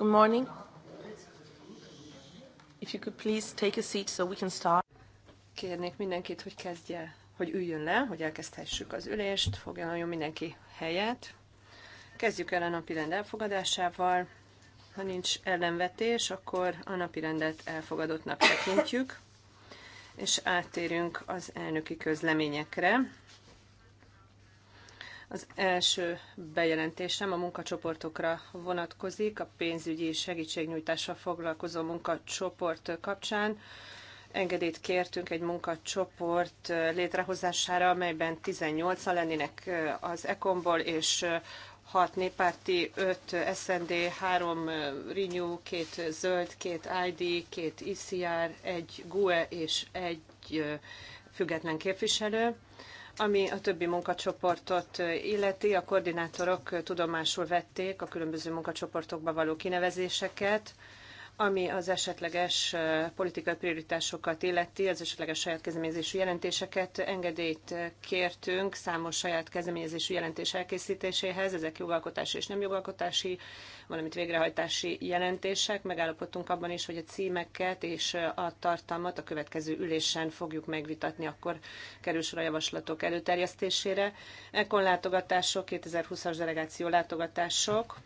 Good morning. If you could please take a seat so we can start. Kérnék mindenkit, hogy kezdje, hogy üljön le, hogy elkezdhessük az ülést, foglaljon mindenki helyet. Kezdjük el a napi rend elfogadásával. Ha nincs ellenvetés, akkor a napi rendet elfogadottnak tekintjük, és áttérünk az elnöki közleményekre. Az első bejelentésem a munkacsoportokra vonatkozik, a pénzügyi segítségnyújtással foglalkozó munkacsoport kapcsán. Engedélyt kértünk egy munkacsoport létrehozására, amelyben 18 a lennének az ECOM-ból, és 6 néppárti, 5 SND, 3 Renew, 2 zöld, 2 ID, 2 ICR, 1 GUE és 1 független képviselő ami a többi munkacsoportot illeti, a koordinátorok tudomásul vették a különböző munkacsoportokba való kinevezéseket, ami az esetleges politikai prioritásokat illeti, az esetleges saját kezdeményezésű jelentéseket. Engedélyt kértünk számos saját kezdeményezésű jelentés elkészítéséhez, ezek jogalkotási és nem jogalkotási, valamint végrehajtási jelentések. Megállapodtunk abban is, hogy a címeket és a tartalmat a következő ülésen fogjuk megvitatni, akkor kerül sor a javaslatok előterjesztésére. Ekon látogatások, 2020-as delegáció látogatások,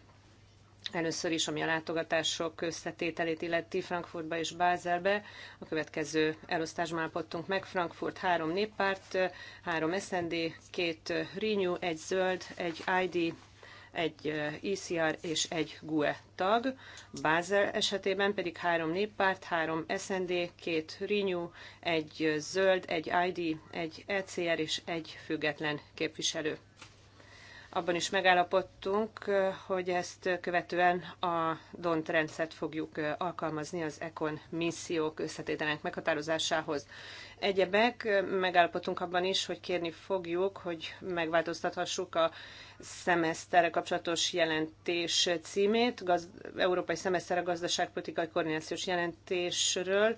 Először is, ami a látogatások összetételét illeti Frankfurtba és Bázelbe, a következő elosztásban állapodtunk meg. Frankfurt három néppárt, három SND, két Renew, egy zöld, egy ID, egy ECR és egy GUE tag. Bázel esetében pedig három néppárt, három SND, két Renew, egy zöld, egy ID, egy ECR és egy független képviselő abban is megállapodtunk, hogy ezt követően a DONT rendszert fogjuk alkalmazni az ECON missziók összetételének meghatározásához. Egyebek megállapodtunk abban is, hogy kérni fogjuk, hogy megváltoztathassuk a szemeszterre kapcsolatos jelentés címét, gaz, Európai Szemeszter a gazdaságpolitikai koordinációs jelentésről,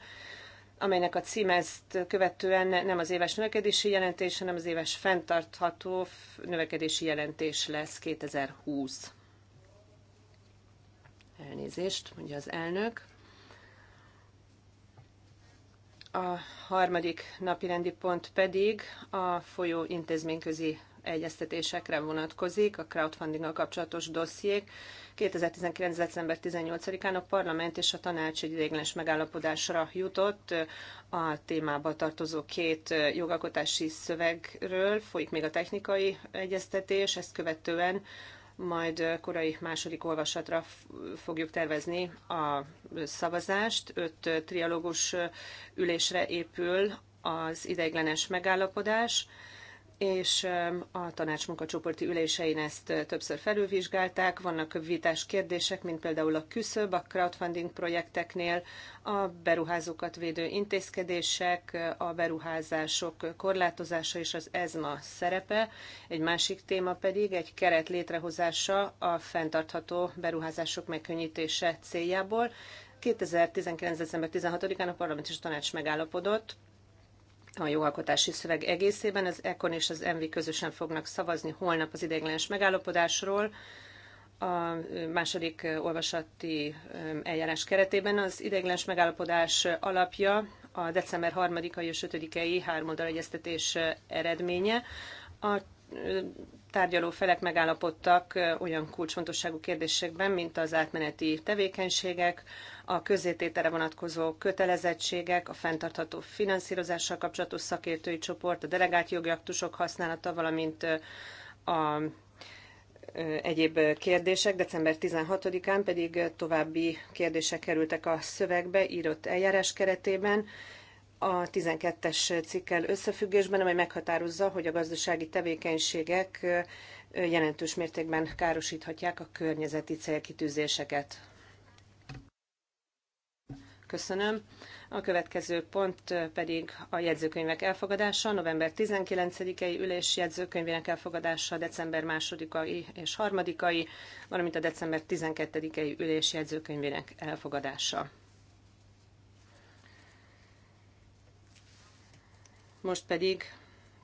amelynek a címe ezt követően nem az éves növekedési jelentés, hanem az éves fenntartható növekedési jelentés lesz 2020. Elnézést, mondja az elnök. A harmadik napi rendi pont pedig a folyó intézményközi egyeztetésekre vonatkozik, a crowdfundinggal kapcsolatos dossziék. 2019. december 18-án a parlament és a tanács egy ideiglenes megállapodásra jutott a témába tartozó két jogalkotási szövegről. Folyik még a technikai egyeztetés, ezt követően majd korai második olvasatra fogjuk tervezni a szavazást. Öt trialógus ülésre épül az ideiglenes megállapodás és a tanács munkacsoporti ülésein ezt többször felülvizsgálták. Vannak vitás kérdések, mint például a küszöb a crowdfunding projekteknél, a beruházókat védő intézkedések, a beruházások korlátozása és az ESMA szerepe. Egy másik téma pedig egy keret létrehozása a fenntartható beruházások megkönnyítése céljából. 2019. december 16-án a parlament és a tanács megállapodott a jogalkotási szöveg egészében. Az ECON és az ENVI közösen fognak szavazni holnap az ideiglenes megállapodásról a második olvasati eljárás keretében. Az ideiglenes megállapodás alapja a december 3-ai és 5-ei háromoldal egyeztetés eredménye. A tárgyaló felek megállapodtak olyan kulcsfontosságú kérdésekben, mint az átmeneti tevékenységek, a közététere vonatkozó kötelezettségek, a fenntartható finanszírozással kapcsolatos szakértői csoport, a delegált jogi aktusok használata, valamint a egyéb kérdések. December 16-án pedig további kérdések kerültek a szövegbe írott eljárás keretében a 12-es cikkel összefüggésben, amely meghatározza, hogy a gazdasági tevékenységek jelentős mértékben károsíthatják a környezeti célkitűzéseket. Köszönöm. A következő pont pedig a jegyzőkönyvek elfogadása, november 19-i ülés jegyzőkönyvének elfogadása, december 2-ai és 3-ai, valamint a december 12-i ülés jegyzőkönyvének elfogadása. Most pedig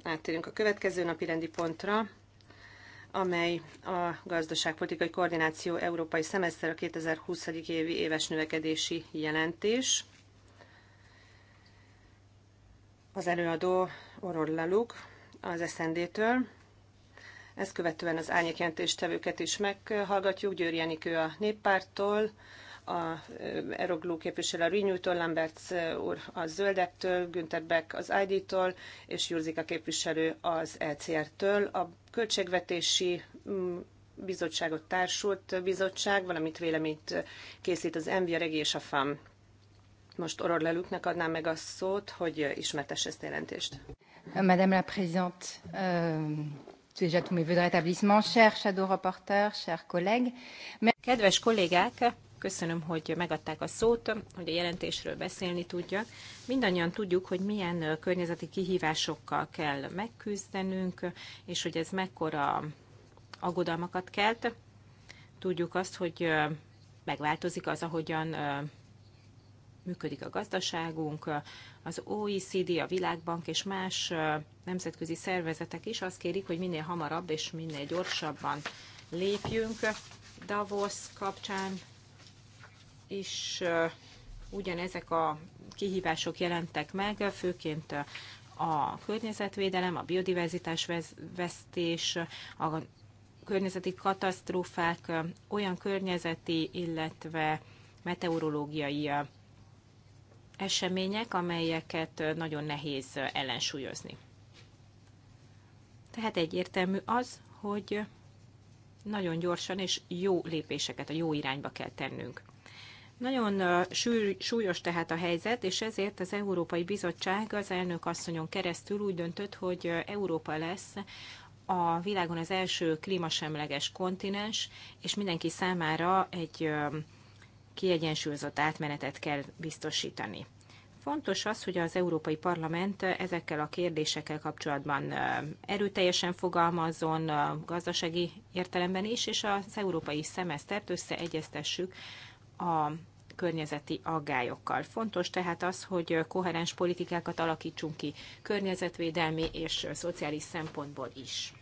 áttérünk a következő napi rendi pontra amely a gazdaságpolitikai koordináció európai szemeszter a 2020. évi éves növekedési jelentés. Az előadó Oror Laluk az SND-től. Ezt követően az árnyékjelentéstevőket is meghallgatjuk. Győri Enikő a néppárttól a Eroglu képviselő a Renewtől, Lamberts úr a Zöldektől, Günther Beck az ID-tól, és a képviselő az ECR-től. A költségvetési mm, bizottságot társult bizottság, valamit véleményt készít az MVA Regi és a FAM. Most Oror Lelüknek adnám meg a szót, hogy ismertesse ezt a jelentést. Madame la Présidente, euh... Déjà tous mes vœux de rétablissement, chers shadow reporters, chers collègues. Kedves kollégák, Köszönöm, hogy megadták a szót, hogy a jelentésről beszélni tudjak. Mindannyian tudjuk, hogy milyen környezeti kihívásokkal kell megküzdenünk, és hogy ez mekkora aggodalmakat kelt. Tudjuk azt, hogy megváltozik az, ahogyan működik a gazdaságunk. Az OECD, a Világbank és más nemzetközi szervezetek is azt kérik, hogy minél hamarabb és minél gyorsabban lépjünk. Davos kapcsán is ugyanezek a kihívások jelentek meg, főként a környezetvédelem, a biodiverzitás vesztés, a környezeti katasztrófák, olyan környezeti, illetve meteorológiai események, amelyeket nagyon nehéz ellensúlyozni. Tehát egyértelmű az, hogy nagyon gyorsan és jó lépéseket a jó irányba kell tennünk. Nagyon súlyos tehát a helyzet, és ezért az Európai Bizottság az elnök asszonyon keresztül úgy döntött, hogy Európa lesz a világon az első klímasemleges kontinens, és mindenki számára egy kiegyensúlyozott átmenetet kell biztosítani. Fontos az, hogy az Európai Parlament ezekkel a kérdésekkel kapcsolatban erőteljesen fogalmazzon gazdasági értelemben is, és az európai szemesztert összeegyeztessük a környezeti aggályokkal. Fontos tehát az, hogy koherens politikákat alakítsunk ki környezetvédelmi és szociális szempontból is.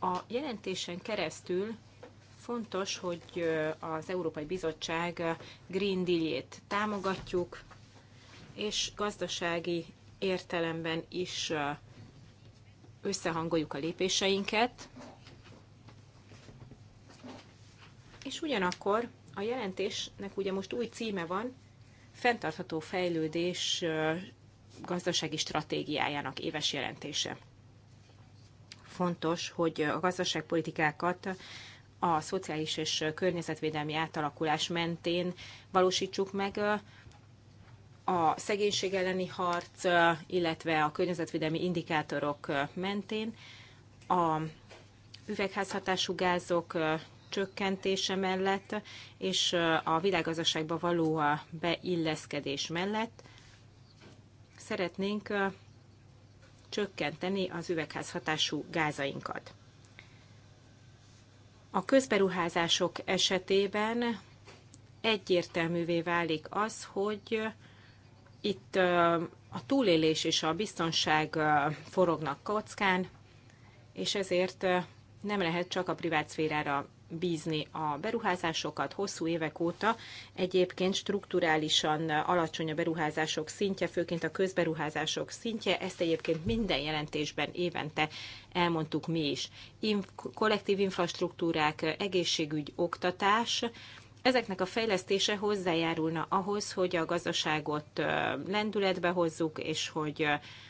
A jelentésen keresztül fontos, hogy az Európai Bizottság Green Deal-jét támogatjuk, és gazdasági értelemben is összehangoljuk a lépéseinket, és ugyanakkor a jelentésnek ugye most új címe van, fenntartható fejlődés gazdasági stratégiájának éves jelentése. Fontos, hogy a gazdaságpolitikákat a szociális és környezetvédelmi átalakulás mentén valósítsuk meg a szegénység elleni harc, illetve a környezetvédelmi indikátorok mentén a üvegházhatású gázok csökkentése mellett, és a világgazdaságba való beilleszkedés mellett szeretnénk csökkenteni az üvegházhatású gázainkat. A közberuházások esetében egyértelművé válik az, hogy itt a túlélés és a biztonság forognak kockán, és ezért nem lehet csak a privát bízni a beruházásokat. Hosszú évek óta egyébként strukturálisan alacsony a beruházások szintje, főként a közberuházások szintje. Ezt egyébként minden jelentésben évente elmondtuk mi is. In- kollektív infrastruktúrák, egészségügy, oktatás, Ezeknek a fejlesztése hozzájárulna ahhoz, hogy a gazdaságot lendületbe hozzuk, és hogy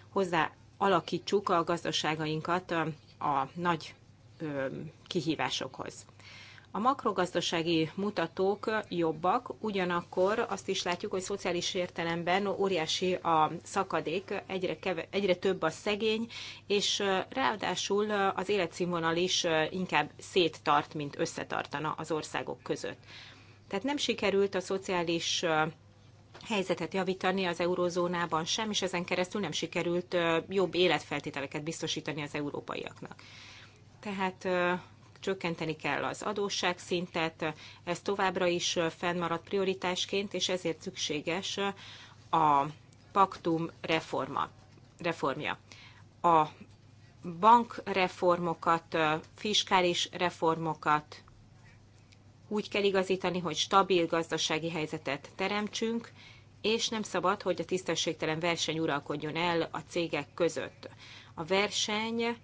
hozzá alakítsuk a gazdaságainkat a nagy kihívásokhoz. A makrogazdasági mutatók jobbak, ugyanakkor azt is látjuk, hogy szociális értelemben óriási a szakadék, egyre, keve, egyre több a szegény, és ráadásul az életszínvonal is inkább széttart, mint összetartana az országok között. Tehát nem sikerült a szociális helyzetet javítani az eurózónában sem, és ezen keresztül nem sikerült jobb életfeltételeket biztosítani az európaiaknak. Tehát csökkenteni kell az adósság szintet. ez továbbra is fennmaradt prioritásként, és ezért szükséges a paktum reforma, reformja. A bankreformokat, fiskális reformokat úgy kell igazítani, hogy stabil gazdasági helyzetet teremtsünk, és nem szabad, hogy a tisztességtelen verseny uralkodjon el a cégek között. A verseny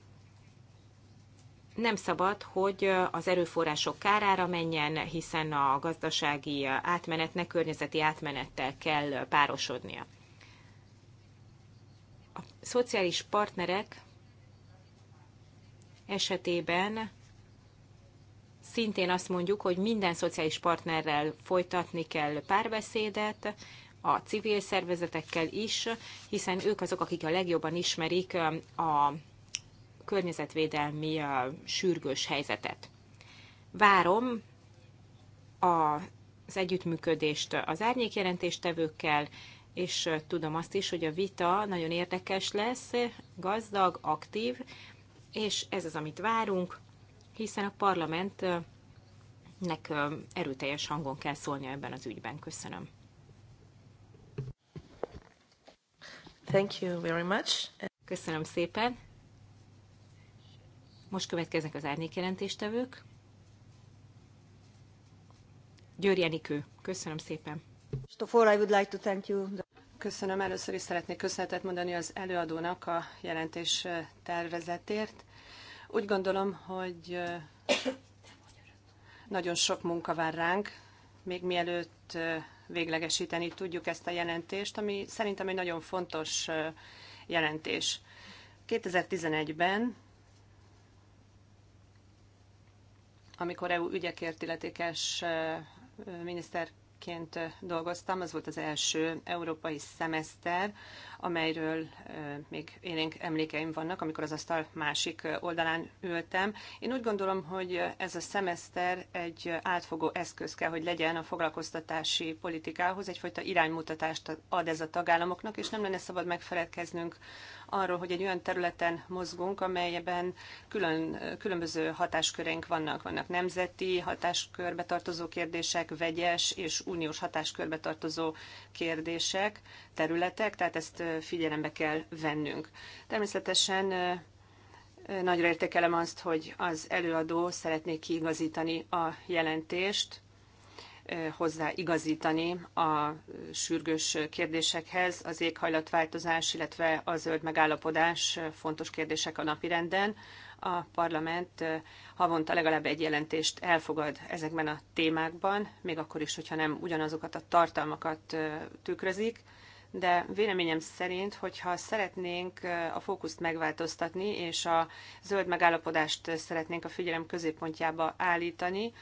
nem szabad, hogy az erőforrások kárára menjen, hiszen a gazdasági átmenetnek környezeti átmenettel kell párosodnia. A szociális partnerek esetében szintén azt mondjuk, hogy minden szociális partnerrel folytatni kell párbeszédet, a civil szervezetekkel is, hiszen ők azok, akik a legjobban ismerik a környezetvédelmi sürgős helyzetet. Várom az együttműködést az árnyékjelentéstevőkkel, és tudom azt is, hogy a vita nagyon érdekes lesz, gazdag, aktív, és ez az, amit várunk, hiszen a parlamentnek erőteljes hangon kell szólnia ebben az ügyben. Köszönöm. Thank you very much. Köszönöm szépen. Most következnek az árnyékjelentéstevők. Győri Enikő, köszönöm szépen. Köszönöm, először is szeretnék köszönetet mondani az előadónak a jelentés tervezetért. Úgy gondolom, hogy nagyon sok munka vár ránk, még mielőtt véglegesíteni tudjuk ezt a jelentést, ami szerintem egy nagyon fontos jelentés. 2011-ben amikor EU ügyekért illetékes miniszterként dolgoztam, az volt az első európai szemeszter, amelyről még élénk emlékeim vannak, amikor az asztal másik oldalán ültem. Én úgy gondolom, hogy ez a szemeszter egy átfogó eszköz kell, hogy legyen a foglalkoztatási politikához, egyfajta iránymutatást ad ez a tagállamoknak, és nem lenne szabad megfeledkeznünk arról, hogy egy olyan területen mozgunk, amelyben külön, különböző hatáskörénk vannak. Vannak nemzeti hatáskörbe tartozó kérdések, vegyes és uniós hatáskörbe tartozó kérdések, területek, tehát ezt figyelembe kell vennünk. Természetesen nagyra értékelem azt, hogy az előadó szeretné kiigazítani a jelentést, igazítani a sürgős kérdésekhez. Az éghajlatváltozás, illetve a zöld megállapodás fontos kérdések a napirenden. A parlament havonta legalább egy jelentést elfogad ezekben a témákban, még akkor is, hogyha nem ugyanazokat a tartalmakat tükrözik de véleményem szerint, hogyha szeretnénk a fókuszt megváltoztatni, és a zöld megállapodást szeretnénk a figyelem középpontjába állítani,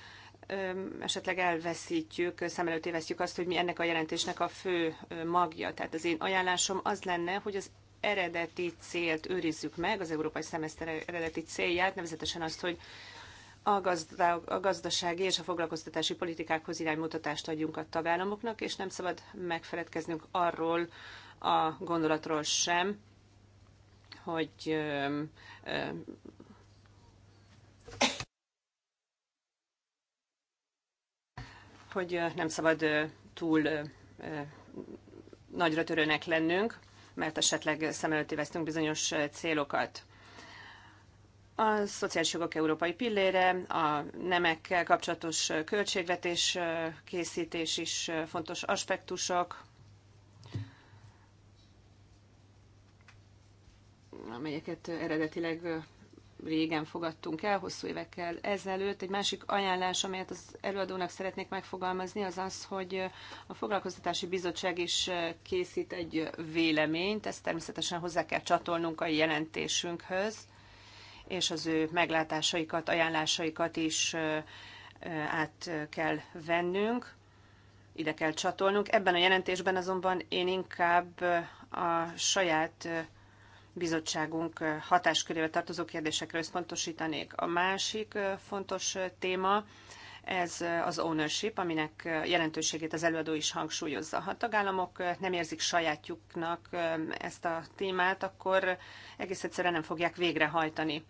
esetleg elveszítjük, szem előtt évesztjük azt, hogy mi ennek a jelentésnek a fő magja. Tehát az én ajánlásom az lenne, hogy az eredeti célt őrizzük meg, az európai szemeszter eredeti célját, nevezetesen azt, hogy a, gazda, a gazdasági és a foglalkoztatási politikákhoz iránymutatást adjunk a tagállamoknak, és nem szabad megfeledkeznünk arról a gondolatról sem, hogy hogy nem szabad túl nagyra törőnek lennünk, mert esetleg szem előtt évesztünk bizonyos célokat. A szociális jogok európai pillére, a nemekkel kapcsolatos költségvetés készítés is fontos aspektusok, amelyeket eredetileg régen fogadtunk el, hosszú évekkel ezelőtt. Egy másik ajánlás, amelyet az előadónak szeretnék megfogalmazni, az az, hogy a Foglalkoztatási Bizottság is készít egy véleményt, ezt természetesen hozzá kell csatolnunk a jelentésünkhöz, és az ő meglátásaikat, ajánlásaikat is át kell vennünk, ide kell csatolnunk. Ebben a jelentésben azonban én inkább a saját bizottságunk hatáskörébe tartozó kérdésekre összpontosítanék. A másik fontos téma ez az ownership, aminek jelentőségét az előadó is hangsúlyozza. Ha a tagállamok nem érzik sajátjuknak ezt a témát, akkor egész egyszerűen nem fogják végrehajtani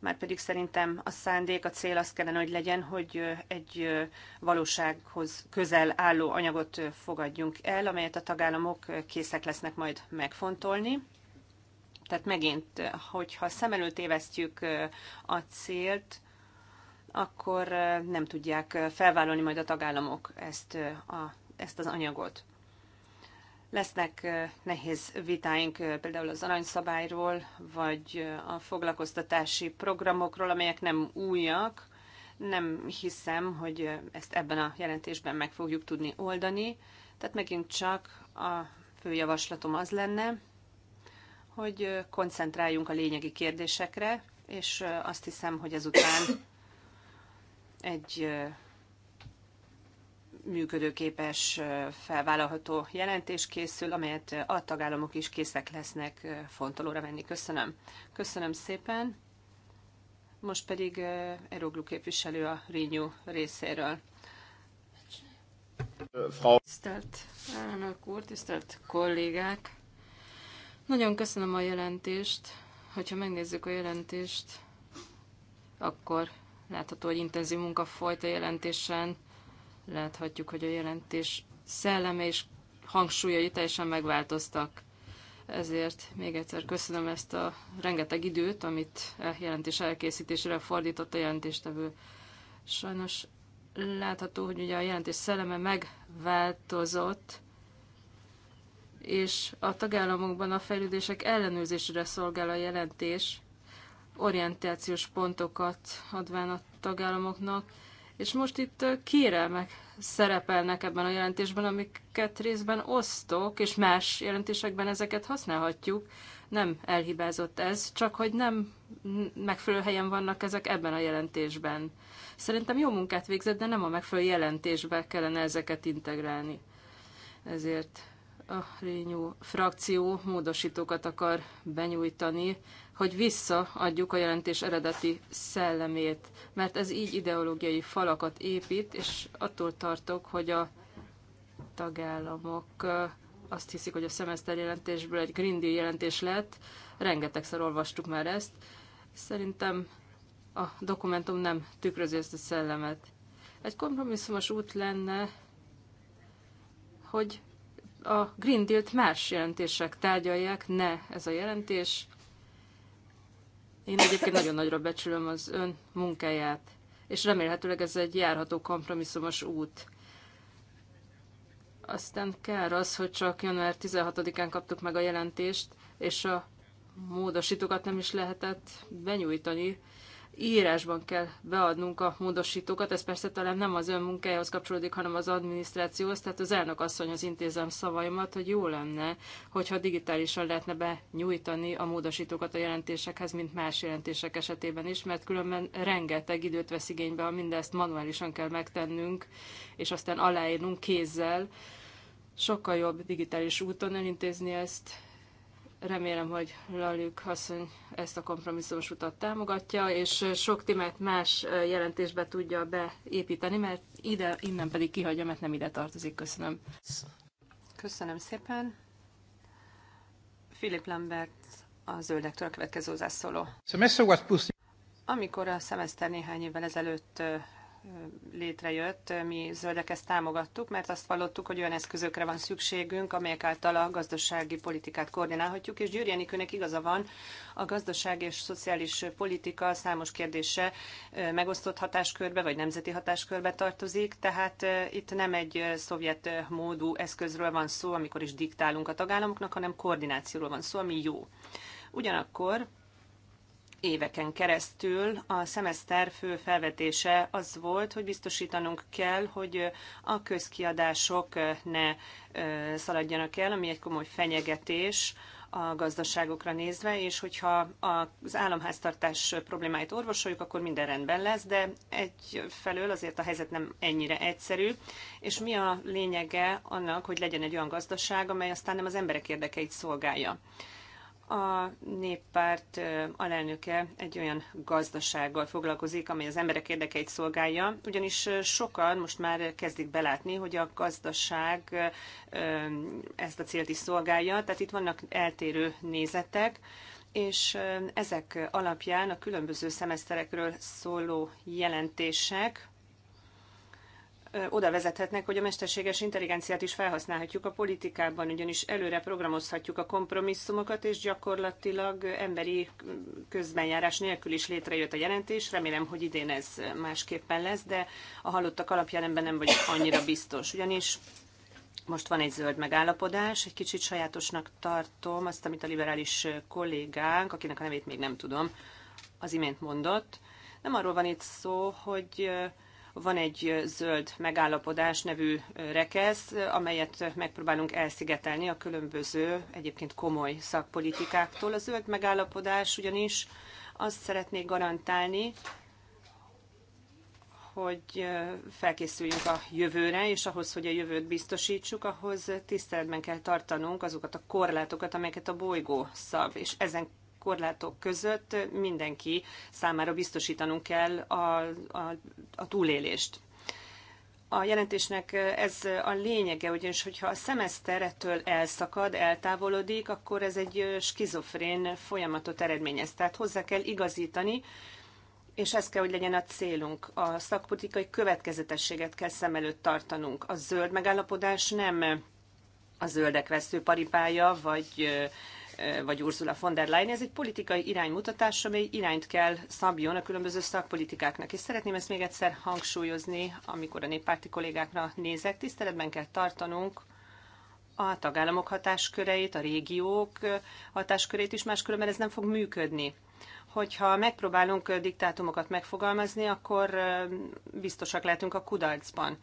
már pedig szerintem a szándék, a cél az kellene, hogy legyen, hogy egy valósághoz közel álló anyagot fogadjunk el, amelyet a tagállamok készek lesznek majd megfontolni. Tehát megint, hogyha szem előtt évesztjük a célt, akkor nem tudják felvállalni majd a tagállamok ezt, a, ezt az anyagot. Lesznek nehéz vitáink például az aranyszabályról, vagy a foglalkoztatási programokról, amelyek nem újak. Nem hiszem, hogy ezt ebben a jelentésben meg fogjuk tudni oldani. Tehát megint csak a fő javaslatom az lenne, hogy koncentráljunk a lényegi kérdésekre, és azt hiszem, hogy ezután egy működőképes, felvállalható jelentés készül, amelyet a tagállamok is készek lesznek fontolóra venni. Köszönöm. Köszönöm szépen. Most pedig Eroglu képviselő a Renew részéről. Tisztelt elnök úr, tisztelt kollégák! Nagyon köszönöm a jelentést. Hogyha megnézzük a jelentést, akkor látható, hogy intenzív munka folyt a jelentésen. Láthatjuk, hogy a jelentés szelleme és hangsúlyai teljesen megváltoztak. Ezért még egyszer köszönöm ezt a rengeteg időt, amit a e jelentés elkészítésére fordított a jelentéstevő. Sajnos látható, hogy ugye a jelentés szelleme megváltozott, és a tagállamokban a fejlődések ellenőrzésére szolgál a jelentés, orientációs pontokat adván a tagállamoknak, és most itt kérelmek szerepelnek ebben a jelentésben, amiket részben osztok, és más jelentésekben ezeket használhatjuk. Nem elhibázott ez, csak hogy nem megfelelő helyen vannak ezek ebben a jelentésben. Szerintem jó munkát végzett, de nem a megfelelő jelentésbe kellene ezeket integrálni. Ezért a Rényó frakció módosítókat akar benyújtani, hogy visszaadjuk a jelentés eredeti szellemét, mert ez így ideológiai falakat épít, és attól tartok, hogy a tagállamok azt hiszik, hogy a szemeszter jelentésből egy Green Deal jelentés lett, rengetegszer olvastuk már ezt. Szerintem a dokumentum nem tükrözi ezt a szellemet. Egy kompromisszumos út lenne, hogy a Green Deal-t más jelentések tárgyalják, ne ez a jelentés. Én egyébként nagyon nagyra becsülöm az ön munkáját, és remélhetőleg ez egy járható kompromisszumos út. Aztán kár az, hogy csak január 16-án kaptuk meg a jelentést, és a módosítókat nem is lehetett benyújtani, írásban kell beadnunk a módosítókat, ez persze talán nem az ön munkájához kapcsolódik, hanem az adminisztrációhoz, tehát az elnök az intézem szavaimat, hogy jó lenne, hogyha digitálisan lehetne benyújtani a módosítókat a jelentésekhez, mint más jelentések esetében is, mert különben rengeteg időt vesz igénybe, ha mindezt manuálisan kell megtennünk, és aztán aláírnunk kézzel, sokkal jobb digitális úton elintézni ezt, Remélem, hogy Lalük asszony ezt a kompromisszumos utat támogatja, és sok témát más jelentésbe tudja beépíteni, mert ide, innen pedig kihagyja, mert nem ide tartozik. Köszönöm. Köszönöm szépen. Philip Lambert, a zöldektől a következő hozzászóló. Amikor a szemeszter néhány évvel ezelőtt létrejött, mi zöldek ezt támogattuk, mert azt hallottuk, hogy olyan eszközökre van szükségünk, amelyek által a gazdasági politikát koordinálhatjuk, és Győri Enikőnek igaza van, a gazdaság és szociális politika számos kérdése megosztott hatáskörbe vagy nemzeti hatáskörbe tartozik, tehát itt nem egy szovjet módú eszközről van szó, amikor is diktálunk a tagállamoknak, hanem koordinációról van szó, ami jó. Ugyanakkor éveken keresztül a szemeszter fő felvetése az volt, hogy biztosítanunk kell, hogy a közkiadások ne szaladjanak el, ami egy komoly fenyegetés a gazdaságokra nézve, és hogyha az államháztartás problémáit orvosoljuk, akkor minden rendben lesz, de egyfelől azért a helyzet nem ennyire egyszerű, és mi a lényege annak, hogy legyen egy olyan gazdaság, amely aztán nem az emberek érdekeit szolgálja a néppárt alelnöke egy olyan gazdasággal foglalkozik, amely az emberek érdekeit szolgálja, ugyanis sokan most már kezdik belátni, hogy a gazdaság ezt a célt is szolgálja, tehát itt vannak eltérő nézetek, és ezek alapján a különböző szemeszterekről szóló jelentések oda vezethetnek, hogy a mesterséges intelligenciát is felhasználhatjuk a politikában, ugyanis előre programozhatjuk a kompromisszumokat, és gyakorlatilag emberi közbenjárás nélkül is létrejött a jelentés. Remélem, hogy idén ez másképpen lesz, de a hallottak alapján ebben nem vagyok annyira biztos, ugyanis most van egy zöld megállapodás, egy kicsit sajátosnak tartom azt, amit a liberális kollégánk, akinek a nevét még nem tudom, az imént mondott. Nem arról van itt szó, hogy van egy zöld megállapodás nevű rekesz, amelyet megpróbálunk elszigetelni a különböző, egyébként komoly szakpolitikáktól. A zöld megállapodás ugyanis azt szeretnék garantálni, hogy felkészüljünk a jövőre, és ahhoz, hogy a jövőt biztosítsuk, ahhoz tiszteletben kell tartanunk azokat a korlátokat, amelyeket a bolygó szab, és ezen korlátok között mindenki számára biztosítanunk kell a, a, a túlélést. A jelentésnek ez a lényege, ugyanis hogyha a szemeszter ettől elszakad, eltávolodik, akkor ez egy skizofrén folyamatot eredményez. Tehát hozzá kell igazítani, és ez kell, hogy legyen a célunk. A szakpolitikai következetességet kell szem előtt tartanunk. A zöld megállapodás nem a zöldek paripája, vagy vagy Ursula von der Leyen, ez egy politikai iránymutatás, amely irányt kell szabjon a különböző szakpolitikáknak. És szeretném ezt még egyszer hangsúlyozni, amikor a néppárti kollégákra nézek, tiszteletben kell tartanunk a tagállamok hatásköreit, a régiók hatáskörét is, máskülönben ez nem fog működni. Hogyha megpróbálunk diktátumokat megfogalmazni, akkor biztosak lehetünk a kudarcban.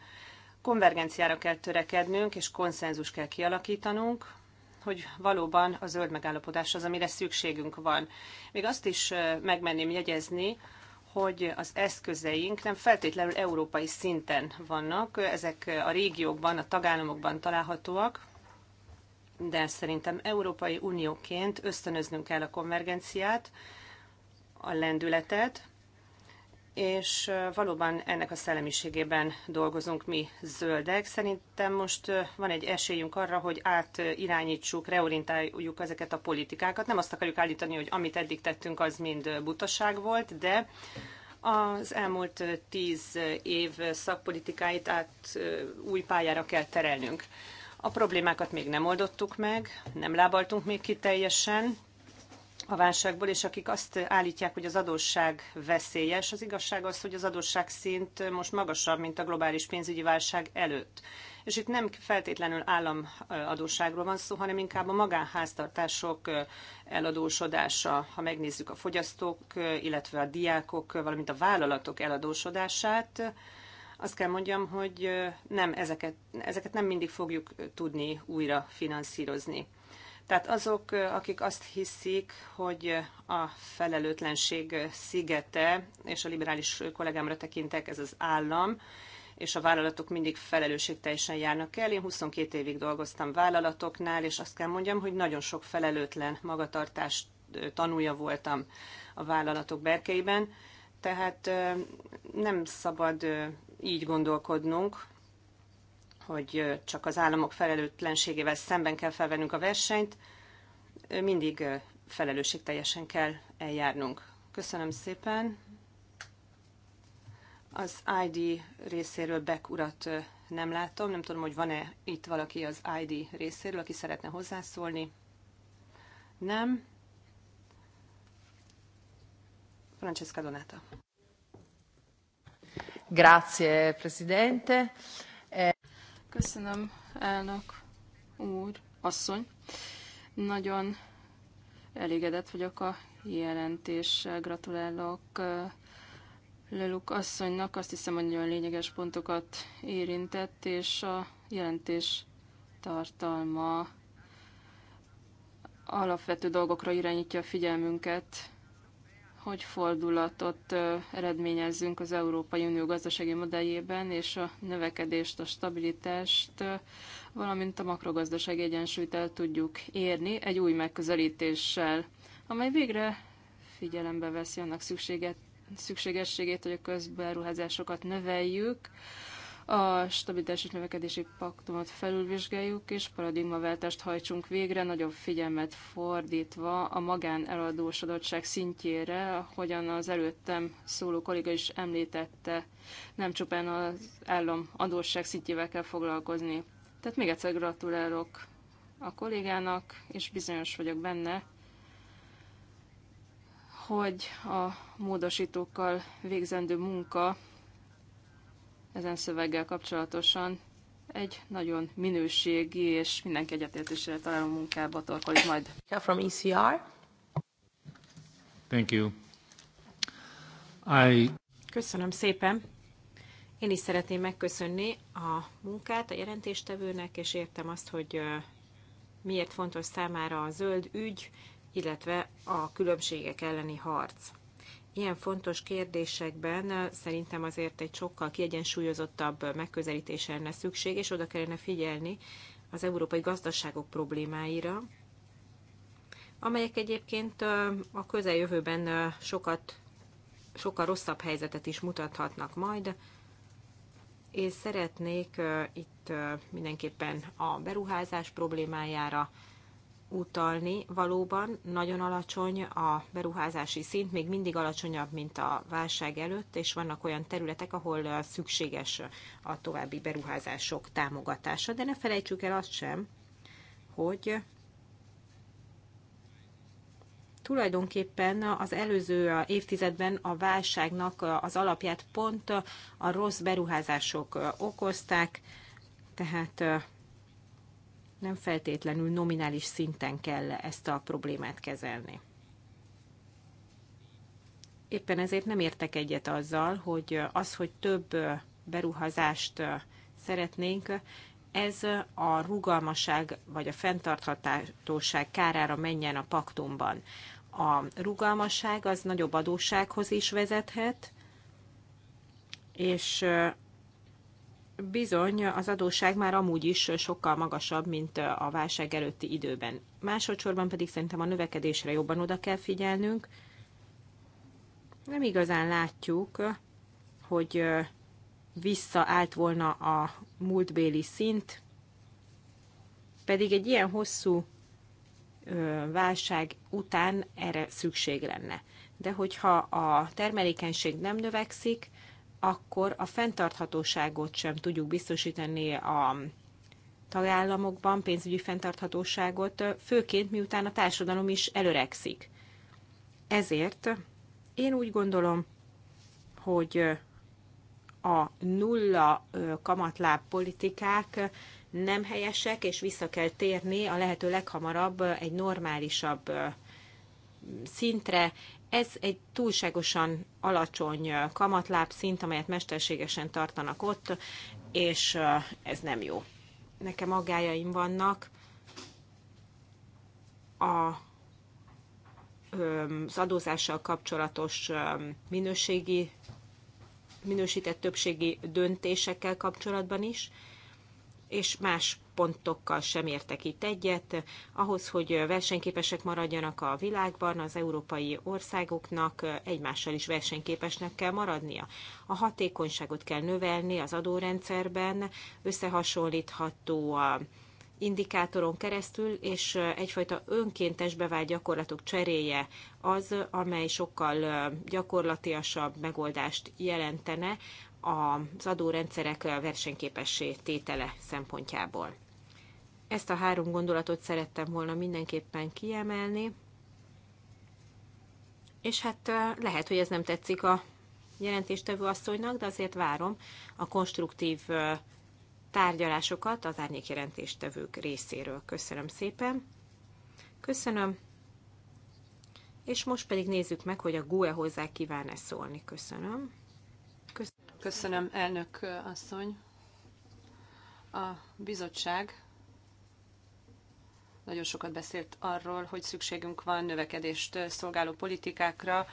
Konvergenciára kell törekednünk, és konszenzus kell kialakítanunk, hogy valóban a zöld megállapodás az, amire szükségünk van. Még azt is megmenném jegyezni, hogy az eszközeink nem feltétlenül európai szinten vannak, ezek a régiókban, a tagállamokban találhatóak, de szerintem Európai Unióként ösztönöznünk kell a konvergenciát, a lendületet, és valóban ennek a szellemiségében dolgozunk mi zöldek. Szerintem most van egy esélyünk arra, hogy átirányítsuk, reorientáljuk ezeket a politikákat. Nem azt akarjuk állítani, hogy amit eddig tettünk, az mind butaság volt, de az elmúlt tíz év szakpolitikáit át új pályára kell terelnünk. A problémákat még nem oldottuk meg, nem lábaltunk még ki teljesen, a válságból, és akik azt állítják, hogy az adósság veszélyes. Az igazság az, hogy az adósság szint most magasabb, mint a globális pénzügyi válság előtt. És itt nem feltétlenül államadóságról van szó, hanem inkább a magánháztartások eladósodása. Ha megnézzük a fogyasztók, illetve a diákok, valamint a vállalatok eladósodását, azt kell mondjam, hogy nem, ezeket, ezeket nem mindig fogjuk tudni újra finanszírozni. Tehát azok, akik azt hiszik, hogy a felelőtlenség szigete, és a liberális kollégámra tekintek, ez az állam, és a vállalatok mindig felelősségteljesen járnak el. Én 22 évig dolgoztam vállalatoknál, és azt kell mondjam, hogy nagyon sok felelőtlen magatartást tanulja voltam a vállalatok berkeiben, tehát nem szabad így gondolkodnunk, hogy csak az államok felelőtlenségével szemben kell felvennünk a versenyt, mindig felelősségteljesen kell eljárnunk. Köszönöm szépen. Az ID részéről Beck urat nem látom, nem tudom, hogy van-e itt valaki az ID részéről, aki szeretne hozzászólni. Nem. Francesca Donata. Grazie, Presidente. Köszönöm, elnök úr, asszony. Nagyon elégedett vagyok a jelentéssel. Gratulálok Leluk asszonynak. Azt hiszem, hogy nagyon lényeges pontokat érintett, és a jelentés tartalma alapvető dolgokra irányítja a figyelmünket, hogy fordulatot eredményezzünk az Európai Unió gazdasági modelljében, és a növekedést, a stabilitást, valamint a makrogazdasági egyensúlyt el tudjuk érni egy új megközelítéssel, amely végre figyelembe veszi annak szükséget, szükségességét, hogy a közberuházásokat növeljük, a stabilitás és növekedési paktumot felülvizsgáljuk, és paradigmaváltást hajtsunk végre, nagyobb figyelmet fordítva a magán eladósodottság szintjére, ahogyan az előttem szóló kolléga is említette, nem csupán az állam adósság szintjével kell foglalkozni. Tehát még egyszer gratulálok a kollégának, és bizonyos vagyok benne, hogy a módosítókkal végzendő munka ezen szöveggel kapcsolatosan egy nagyon minőségi és mindenki egyetértésére találó munkába torkolik majd. From ECR. Thank you. I... Köszönöm szépen. Én is szeretném megköszönni a munkát a jelentéstevőnek, és értem azt, hogy miért fontos számára a zöld ügy, illetve a különbségek elleni harc ilyen fontos kérdésekben szerintem azért egy sokkal kiegyensúlyozottabb megközelítésre lenne szükség, és oda kellene figyelni az európai gazdaságok problémáira, amelyek egyébként a közeljövőben sokat, sokkal rosszabb helyzetet is mutathatnak majd. Én szeretnék itt mindenképpen a beruházás problémájára utalni. Valóban nagyon alacsony a beruházási szint, még mindig alacsonyabb, mint a válság előtt, és vannak olyan területek, ahol szükséges a további beruházások támogatása. De ne felejtsük el azt sem, hogy tulajdonképpen az előző évtizedben a válságnak az alapját pont a rossz beruházások okozták, tehát nem feltétlenül nominális szinten kell ezt a problémát kezelni. Éppen ezért nem értek egyet azzal, hogy az, hogy több beruházást szeretnénk, ez a rugalmaság vagy a fenntarthatóság kárára menjen a paktumban. A rugalmasság az nagyobb adóssághoz is vezethet, és bizony az adósság már amúgy is sokkal magasabb, mint a válság előtti időben. Másodszorban pedig szerintem a növekedésre jobban oda kell figyelnünk. Nem igazán látjuk, hogy visszaállt volna a múltbéli szint, pedig egy ilyen hosszú válság után erre szükség lenne. De hogyha a termelékenység nem növekszik, akkor a fenntarthatóságot sem tudjuk biztosítani a tagállamokban, pénzügyi fenntarthatóságot, főként miután a társadalom is előrekszik. Ezért én úgy gondolom, hogy a nulla kamatláb politikák nem helyesek, és vissza kell térni a lehető leghamarabb egy normálisabb szintre, ez egy túlságosan alacsony kamatlábszint, amelyet mesterségesen tartanak ott, és ez nem jó. Nekem aggájaim vannak a az adózással kapcsolatos minőségi, minősített többségi döntésekkel kapcsolatban is, és más pontokkal sem értek itt egyet. Ahhoz, hogy versenyképesek maradjanak a világban, az európai országoknak egymással is versenyképesnek kell maradnia. A hatékonyságot kell növelni az adórendszerben, összehasonlítható a indikátoron keresztül, és egyfajta önkéntes bevált gyakorlatok cseréje az, amely sokkal gyakorlatiasabb megoldást jelentene az adórendszerek versenyképessé tétele szempontjából. Ezt a három gondolatot szerettem volna mindenképpen kiemelni, és hát lehet, hogy ez nem tetszik a jelentéstevő asszonynak, de azért várom a konstruktív tárgyalásokat az árnyék jelentéstevők részéről. Köszönöm szépen. Köszönöm. És most pedig nézzük meg, hogy a GUE hozzá kíván-e szólni. Köszönöm. Köszönöm, elnök asszony. A bizottság nagyon sokat beszélt arról, hogy szükségünk van növekedést szolgáló politikákra.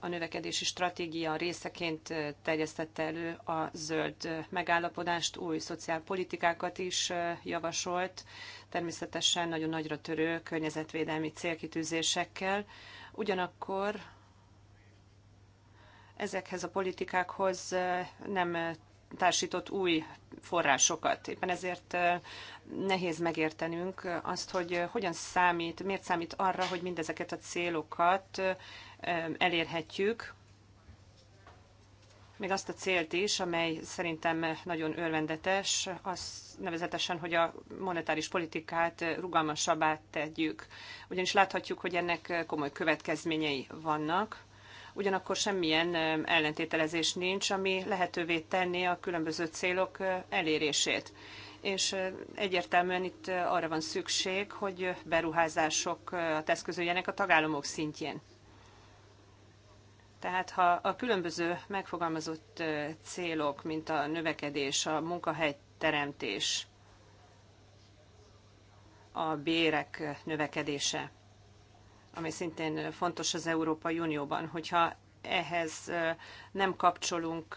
A növekedési stratégia részeként terjesztette elő a zöld megállapodást, új szociálpolitikákat is javasolt, természetesen nagyon nagyra törő környezetvédelmi célkitűzésekkel. Ugyanakkor ezekhez a politikákhoz nem társított új forrásokat. Éppen ezért nehéz megértenünk azt, hogy hogyan számít, miért számít arra, hogy mindezeket a célokat elérhetjük, még azt a célt is, amely szerintem nagyon örvendetes, az nevezetesen, hogy a monetáris politikát rugalmasabbá tegyük. Ugyanis láthatjuk, hogy ennek komoly következményei vannak ugyanakkor semmilyen ellentételezés nincs, ami lehetővé tenné a különböző célok elérését. És egyértelműen itt arra van szükség, hogy beruházások eszközöljenek a tagállamok szintjén. Tehát ha a különböző megfogalmazott célok, mint a növekedés, a munkahelyteremtés, a bérek növekedése, ami szintén fontos az Európai Unióban, hogyha ehhez nem kapcsolunk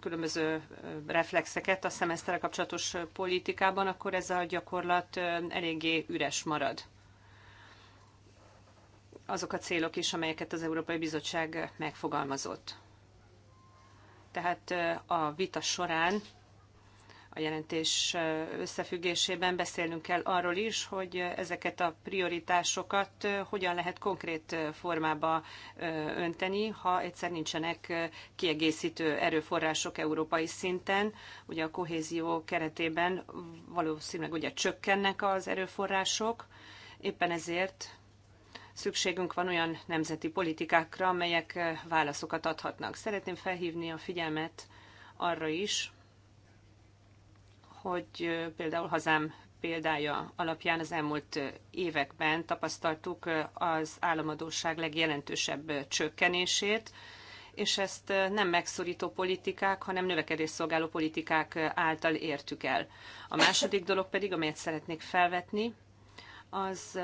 különböző reflexeket a szemeszterrel kapcsolatos politikában, akkor ez a gyakorlat eléggé üres marad. Azok a célok is, amelyeket az Európai Bizottság megfogalmazott. Tehát a vita során a jelentés összefüggésében beszélnünk kell arról is, hogy ezeket a prioritásokat hogyan lehet konkrét formába önteni, ha egyszer nincsenek kiegészítő erőforrások európai szinten. Ugye a kohézió keretében valószínűleg ugye csökkennek az erőforrások, éppen ezért szükségünk van olyan nemzeti politikákra, amelyek válaszokat adhatnak. Szeretném felhívni a figyelmet arra is, hogy például hazám példája alapján az elmúlt években tapasztaltuk az államadóság legjelentősebb csökkenését, és ezt nem megszorító politikák, hanem növekedés szolgáló politikák által értük el. A második dolog pedig, amelyet szeretnék felvetni, az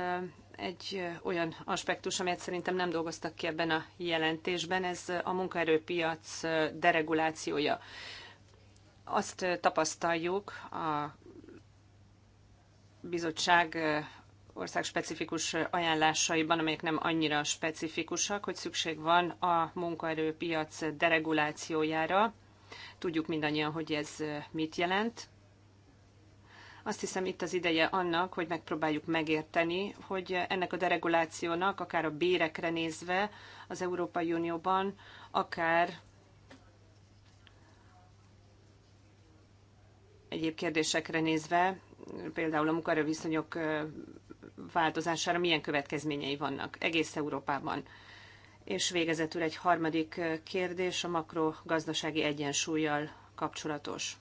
egy olyan aspektus, amelyet szerintem nem dolgoztak ki ebben a jelentésben, ez a munkaerőpiac deregulációja. Azt tapasztaljuk a bizottság országspecifikus ajánlásaiban, amelyek nem annyira specifikusak, hogy szükség van a munkaerőpiac deregulációjára. Tudjuk mindannyian, hogy ez mit jelent. Azt hiszem itt az ideje annak, hogy megpróbáljuk megérteni, hogy ennek a deregulációnak akár a bérekre nézve az Európai Unióban, akár egyéb kérdésekre nézve, például a munkaerőviszonyok változására milyen következményei vannak egész Európában. És végezetül egy harmadik kérdés a makrogazdasági egyensúlyjal kapcsolatos.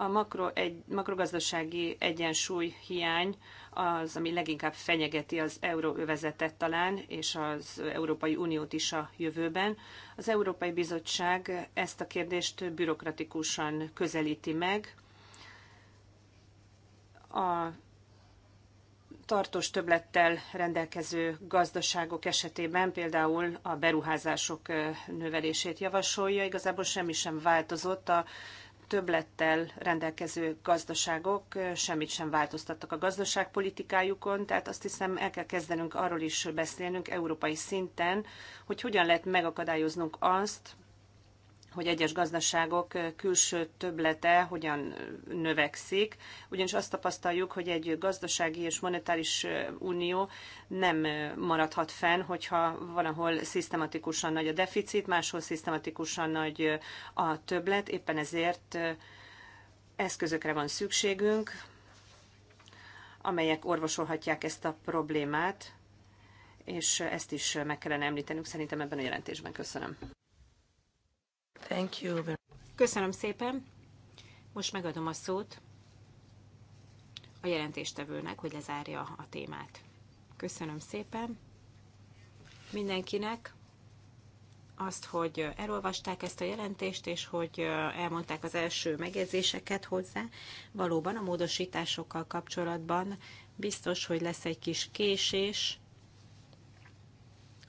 A makro egy, makrogazdasági egyensúly hiány az, ami leginkább fenyegeti az euróövezetet talán, és az Európai Uniót is a jövőben. Az Európai Bizottság ezt a kérdést bürokratikusan közelíti meg. A tartós töblettel rendelkező gazdaságok esetében például a beruházások növelését javasolja. Igazából semmi sem változott a többlettel rendelkező gazdaságok semmit sem változtattak a gazdaságpolitikájukon, tehát azt hiszem el kell kezdenünk arról is beszélnünk európai szinten, hogy hogyan lehet megakadályoznunk azt, hogy egyes gazdaságok külső töblete hogyan növekszik, ugyanis azt tapasztaljuk, hogy egy gazdasági és monetáris unió nem maradhat fenn, hogyha valahol szisztematikusan nagy a deficit, máshol szisztematikusan nagy a többlet, éppen ezért eszközökre van szükségünk, amelyek orvosolhatják ezt a problémát, és ezt is meg kellene említenünk szerintem ebben a jelentésben. Köszönöm. Thank you. Köszönöm szépen. Most megadom a szót a jelentéstevőnek, hogy lezárja a témát. Köszönöm szépen mindenkinek azt, hogy elolvasták ezt a jelentést, és hogy elmondták az első megjegyzéseket hozzá. Valóban a módosításokkal kapcsolatban biztos, hogy lesz egy kis késés,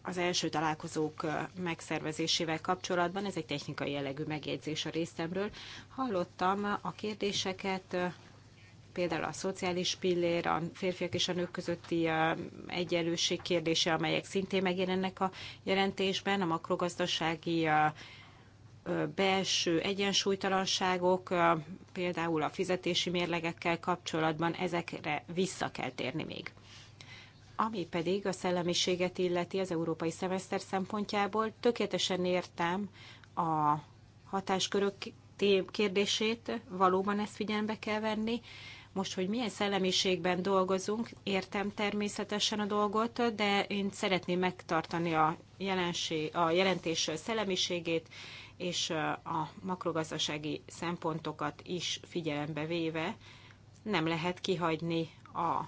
az első találkozók megszervezésével kapcsolatban. Ez egy technikai jellegű megjegyzés a részemről. Hallottam a kérdéseket, például a szociális pillér, a férfiak és a nők közötti egyenlőség kérdése, amelyek szintén megjelennek a jelentésben, a makrogazdasági belső egyensúlytalanságok, például a fizetési mérlegekkel kapcsolatban ezekre vissza kell térni még. Ami pedig a szellemiséget illeti az európai szemeszter szempontjából, tökéletesen értem a hatáskörök kérdését, valóban ezt figyelembe kell venni. Most, hogy milyen szellemiségben dolgozunk, értem természetesen a dolgot, de én szeretném megtartani a, jelenség, a jelentés szellemiségét, és a makrogazdasági szempontokat is figyelembe véve nem lehet kihagyni a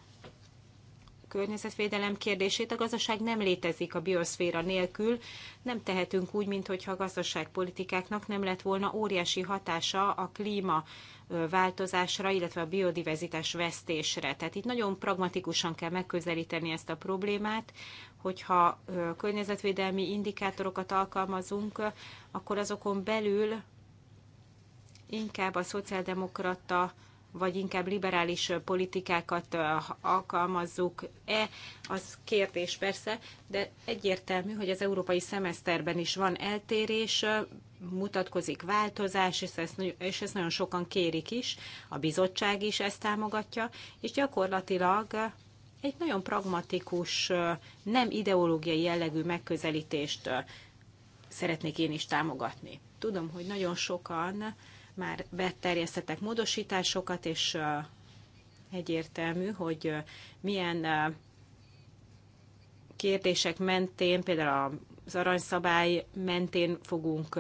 környezetvédelem kérdését. A gazdaság nem létezik a bioszféra nélkül. Nem tehetünk úgy, mintha a gazdaságpolitikáknak nem lett volna óriási hatása a klíma változásra, illetve a biodiverzitás vesztésre. Tehát itt nagyon pragmatikusan kell megközelíteni ezt a problémát, hogyha környezetvédelmi indikátorokat alkalmazunk, akkor azokon belül inkább a szociáldemokrata vagy inkább liberális politikákat alkalmazzuk-e, az kérdés persze, de egyértelmű, hogy az európai szemeszterben is van eltérés, mutatkozik változás, és ezt, és ezt nagyon sokan kérik is, a bizottság is ezt támogatja, és gyakorlatilag egy nagyon pragmatikus, nem ideológiai jellegű megközelítést szeretnék én is támogatni. Tudom, hogy nagyon sokan már beterjesztettek módosításokat, és egyértelmű, hogy milyen kérdések mentén, például az aranyszabály mentén fogunk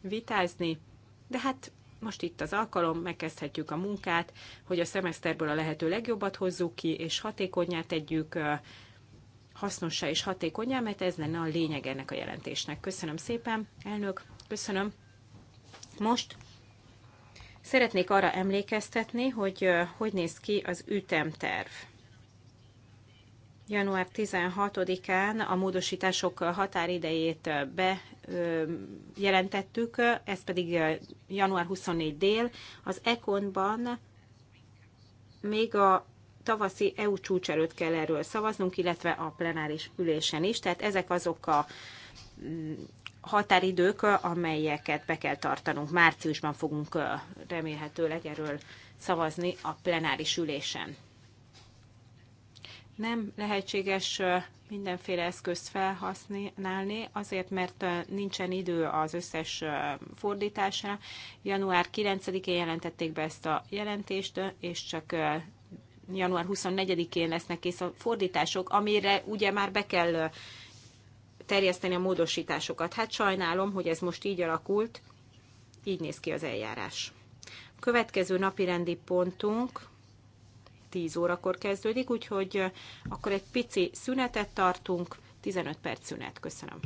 vitázni, de hát most itt az alkalom, megkezdhetjük a munkát, hogy a szemeszterből a lehető legjobbat hozzuk ki, és hatékonyá tegyük, hasznossá és hatékonyá, mert ez lenne a lényeg ennek a jelentésnek. Köszönöm szépen, elnök, köszönöm. Most Szeretnék arra emlékeztetni, hogy hogy néz ki az ütemterv. Január 16-án a módosítások határidejét bejelentettük, ez pedig január 24 dél. Az ekonban még a tavaszi EU csúcs előtt kell erről szavaznunk, illetve a plenáris ülésen is. Tehát ezek azok a mm, határidők, amelyeket be kell tartanunk. Márciusban fogunk remélhetőleg erről szavazni a plenáris ülésen. Nem lehetséges mindenféle eszközt felhasználni, azért mert nincsen idő az összes fordításra. Január 9-én jelentették be ezt a jelentést, és csak január 24-én lesznek kész a fordítások, amire ugye már be kell terjeszteni a módosításokat. Hát sajnálom, hogy ez most így alakult, így néz ki az eljárás. Következő napi rendi pontunk 10 órakor kezdődik, úgyhogy akkor egy pici szünetet tartunk, 15 perc szünet. Köszönöm.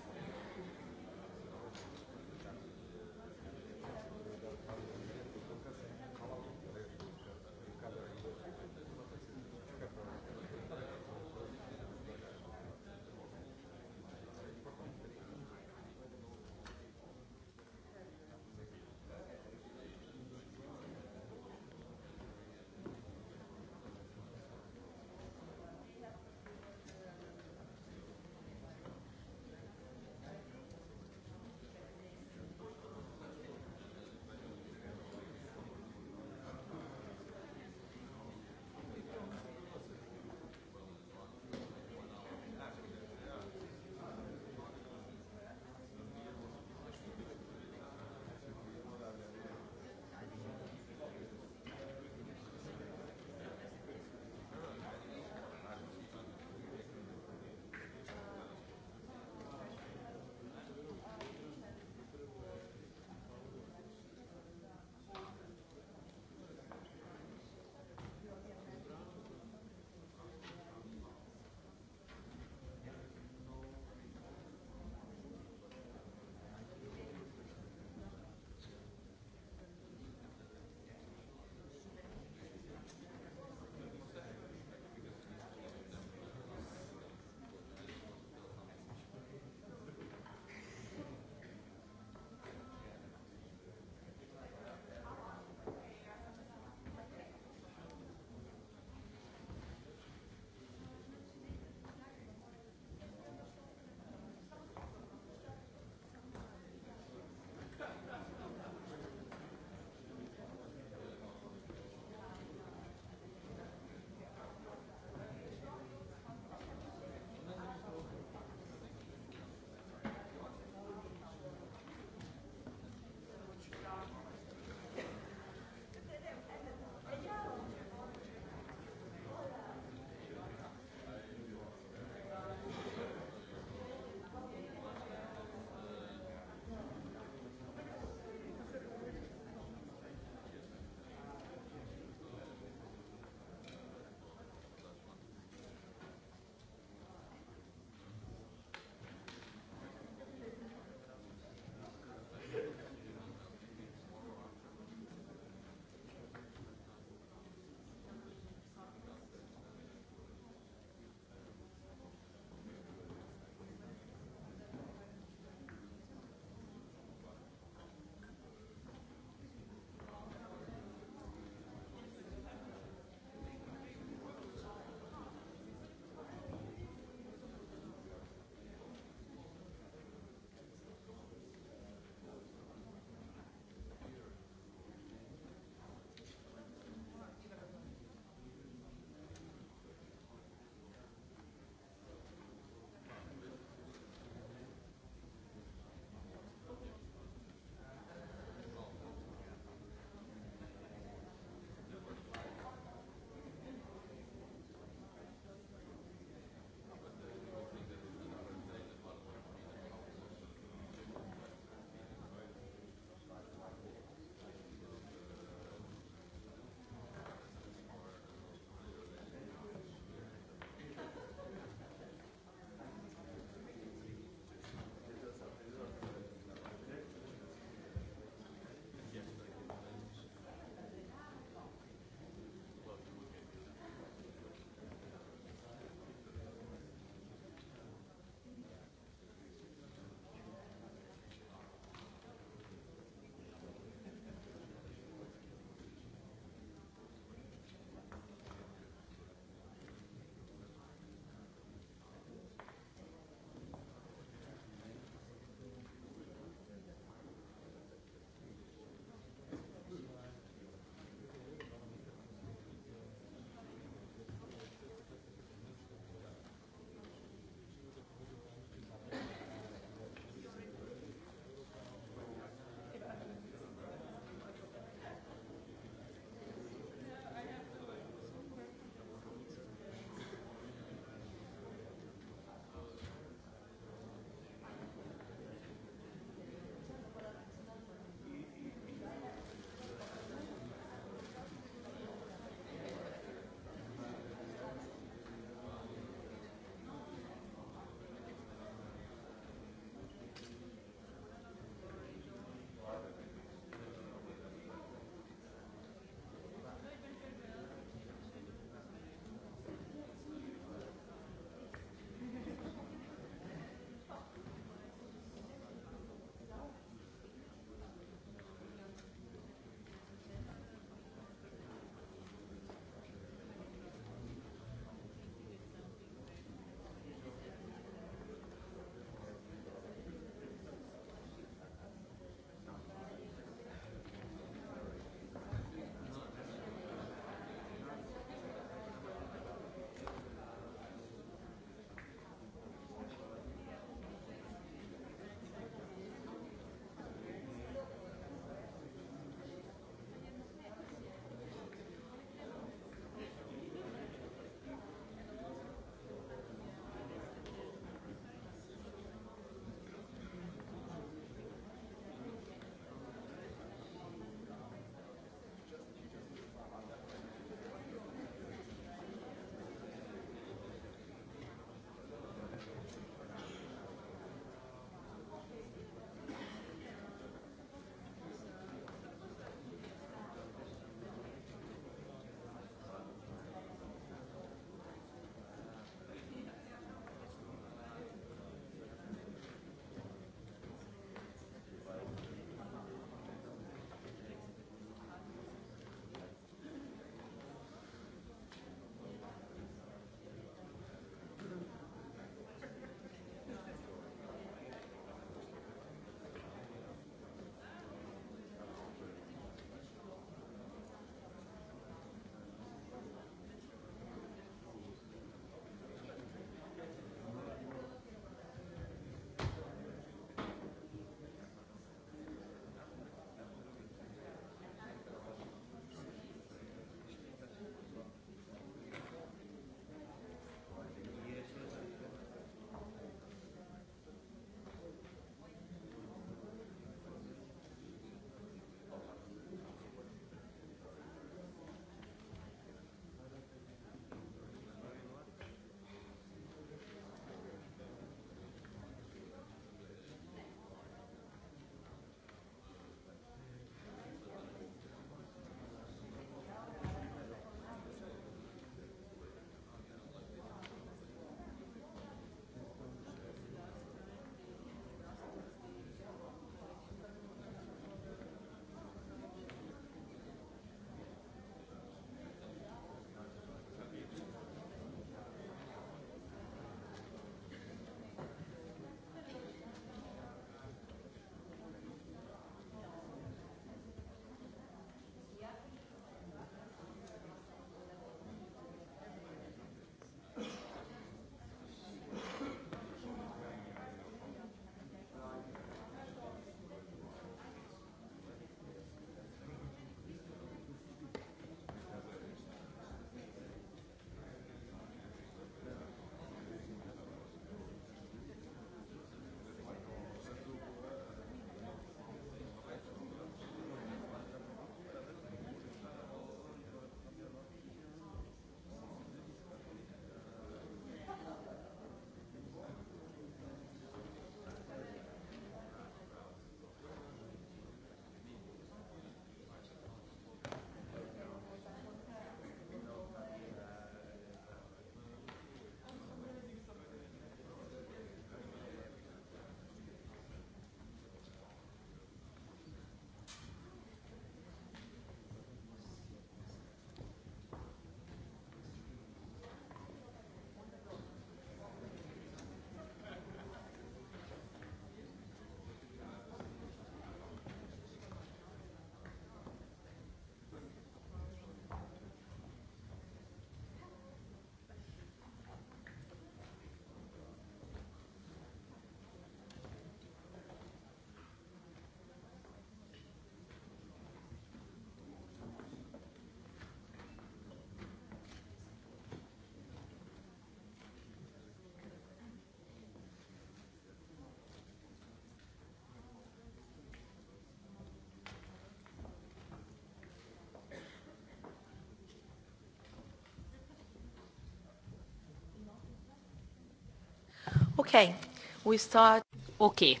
Okay, we start. Oké. Okay.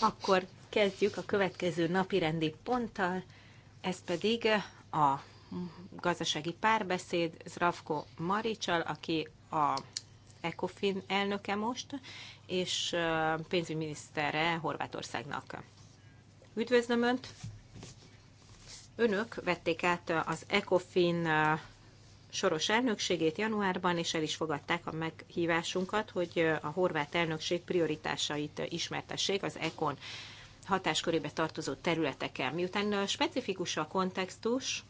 Akkor kezdjük a következő napi rendi ponttal, ez pedig a gazdasági párbeszéd Zravko Maricsal, aki a ECOFIN elnöke most, és pénzügyminisztere Horvátországnak. Üdvözlöm Önt! Önök vették át az ECOFIN soros elnökségét januárban, és el is fogadták a meghívásunkat, hogy a horvát elnökség prioritásait ismertessék az ECON hatáskörébe tartozó területeken. Miután specifikus a kontextus,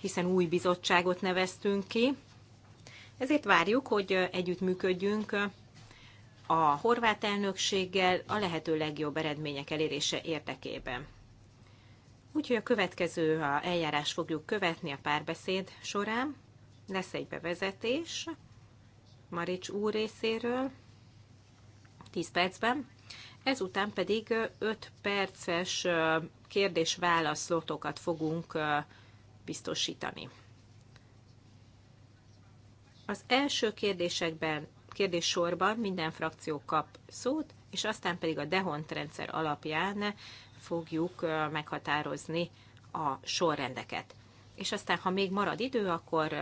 hiszen új bizottságot neveztünk ki, ezért várjuk, hogy együttműködjünk a horvát elnökséggel a lehető legjobb eredmények elérése érdekében. Úgyhogy a következő a eljárás fogjuk követni a párbeszéd során. Lesz egy bevezetés Marics úr részéről 10 percben, ezután pedig 5 perces kérdés-válasz lotokat fogunk biztosítani. Az első kérdésekben, kérdéssorban minden frakció kap szót, és aztán pedig a Dehont rendszer alapján fogjuk meghatározni a sorrendeket. És aztán, ha még marad idő, akkor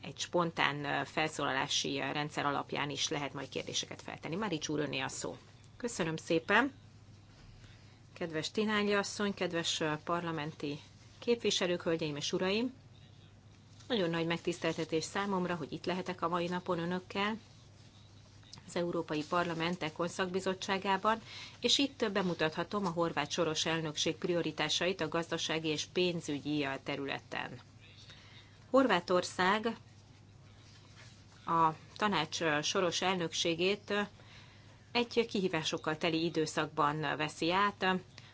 egy spontán felszólalási rendszer alapján is lehet majd kérdéseket feltenni. Marics úr, a szó. Köszönöm szépen! Kedves Tinányi asszony, kedves parlamenti képviselők, hölgyeim és uraim! Nagyon nagy megtiszteltetés számomra, hogy itt lehetek a mai napon önökkel, az Európai Parlament konszakbizottságában, és itt bemutathatom a horvát soros elnökség prioritásait a gazdasági és pénzügyi területen. Horvátország a tanács soros elnökségét egy kihívásokkal teli időszakban veszi át.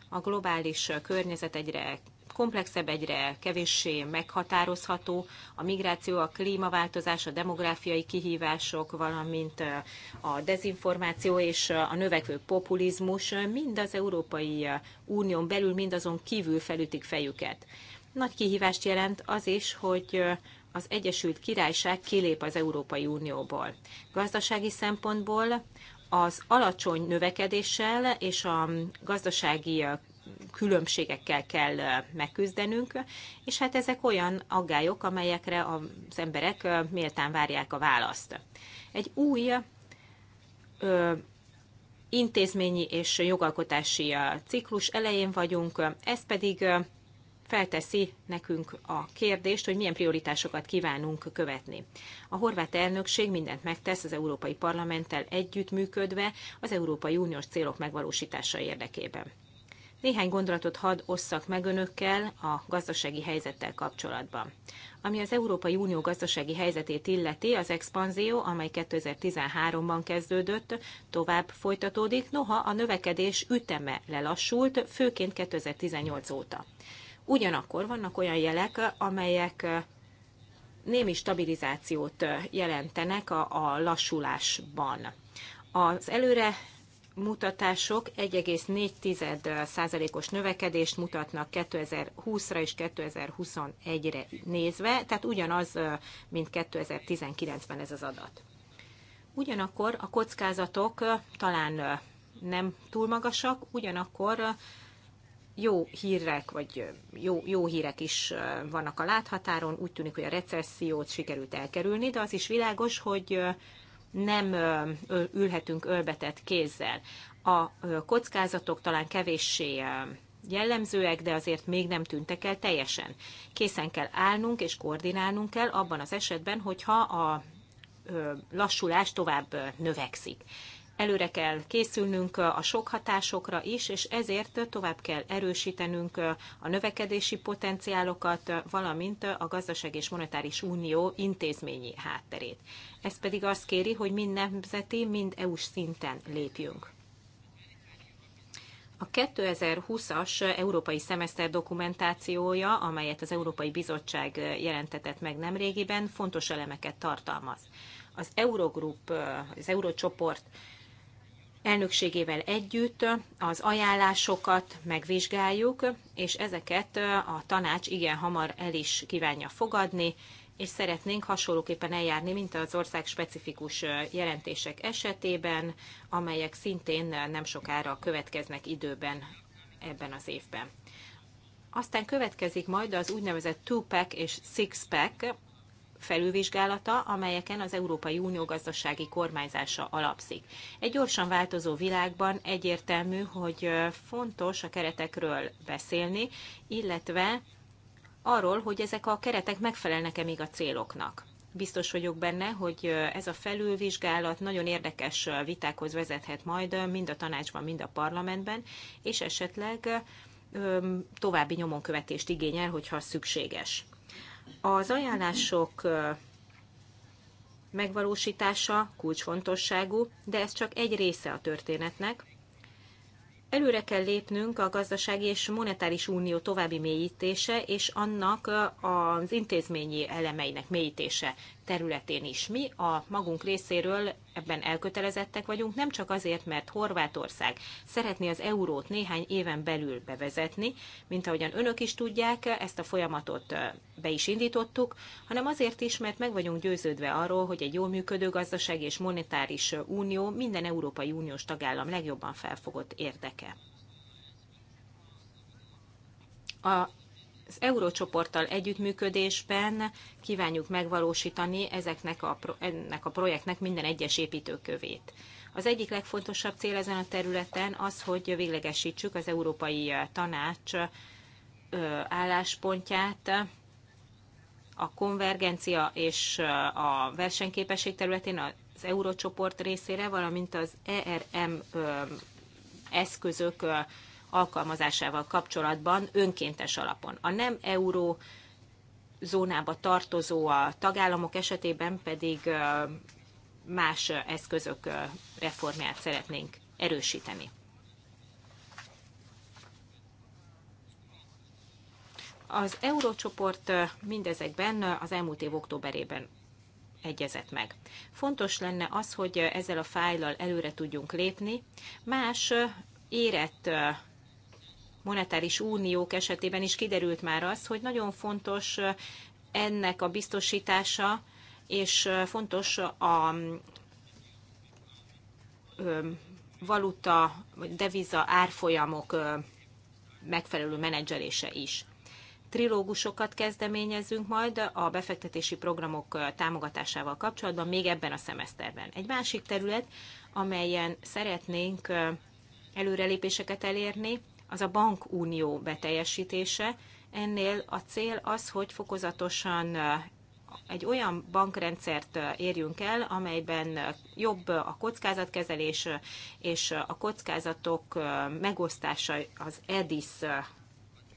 A globális környezet egyre komplexebb, egyre kevéssé meghatározható. A migráció, a klímaváltozás, a demográfiai kihívások, valamint eh, a dezinformáció és eh, a növekvő populizmus eh, mind az Európai Unión belül, mind azon kívül felütik fejüket. Nagy kihívást jelent az is, hogy az Egyesült Királyság kilép az Európai Unióból. Gazdasági szempontból az alacsony növekedéssel és a gazdasági különbségekkel kell megküzdenünk, és hát ezek olyan aggályok, amelyekre az emberek méltán várják a választ. Egy új ö, intézményi és jogalkotási ciklus elején vagyunk, ez pedig felteszi nekünk a kérdést, hogy milyen prioritásokat kívánunk követni. A horvát elnökség mindent megtesz az Európai Parlamenttel együttműködve az Európai Uniós célok megvalósítása érdekében. Néhány gondolatot hadd osszak meg önökkel a gazdasági helyzettel kapcsolatban. Ami az Európai Unió gazdasági helyzetét illeti, az expanzió, amely 2013-ban kezdődött, tovább folytatódik, noha a növekedés üteme lelassult, főként 2018 óta. Ugyanakkor vannak olyan jelek, amelyek némi stabilizációt jelentenek a, a lassulásban. Az előre mutatások 1,4%-os növekedést mutatnak 2020-ra és 2021-re nézve, tehát ugyanaz, mint 2019-ben ez az adat. Ugyanakkor a kockázatok talán nem túl magasak, ugyanakkor jó hírek, vagy jó, jó hírek is vannak a láthatáron, úgy tűnik, hogy a recessziót sikerült elkerülni, de az is világos, hogy nem ülhetünk ölbetett kézzel. A kockázatok talán kevéssé jellemzőek, de azért még nem tűntek el teljesen. Készen kell állnunk és koordinálnunk kell abban az esetben, hogyha a lassulás tovább növekszik előre kell készülnünk a sok hatásokra is, és ezért tovább kell erősítenünk a növekedési potenciálokat, valamint a gazdaság és monetáris unió intézményi hátterét. Ez pedig azt kéri, hogy mind nemzeti, mind EU-s szinten lépjünk. A 2020-as európai szemeszter dokumentációja, amelyet az Európai Bizottság jelentetett meg nemrégiben, fontos elemeket tartalmaz. Az Eurogroup, az Eurocsoport elnökségével együtt az ajánlásokat megvizsgáljuk, és ezeket a tanács igen hamar el is kívánja fogadni, és szeretnénk hasonlóképpen eljárni, mint az ország specifikus jelentések esetében, amelyek szintén nem sokára következnek időben ebben az évben. Aztán következik majd az úgynevezett two-pack és six-pack felülvizsgálata, amelyeken az Európai Unió gazdasági kormányzása alapszik. Egy gyorsan változó világban egyértelmű, hogy fontos a keretekről beszélni, illetve arról, hogy ezek a keretek megfelelnek-e még a céloknak. Biztos vagyok benne, hogy ez a felülvizsgálat nagyon érdekes vitákhoz vezethet majd mind a tanácsban, mind a parlamentben, és esetleg további nyomonkövetést igényel, hogyha szükséges. Az ajánlások megvalósítása kulcsfontosságú, de ez csak egy része a történetnek. Előre kell lépnünk a gazdasági és monetáris unió további mélyítése és annak az intézményi elemeinek mélyítése területén is. Mi a magunk részéről ebben elkötelezettek vagyunk, nem csak azért, mert Horvátország szeretné az eurót néhány éven belül bevezetni, mint ahogyan önök is tudják, ezt a folyamatot be is indítottuk, hanem azért is, mert meg vagyunk győződve arról, hogy egy jól működő gazdaság és monetáris unió minden Európai Uniós tagállam legjobban felfogott érdeke. A az eurócsoporttal együttműködésben kívánjuk megvalósítani ezeknek a, ennek a projektnek minden egyes építőkövét. Az egyik legfontosabb cél ezen a területen az, hogy véglegesítsük az Európai Tanács álláspontját a konvergencia és a versenyképesség területén az eurócsoport részére, valamint az ERM eszközök alkalmazásával kapcsolatban önkéntes alapon. A nem euró zónába tartozó a tagállamok esetében pedig más eszközök reformját szeretnénk erősíteni. Az eurócsoport mindezekben az elmúlt év októberében egyezett meg. Fontos lenne az, hogy ezzel a fájlal előre tudjunk lépni. Más érett monetáris uniók esetében is kiderült már az, hogy nagyon fontos ennek a biztosítása, és fontos a valuta vagy deviza árfolyamok megfelelő menedzselése is. Trilógusokat kezdeményezünk majd a befektetési programok támogatásával kapcsolatban még ebben a szemeszterben. Egy másik terület, amelyen szeretnénk előrelépéseket elérni, az a bankunió beteljesítése. Ennél a cél az, hogy fokozatosan egy olyan bankrendszert érjünk el, amelyben jobb a kockázatkezelés és a kockázatok megosztása az EDIS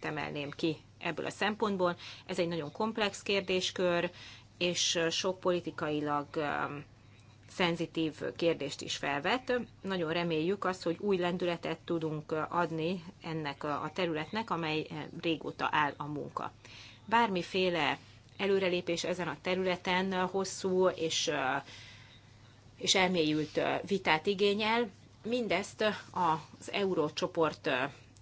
temelném ki ebből a szempontból. Ez egy nagyon komplex kérdéskör, és sok politikailag szenzitív kérdést is felvet. Nagyon reméljük azt, hogy új lendületet tudunk adni ennek a területnek, amely régóta áll a munka. Bármiféle előrelépés ezen a területen hosszú és, és elmélyült vitát igényel. Mindezt az eurócsoport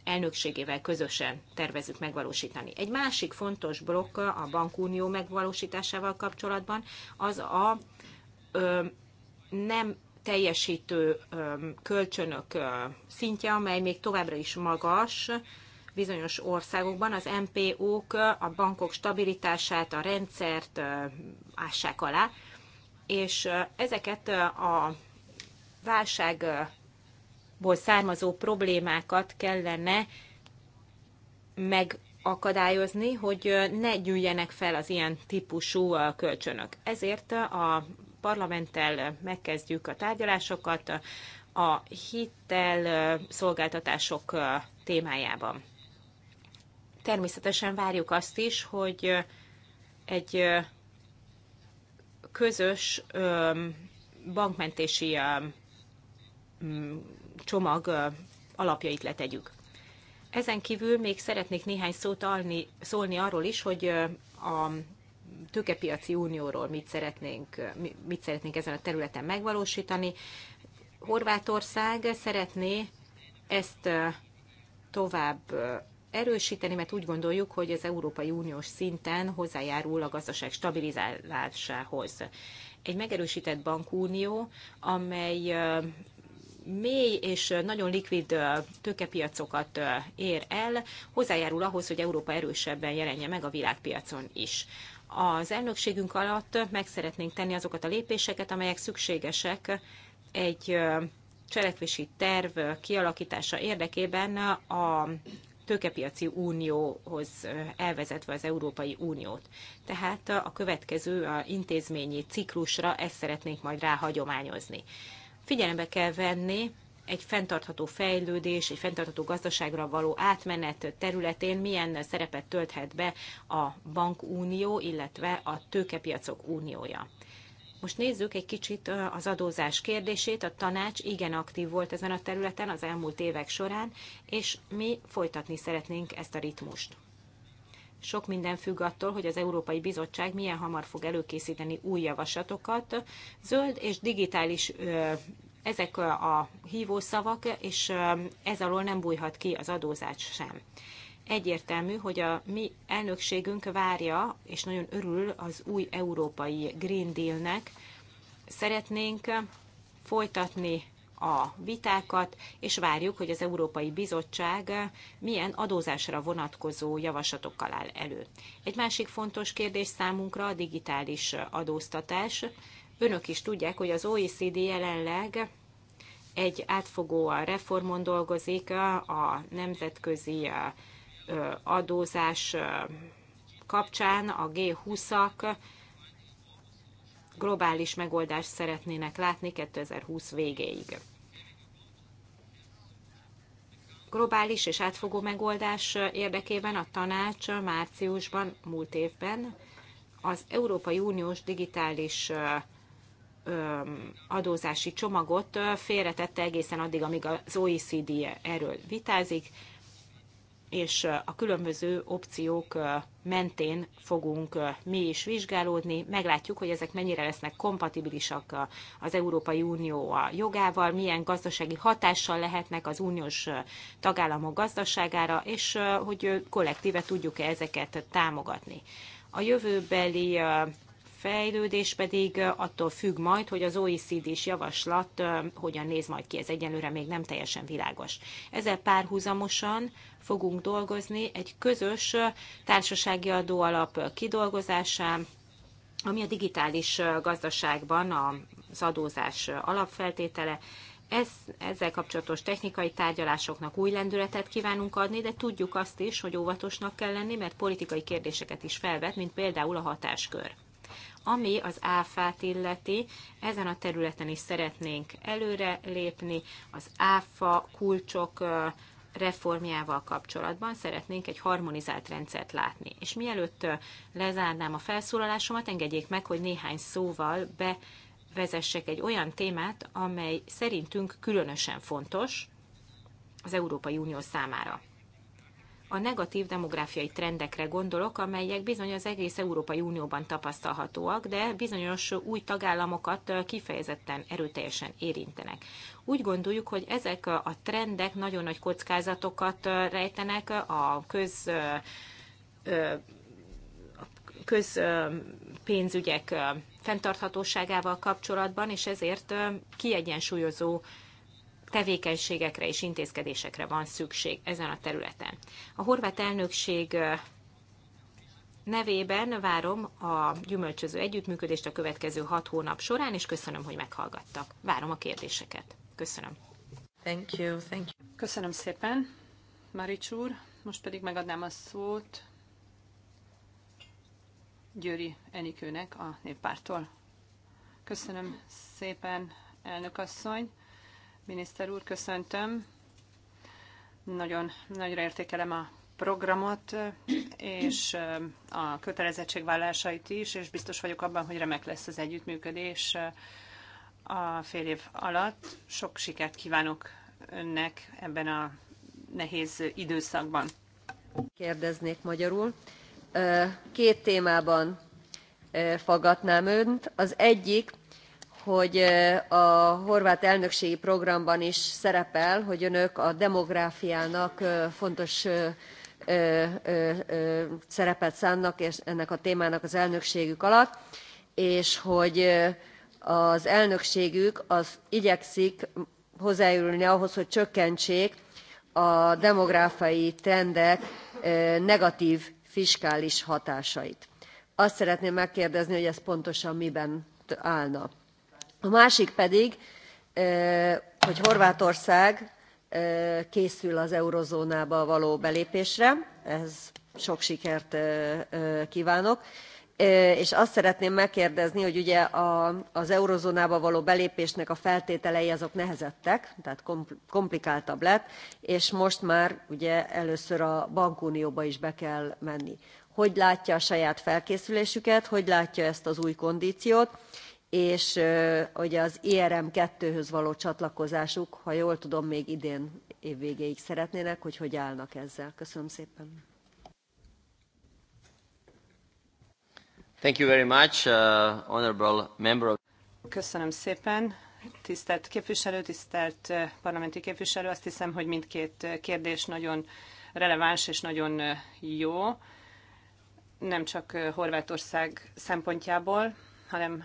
elnökségével közösen tervezünk megvalósítani. Egy másik fontos blokk a bankunió megvalósításával kapcsolatban az a nem teljesítő kölcsönök szintje, amely még továbbra is magas bizonyos országokban, az MPO-k a bankok stabilitását, a rendszert ássák alá, és ezeket a válságból származó problémákat kellene megakadályozni, hogy ne gyűjjenek fel az ilyen típusú kölcsönök. Ezért a Parlamenttel megkezdjük a tárgyalásokat a hitel szolgáltatások témájában. Természetesen várjuk azt is, hogy egy közös bankmentési csomag alapjait letegyük. Ezen kívül még szeretnék néhány szót alni, szólni arról is, hogy a tőkepiaci unióról mit szeretnénk, mit szeretnénk ezen a területen megvalósítani. Horvátország szeretné ezt tovább erősíteni, mert úgy gondoljuk, hogy az Európai Uniós szinten hozzájárul a gazdaság stabilizálásához. Egy megerősített bankunió, amely mély és nagyon likvid tőkepiacokat ér el, hozzájárul ahhoz, hogy Európa erősebben jelenje meg a világpiacon is az elnökségünk alatt meg szeretnénk tenni azokat a lépéseket, amelyek szükségesek egy cselekvési terv kialakítása érdekében a tőkepiaci unióhoz elvezetve az Európai Uniót. Tehát a következő a intézményi ciklusra ezt szeretnénk majd ráhagyományozni. Figyelembe kell venni egy fenntartható fejlődés, egy fenntartható gazdaságra való átmenet területén milyen szerepet tölthet be a bankunió, illetve a tőkepiacok uniója. Most nézzük egy kicsit az adózás kérdését. A tanács igen aktív volt ezen a területen az elmúlt évek során, és mi folytatni szeretnénk ezt a ritmust. Sok minden függ attól, hogy az Európai Bizottság milyen hamar fog előkészíteni új javaslatokat. Zöld és digitális ezek a hívószavak, és ez alól nem bújhat ki az adózás sem. Egyértelmű, hogy a mi elnökségünk várja, és nagyon örül az új európai Green Dealnek. Szeretnénk folytatni a vitákat, és várjuk, hogy az Európai Bizottság milyen adózásra vonatkozó javaslatokkal áll elő. Egy másik fontos kérdés számunkra a digitális adóztatás. Önök is tudják, hogy az OECD jelenleg egy átfogó reformon dolgozik a nemzetközi adózás kapcsán a G20-ak globális megoldást szeretnének látni 2020 végéig. Globális és átfogó megoldás érdekében a tanács márciusban, múlt évben az Európai Uniós digitális adózási csomagot félretette egészen addig, amíg az OECD erről vitázik, és a különböző opciók mentén fogunk mi is vizsgálódni. Meglátjuk, hogy ezek mennyire lesznek kompatibilisak az Európai Unió a jogával, milyen gazdasági hatással lehetnek az uniós tagállamok gazdaságára, és hogy kollektíve tudjuk-e ezeket támogatni. A jövőbeli fejlődés pedig attól függ majd, hogy az OECD-s javaslat hogyan néz majd ki. Ez egyenlőre még nem teljesen világos. Ezzel párhuzamosan fogunk dolgozni egy közös társasági adóalap kidolgozásán, ami a digitális gazdaságban az adózás alapfeltétele, ez, ezzel kapcsolatos technikai tárgyalásoknak új lendületet kívánunk adni, de tudjuk azt is, hogy óvatosnak kell lenni, mert politikai kérdéseket is felvet, mint például a hatáskör. Ami az áfát illeti, ezen a területen is szeretnénk előre lépni, az áfa kulcsok reformjával kapcsolatban szeretnénk egy harmonizált rendszert látni. És mielőtt lezárnám a felszólalásomat, engedjék meg, hogy néhány szóval bevezessek egy olyan témát, amely szerintünk különösen fontos az Európai Unió számára a negatív demográfiai trendekre gondolok, amelyek bizony az egész Európai Unióban tapasztalhatóak, de bizonyos új tagállamokat kifejezetten erőteljesen érintenek. Úgy gondoljuk, hogy ezek a trendek nagyon nagy kockázatokat rejtenek a köz közpénzügyek fenntarthatóságával kapcsolatban, és ezért kiegyensúlyozó tevékenységekre és intézkedésekre van szükség ezen a területen. A horvát elnökség nevében várom a gyümölcsöző együttműködést a következő hat hónap során, és köszönöm, hogy meghallgattak. Várom a kérdéseket. Köszönöm. Thank you, thank you. Köszönöm szépen, Marics úr. Most pedig megadnám a szót Győri Enikőnek a néppártól. Köszönöm szépen, elnök asszony. Miniszter úr, köszöntöm. Nagyon nagyra értékelem a programot és a kötelezettségvállásait is, és biztos vagyok abban, hogy remek lesz az együttműködés a fél év alatt. Sok sikert kívánok önnek ebben a nehéz időszakban. Kérdeznék magyarul. Két témában fogadnám önt. Az egyik hogy eh, a horvát elnökségi programban is szerepel, hogy önök a demográfiának eh, fontos eh, szerepet szánnak és ennek a témának az elnökségük alatt, és hogy az elnökségük az igyekszik hozzájárulni ahhoz, hogy csökkentsék a demográfiai trendek negatív fiskális hatásait. Azt szeretném megkérdezni, hogy ez pontosan miben állna a másik pedig hogy horvátország készül az eurozónába való belépésre ehhez sok sikert kvánok és azt szeretném megkérdezni hogy ugye az eurozónába való belépésnek a feltételei azok nehezettek tehát komplikáltabb lett és most már ugye először a bankunióba is be kell menni. hogy látja a saját felkészülésüket hogy látja ezt az új kondciót? és ugye az IRM e 2-höz való csatlakozásuk, ha jól tudom, még idén évvégéig szeretnének, hogy hogy állnak ezzel. Köszönöm szépen. Thank you very much, uh, honorable member of... Köszönöm szépen. Tisztelt képviselő, tisztelt parlamenti képviselő, azt hiszem, hogy mindkét kérdés nagyon releváns és nagyon jó, nem csak Horvátország szempontjából, hanem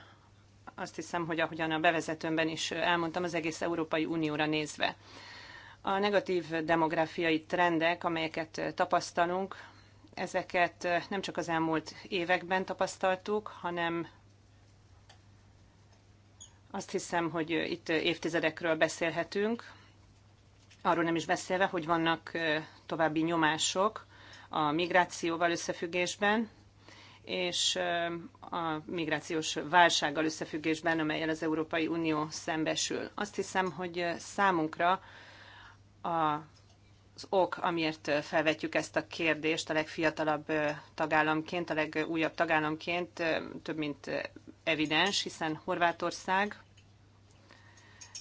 azt hiszem, hogy ahogyan a bevezetőmben is elmondtam, az egész Európai Unióra nézve. A negatív demográfiai trendek, amelyeket tapasztalunk, ezeket nem csak az elmúlt években tapasztaltuk, hanem azt hiszem, hogy itt évtizedekről beszélhetünk, arról nem is beszélve, hogy vannak további nyomások a migrációval összefüggésben, és a migrációs válsággal összefüggésben, amelyen az Európai Unió szembesül. Azt hiszem, hogy számunkra a az ok, amiért felvetjük ezt a kérdést a legfiatalabb tagállamként, a legújabb tagállamként, több mint evidens, hiszen Horvátország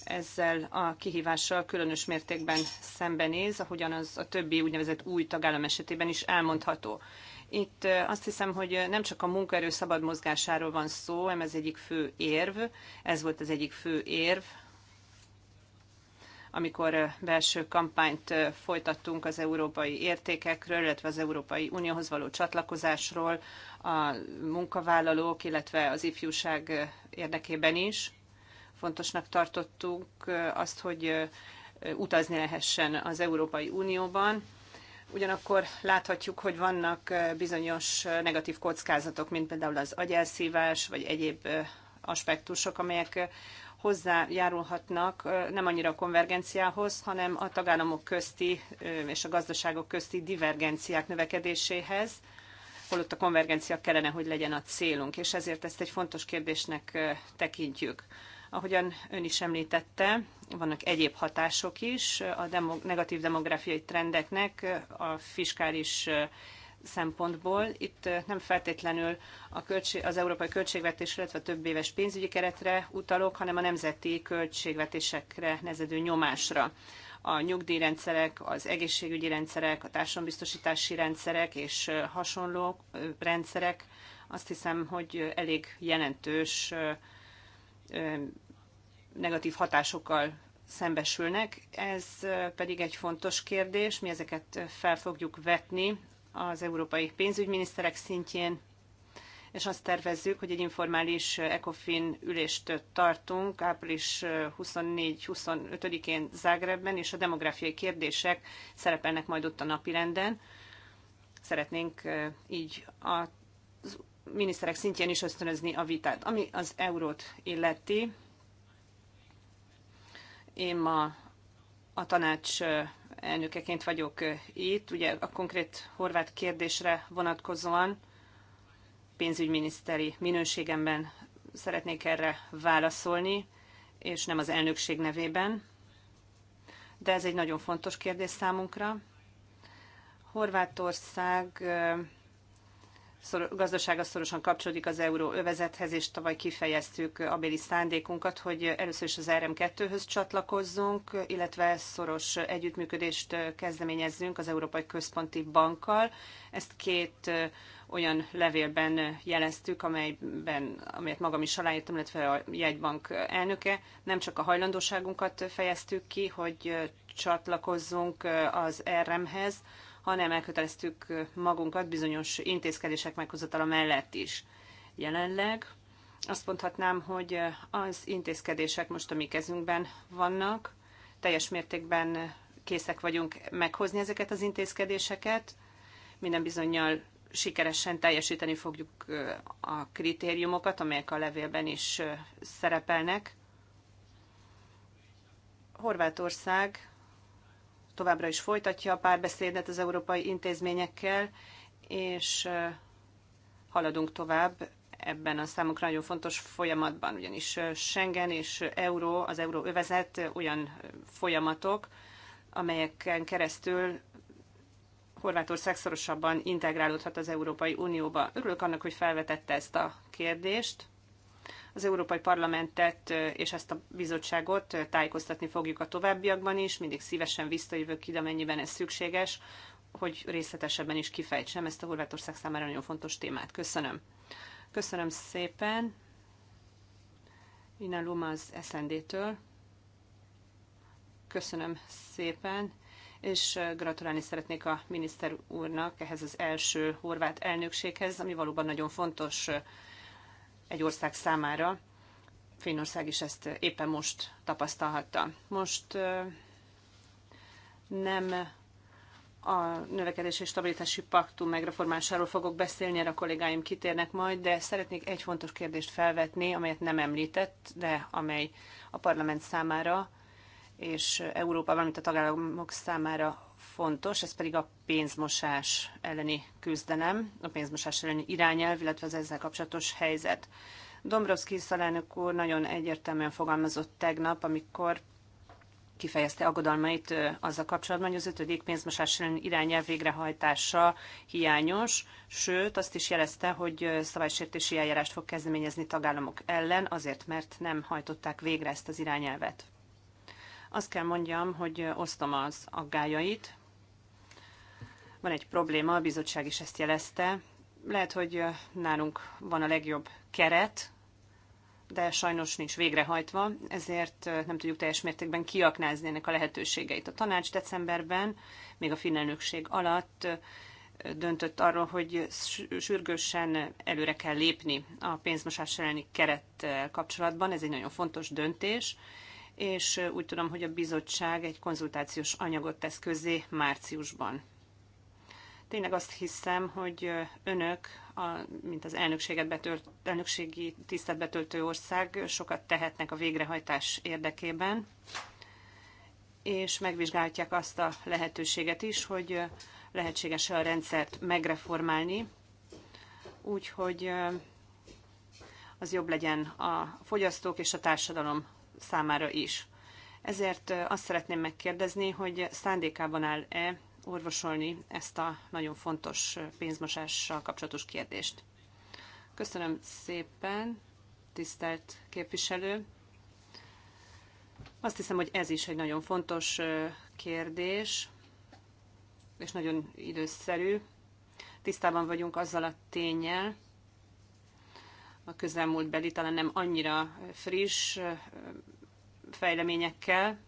ezzel a kihívással különös mértékben szembenéz, ahogyan az a többi úgynevezett új tagállam esetében is elmondható. Itt azt hiszem, hogy nem csak a munkaerő szabad mozgásáról van szó, hanem ez egyik fő érv, ez volt az egyik fő érv, amikor belső kampányt folytattunk az európai értékekről, illetve az Európai Unióhoz való csatlakozásról, a munkavállalók, illetve az ifjúság érdekében is. Fontosnak tartottuk azt, hogy utazni lehessen az Európai Unióban, ugyanakkor láthatjuk, hogy vannak bizonyos negatív kockázatok, mint például az agyelszívás, vagy egyéb aspektusok, amelyek hozzájárulhatnak nem annyira a konvergenciához, hanem a tagállamok közti és a gazdaságok közti divergenciák növekedéséhez, holott a konvergencia kellene, hogy legyen a célunk, és ezért ezt egy fontos kérdésnek tekintjük. Ahogyan ön is említette, vannak egyéb hatások is a demog- negatív demográfiai trendeknek a fiskális szempontból. Itt nem feltétlenül a költség, az európai költségvetésre, illetve a több éves pénzügyi keretre utalok, hanem a nemzeti költségvetésekre nezedő nyomásra. A nyugdíjrendszerek, az egészségügyi rendszerek, a társadalombiztosítási rendszerek és hasonló rendszerek azt hiszem, hogy elég jelentős negatív hatásokkal szembesülnek. Ez pedig egy fontos kérdés, mi ezeket fel fogjuk vetni az európai pénzügyminiszterek szintjén, és azt tervezzük, hogy egy informális ECOFIN ülést tartunk április 24-25-én Zágrebben, és a demográfiai kérdések szerepelnek majd ott a napirenden. Szeretnénk így a miniszterek szintjén is ösztönözni a vitát. Ami az eurót illeti, én ma a tanács elnökeként vagyok itt, ugye a konkrét horvát kérdésre vonatkozóan pénzügyminiszteri minőségemben szeretnék erre válaszolni, és nem az elnökség nevében. De ez egy nagyon fontos kérdés számunkra. Horvátország gazdasága szorosan kapcsolódik az euróövezethez, és tavaly kifejeztük a szándékunkat, hogy először is az RM2-höz csatlakozzunk, illetve szoros együttműködést kezdeményezzünk az Európai Központi Bankkal. Ezt két olyan levélben jeleztük, amelyben, amelyet magam is aláírtam, illetve a jegybank elnöke, nem csak a hajlandóságunkat fejeztük ki, hogy csatlakozzunk az RM-hez, hanem elköteleztük magunkat bizonyos intézkedések meghozatala mellett is. Jelenleg azt mondhatnám, hogy az intézkedések most a mi kezünkben vannak, teljes mértékben készek vagyunk meghozni ezeket az intézkedéseket, minden bizonyal sikeresen teljesíteni fogjuk a kritériumokat, amelyek a levélben is szerepelnek. Horvátország továbbra is folytatja a párbeszédet az európai intézményekkel, és haladunk tovább ebben a számunkra nagyon fontos folyamatban, ugyanis Schengen és euró, az euróövezet olyan folyamatok, amelyeken keresztül Horvátország szorosabban integrálódhat az Európai Unióba. Örülök annak, hogy felvetette ezt a kérdést. Az Európai Parlamentet és ezt a bizottságot tájékoztatni fogjuk a továbbiakban is, mindig szívesen visszajövök ide, amennyiben ez szükséges, hogy részletesebben is kifejtsem ezt a Horvátország számára nagyon fontos témát. Köszönöm. Köszönöm szépen. Innen Luma az SND-től. Köszönöm szépen és gratulálni szeretnék a miniszter úrnak ehhez az első horvát elnökséghez, ami valóban nagyon fontos egy ország számára. Finnország is ezt éppen most tapasztalhatta. Most nem a növekedés és stabilitási paktum megreformásáról fogok beszélni, erre a kollégáim kitérnek majd, de szeretnék egy fontos kérdést felvetni, amelyet nem említett, de amely a parlament számára és Európa, valamint a tagállamok számára fontos, ez pedig a pénzmosás elleni küzdelem, a pénzmosás elleni irányelv, illetve az ezzel kapcsolatos helyzet. Dombrovszki szalelnök úr nagyon egyértelműen fogalmazott tegnap, amikor kifejezte aggodalmait azzal kapcsolatban, hogy az ötödik pénzmosás elleni irányelv végrehajtása hiányos, sőt azt is jelezte, hogy szabálysértési eljárást fog kezdeményezni tagállamok ellen, azért mert nem hajtották végre ezt az irányelvet. Azt kell mondjam, hogy osztom az aggájait, van egy probléma, a bizottság is ezt jelezte. Lehet, hogy nálunk van a legjobb keret, de sajnos nincs végrehajtva, ezért nem tudjuk teljes mértékben kiaknázni ennek a lehetőségeit. A tanács decemberben, még a finn alatt döntött arról, hogy sürgősen előre kell lépni a pénzmosás elleni keret kapcsolatban. Ez egy nagyon fontos döntés, és úgy tudom, hogy a bizottság egy konzultációs anyagot tesz közé márciusban. Tényleg azt hiszem, hogy önök, a, mint az elnökséget betölt, elnökségi tisztet betöltő ország, sokat tehetnek a végrehajtás érdekében, és megvizsgálják azt a lehetőséget is, hogy lehetséges a rendszert megreformálni, úgyhogy az jobb legyen a fogyasztók és a társadalom számára is. Ezért azt szeretném megkérdezni, hogy szándékában áll-e orvosolni ezt a nagyon fontos pénzmosással kapcsolatos kérdést. Köszönöm szépen, tisztelt képviselő. Azt hiszem, hogy ez is egy nagyon fontos kérdés, és nagyon időszerű. Tisztában vagyunk azzal a tényel, a közelmúltbeli, talán nem annyira friss fejleményekkel,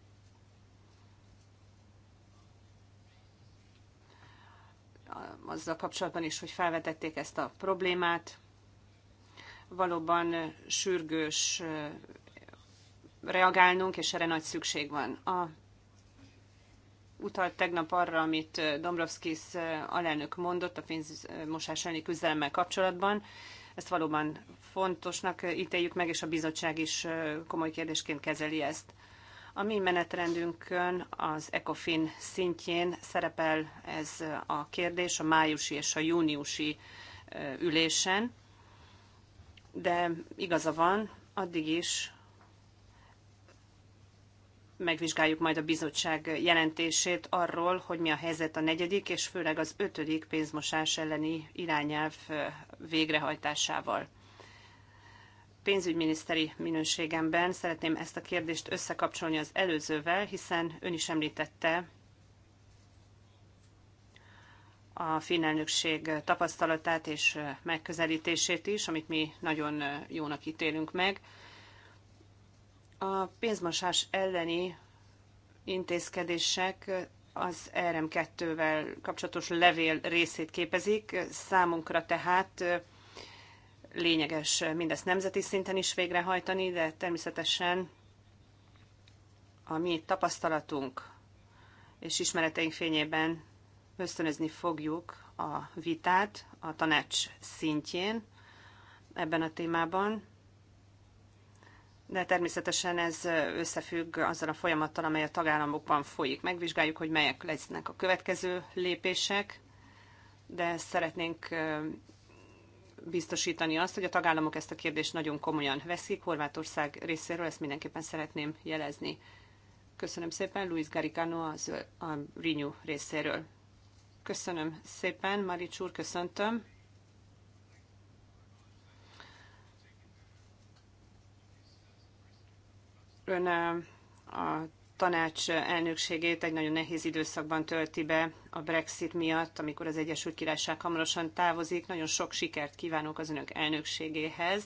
azzal kapcsolatban is, hogy felvetették ezt a problémát. Valóban sürgős reagálnunk, és erre nagy szükség van. A utalt tegnap arra, amit Dombrovskis alelnök mondott a pénzmosás elleni küzdelemmel kapcsolatban. Ezt valóban fontosnak ítéljük meg, és a bizottság is komoly kérdésként kezeli ezt. A mi menetrendünkön az ECOFIN szintjén szerepel ez a kérdés a májusi és a júniusi ülésen, de igaza van, addig is megvizsgáljuk majd a bizottság jelentését arról, hogy mi a helyzet a negyedik és főleg az ötödik pénzmosás elleni irányelv végrehajtásával pénzügyminiszteri minőségemben szeretném ezt a kérdést összekapcsolni az előzővel, hiszen ön is említette a finnelnökség tapasztalatát és megközelítését is, amit mi nagyon jónak ítélünk meg. A pénzmosás elleni intézkedések az RM2-vel kapcsolatos levél részét képezik. Számunkra tehát lényeges mindezt nemzeti szinten is végrehajtani, de természetesen a mi tapasztalatunk és ismereteink fényében ösztönözni fogjuk a vitát a tanács szintjén ebben a témában, de természetesen ez összefügg azzal a folyamattal, amely a tagállamokban folyik. Megvizsgáljuk, hogy melyek lesznek a következő lépések, de szeretnénk biztosítani azt, hogy a tagállamok ezt a kérdést nagyon komolyan veszik. Horvátország részéről ezt mindenképpen szeretném jelezni. Köszönöm szépen, Luis Garicano az, a Renew részéről. Köszönöm szépen, Marics úr, köszöntöm. Ön a tanács elnökségét egy nagyon nehéz időszakban tölti be a Brexit miatt, amikor az Egyesült Királyság hamarosan távozik. Nagyon sok sikert kívánok az önök elnökségéhez.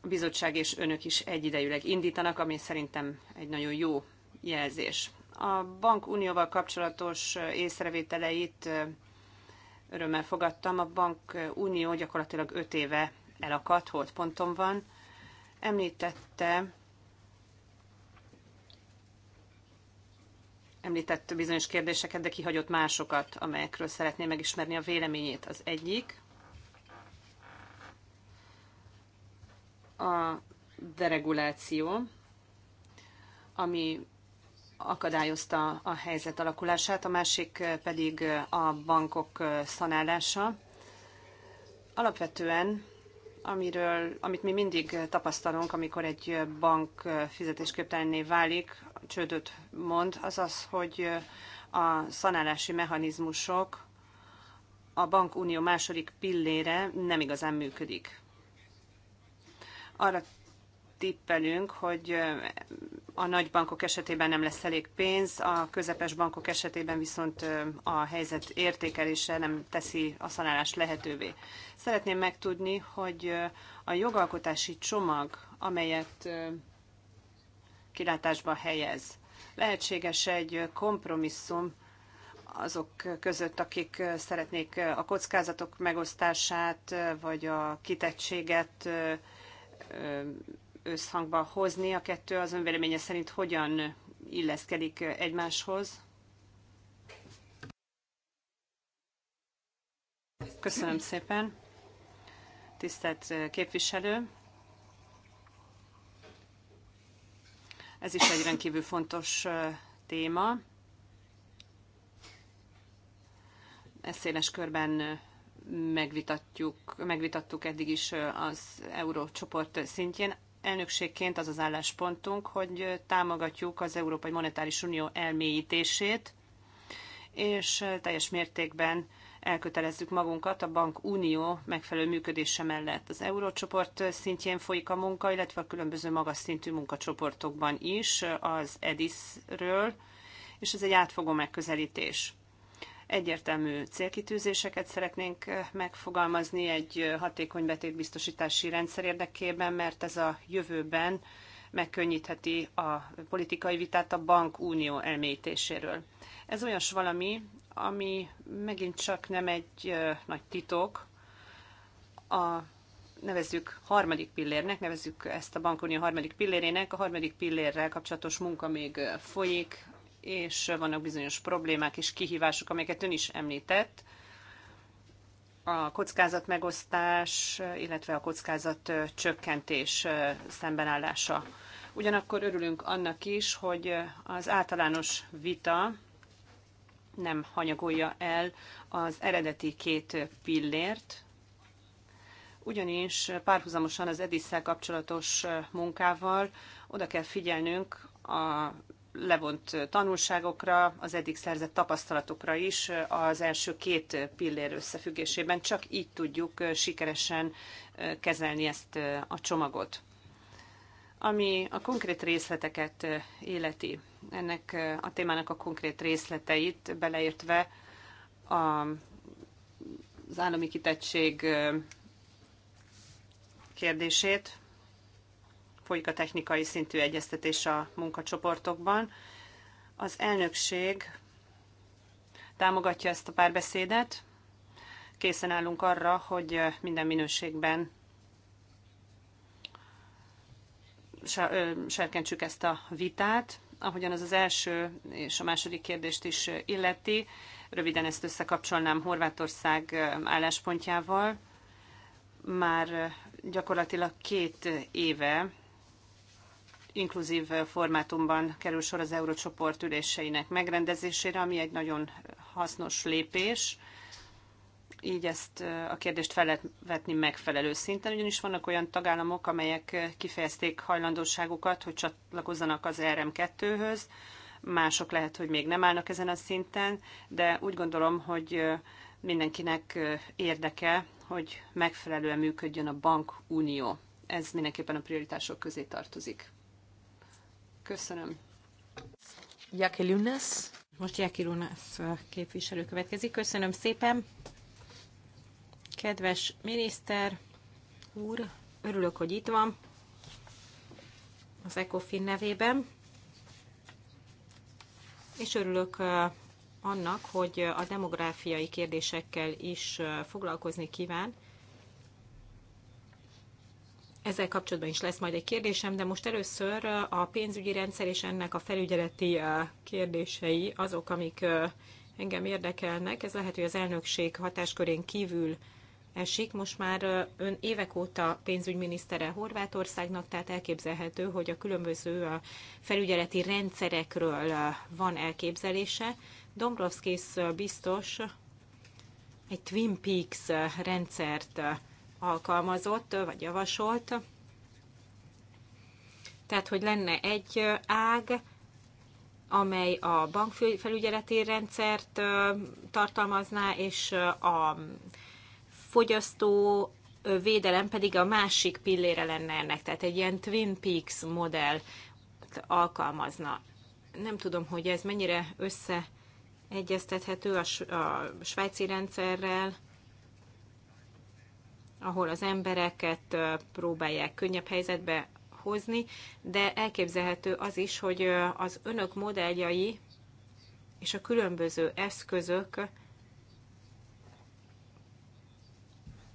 A bizottság és önök is egyidejűleg indítanak, ami szerintem egy nagyon jó jelzés. A bankunióval kapcsolatos észrevételeit örömmel fogadtam. A bankunió gyakorlatilag öt éve elakadt, ponton van. Említette említett bizonyos kérdéseket, de kihagyott másokat, amelyekről szeretné megismerni a véleményét. Az egyik a dereguláció, ami akadályozta a helyzet alakulását, a másik pedig a bankok szanálása. Alapvetően, amiről, amit mi mindig tapasztalunk, amikor egy bank fizetésképtelenné válik, csődöt mond, az az, hogy a szanálási mechanizmusok a bankunió második pillére nem igazán működik. Arra tippelünk, hogy a nagy bankok esetében nem lesz elég pénz, a közepes bankok esetében viszont a helyzet értékelése nem teszi a szanálást lehetővé. Szeretném megtudni, hogy a jogalkotási csomag, amelyet kilátásba helyez. Lehetséges egy kompromisszum azok között, akik szeretnék a kockázatok megosztását vagy a kitettséget összhangba hozni. A kettő az önvéleménye szerint hogyan illeszkedik egymáshoz? Köszönöm szépen. Tisztelt képviselő! Ez is egy rendkívül fontos téma. Ezt széles körben megvitatjuk, megvitattuk eddig is az eurócsoport szintjén. Elnökségként az az álláspontunk, hogy támogatjuk az Európai Monetáris Unió elmélyítését, és teljes mértékben elkötelezzük magunkat a bank unió megfelelő működése mellett. Az eurócsoport szintjén folyik a munka, illetve a különböző magas szintű munkacsoportokban is az EDIS-ről, és ez egy átfogó megközelítés egyértelmű célkitűzéseket szeretnénk megfogalmazni egy hatékony betétbiztosítási rendszer érdekében, mert ez a jövőben megkönnyítheti a politikai vitát a bankunió elmélyítéséről. Ez olyas valami, ami megint csak nem egy nagy titok, a nevezzük harmadik pillérnek, nevezzük ezt a bankunió harmadik pillérének, a harmadik pillérrel kapcsolatos munka még folyik, és vannak bizonyos problémák és kihívások, amelyeket ön is említett. A kockázat megosztás, illetve a kockázat csökkentés szembenállása. Ugyanakkor örülünk annak is, hogy az általános vita nem hanyagolja el az eredeti két pillért, ugyanis párhuzamosan az edisszel kapcsolatos munkával oda kell figyelnünk a levont tanulságokra, az eddig szerzett tapasztalatokra is az első két pillér összefüggésében. Csak így tudjuk sikeresen kezelni ezt a csomagot. Ami a konkrét részleteket életi, ennek a témának a konkrét részleteit, beleértve a, az állami kitettség kérdését. Folyik a technikai szintű egyeztetés a munkacsoportokban. Az elnökség támogatja ezt a párbeszédet. Készen állunk arra, hogy minden minőségben serkentsük ezt a vitát ahogyan az az első és a második kérdést is illeti, röviden ezt összekapcsolnám Horvátország álláspontjával. Már gyakorlatilag két éve inkluzív formátumban kerül sor az Eurócsoport üléseinek megrendezésére, ami egy nagyon hasznos lépés így ezt a kérdést fel lehet vetni megfelelő szinten, ugyanis vannak olyan tagállamok, amelyek kifejezték hajlandóságukat, hogy csatlakozzanak az RM2-höz, mások lehet, hogy még nem állnak ezen a szinten, de úgy gondolom, hogy mindenkinek érdeke, hogy megfelelően működjön a bankunió. Ez mindenképpen a prioritások közé tartozik. Köszönöm. Jaki Lunas. Most Jaki Lunas képviselő következik. Köszönöm szépen. Kedves miniszter úr, örülök, hogy itt van az ECOFIN nevében, és örülök annak, hogy a demográfiai kérdésekkel is foglalkozni kíván. Ezzel kapcsolatban is lesz majd egy kérdésem, de most először a pénzügyi rendszer és ennek a felügyeleti kérdései azok, amik engem érdekelnek. Ez lehet, hogy az elnökség hatáskörén kívül esik. Most már ön évek óta pénzügyminisztere Horvátországnak, tehát elképzelhető, hogy a különböző felügyeleti rendszerekről van elképzelése. Dombrovskis biztos egy Twin Peaks rendszert alkalmazott, vagy javasolt. Tehát, hogy lenne egy ág, amely a bankfelügyeleti rendszert tartalmazná, és a fogyasztó védelem pedig a másik pillére lenne ennek, tehát egy ilyen Twin Peaks modell alkalmazna. Nem tudom, hogy ez mennyire összeegyeztethető a, a svájci rendszerrel, ahol az embereket próbálják könnyebb helyzetbe hozni, de elképzelhető az is, hogy az önök modelljai és a különböző eszközök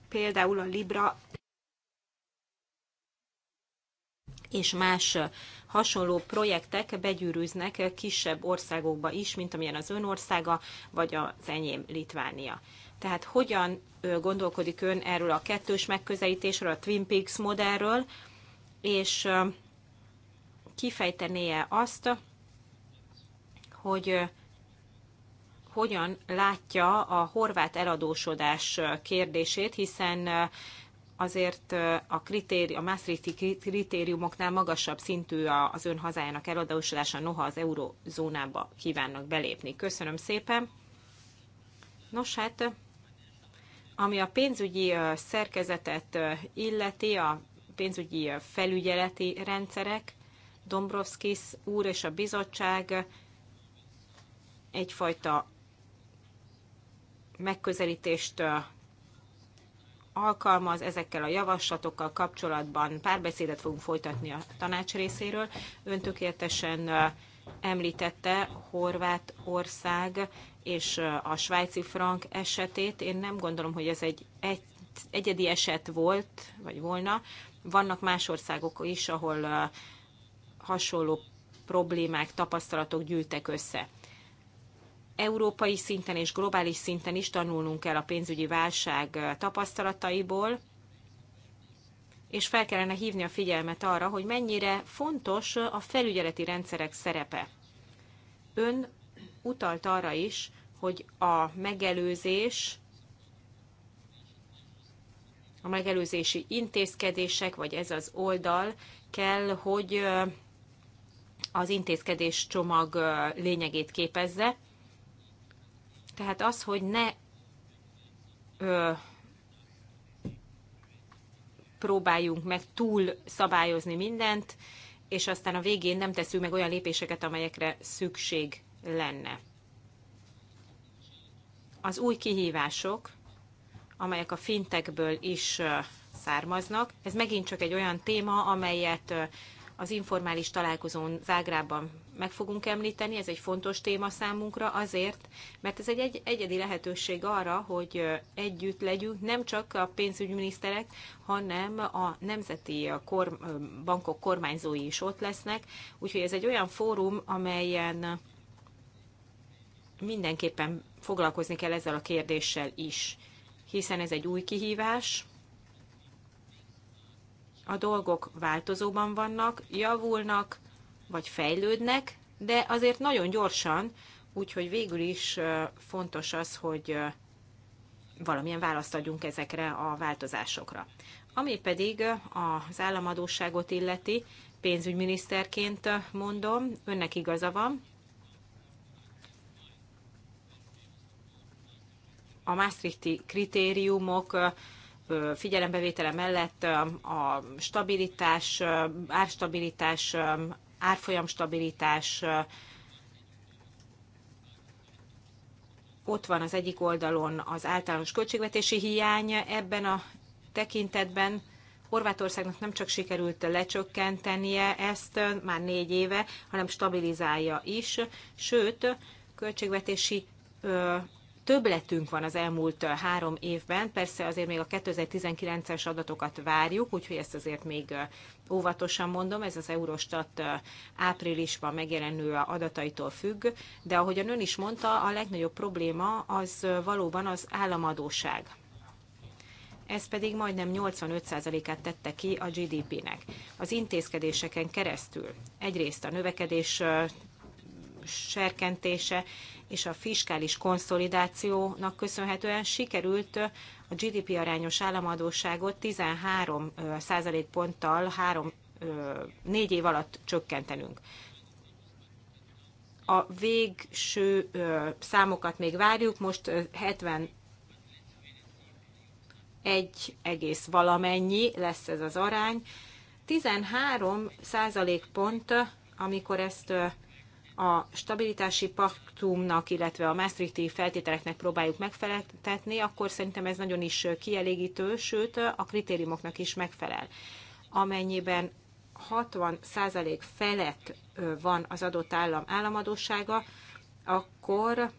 például a Libra és más hasonló projektek begyűrűznek kisebb országokba is, mint amilyen az ön országa, vagy az enyém Litvánia. Tehát hogyan gondolkodik ön erről a kettős megközelítésről, a Twin Peaks modellről, és kifejtené-e azt, hogy hogyan látja a horvát eladósodás kérdését, hiszen azért a, kritéri, a Maastrichti kritériumoknál magasabb szintű az ön hazájának eladósodása, noha az eurozónába kívánnak belépni. Köszönöm szépen. Nos hát, ami a pénzügyi szerkezetet illeti, a pénzügyi felügyeleti rendszerek, Dombrovskis úr és a bizottság egyfajta megközelítést alkalmaz, ezekkel a javaslatokkal kapcsolatban párbeszédet fogunk folytatni a tanács részéről. Ön tökéletesen említette Horvátország és a svájci frank esetét. Én nem gondolom, hogy ez egy, egy egyedi eset volt, vagy volna. Vannak más országok is, ahol hasonló problémák, tapasztalatok gyűltek össze európai szinten és globális szinten is tanulnunk kell a pénzügyi válság tapasztalataiból, és fel kellene hívni a figyelmet arra, hogy mennyire fontos a felügyeleti rendszerek szerepe. Ön utalt arra is, hogy a megelőzés, a megelőzési intézkedések, vagy ez az oldal kell, hogy az intézkedés csomag lényegét képezze, tehát az, hogy ne ö, próbáljunk meg túl szabályozni mindent, és aztán a végén nem teszünk meg olyan lépéseket, amelyekre szükség lenne. Az új kihívások, amelyek a fintekből is származnak, ez megint csak egy olyan téma, amelyet az informális találkozón Zágrában meg fogunk említeni. Ez egy fontos téma számunkra azért, mert ez egy, egy egyedi lehetőség arra, hogy együtt legyünk nem csak a pénzügyminiszterek, hanem a nemzeti kor, bankok kormányzói is ott lesznek. Úgyhogy ez egy olyan fórum, amelyen mindenképpen foglalkozni kell ezzel a kérdéssel is, hiszen ez egy új kihívás, a dolgok változóban vannak, javulnak, vagy fejlődnek, de azért nagyon gyorsan, úgyhogy végül is fontos az, hogy valamilyen választ adjunk ezekre a változásokra. Ami pedig az államadóságot illeti, pénzügyminiszterként mondom, önnek igaza van. A Maastrichti kritériumok figyelembevétele mellett a stabilitás, árstabilitás, árfolyamstabilitás, ott van az egyik oldalon az általános költségvetési hiány, ebben a tekintetben Horvátországnak nem csak sikerült lecsökkentenie ezt már négy éve, hanem stabilizálja is, sőt, költségvetési többletünk van az elmúlt három évben. Persze azért még a 2019-es adatokat várjuk, úgyhogy ezt azért még óvatosan mondom, ez az Eurostat áprilisban megjelenő adataitól függ, de ahogyan ön is mondta, a legnagyobb probléma az valóban az államadóság. Ez pedig majdnem 85%-át tette ki a GDP-nek. Az intézkedéseken keresztül egyrészt a növekedés serkentése és a fiskális konszolidációnak köszönhetően sikerült a GDP arányos államadóságot 13 ponttal 3, 4 év alatt csökkentenünk. A végső számokat még várjuk, most 70 egy egész valamennyi lesz ez az arány. 13 százalékpont, amikor ezt a stabilitási paktumnak, illetve a Maastrichti feltételeknek próbáljuk megfeleltetni, akkor szerintem ez nagyon is kielégítő, sőt a kritériumoknak is megfelel. Amennyiben 60% felett van az adott állam államadósága, akkor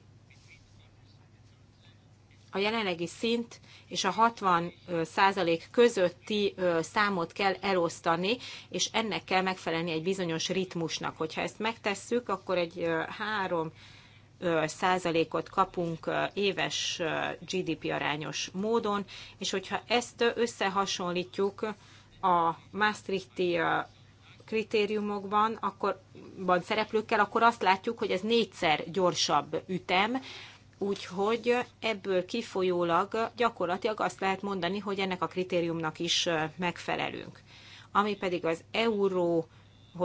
a jelenlegi szint és a 60 százalék közötti számot kell elosztani, és ennek kell megfelelni egy bizonyos ritmusnak. Hogyha ezt megtesszük, akkor egy három százalékot kapunk éves GDP arányos módon, és hogyha ezt összehasonlítjuk a Maastrichti kritériumokban, akkor van szereplőkkel, akkor azt látjuk, hogy ez négyszer gyorsabb ütem, Úgyhogy ebből kifolyólag gyakorlatilag azt lehet mondani, hogy ennek a kritériumnak is megfelelünk. Ami pedig az euró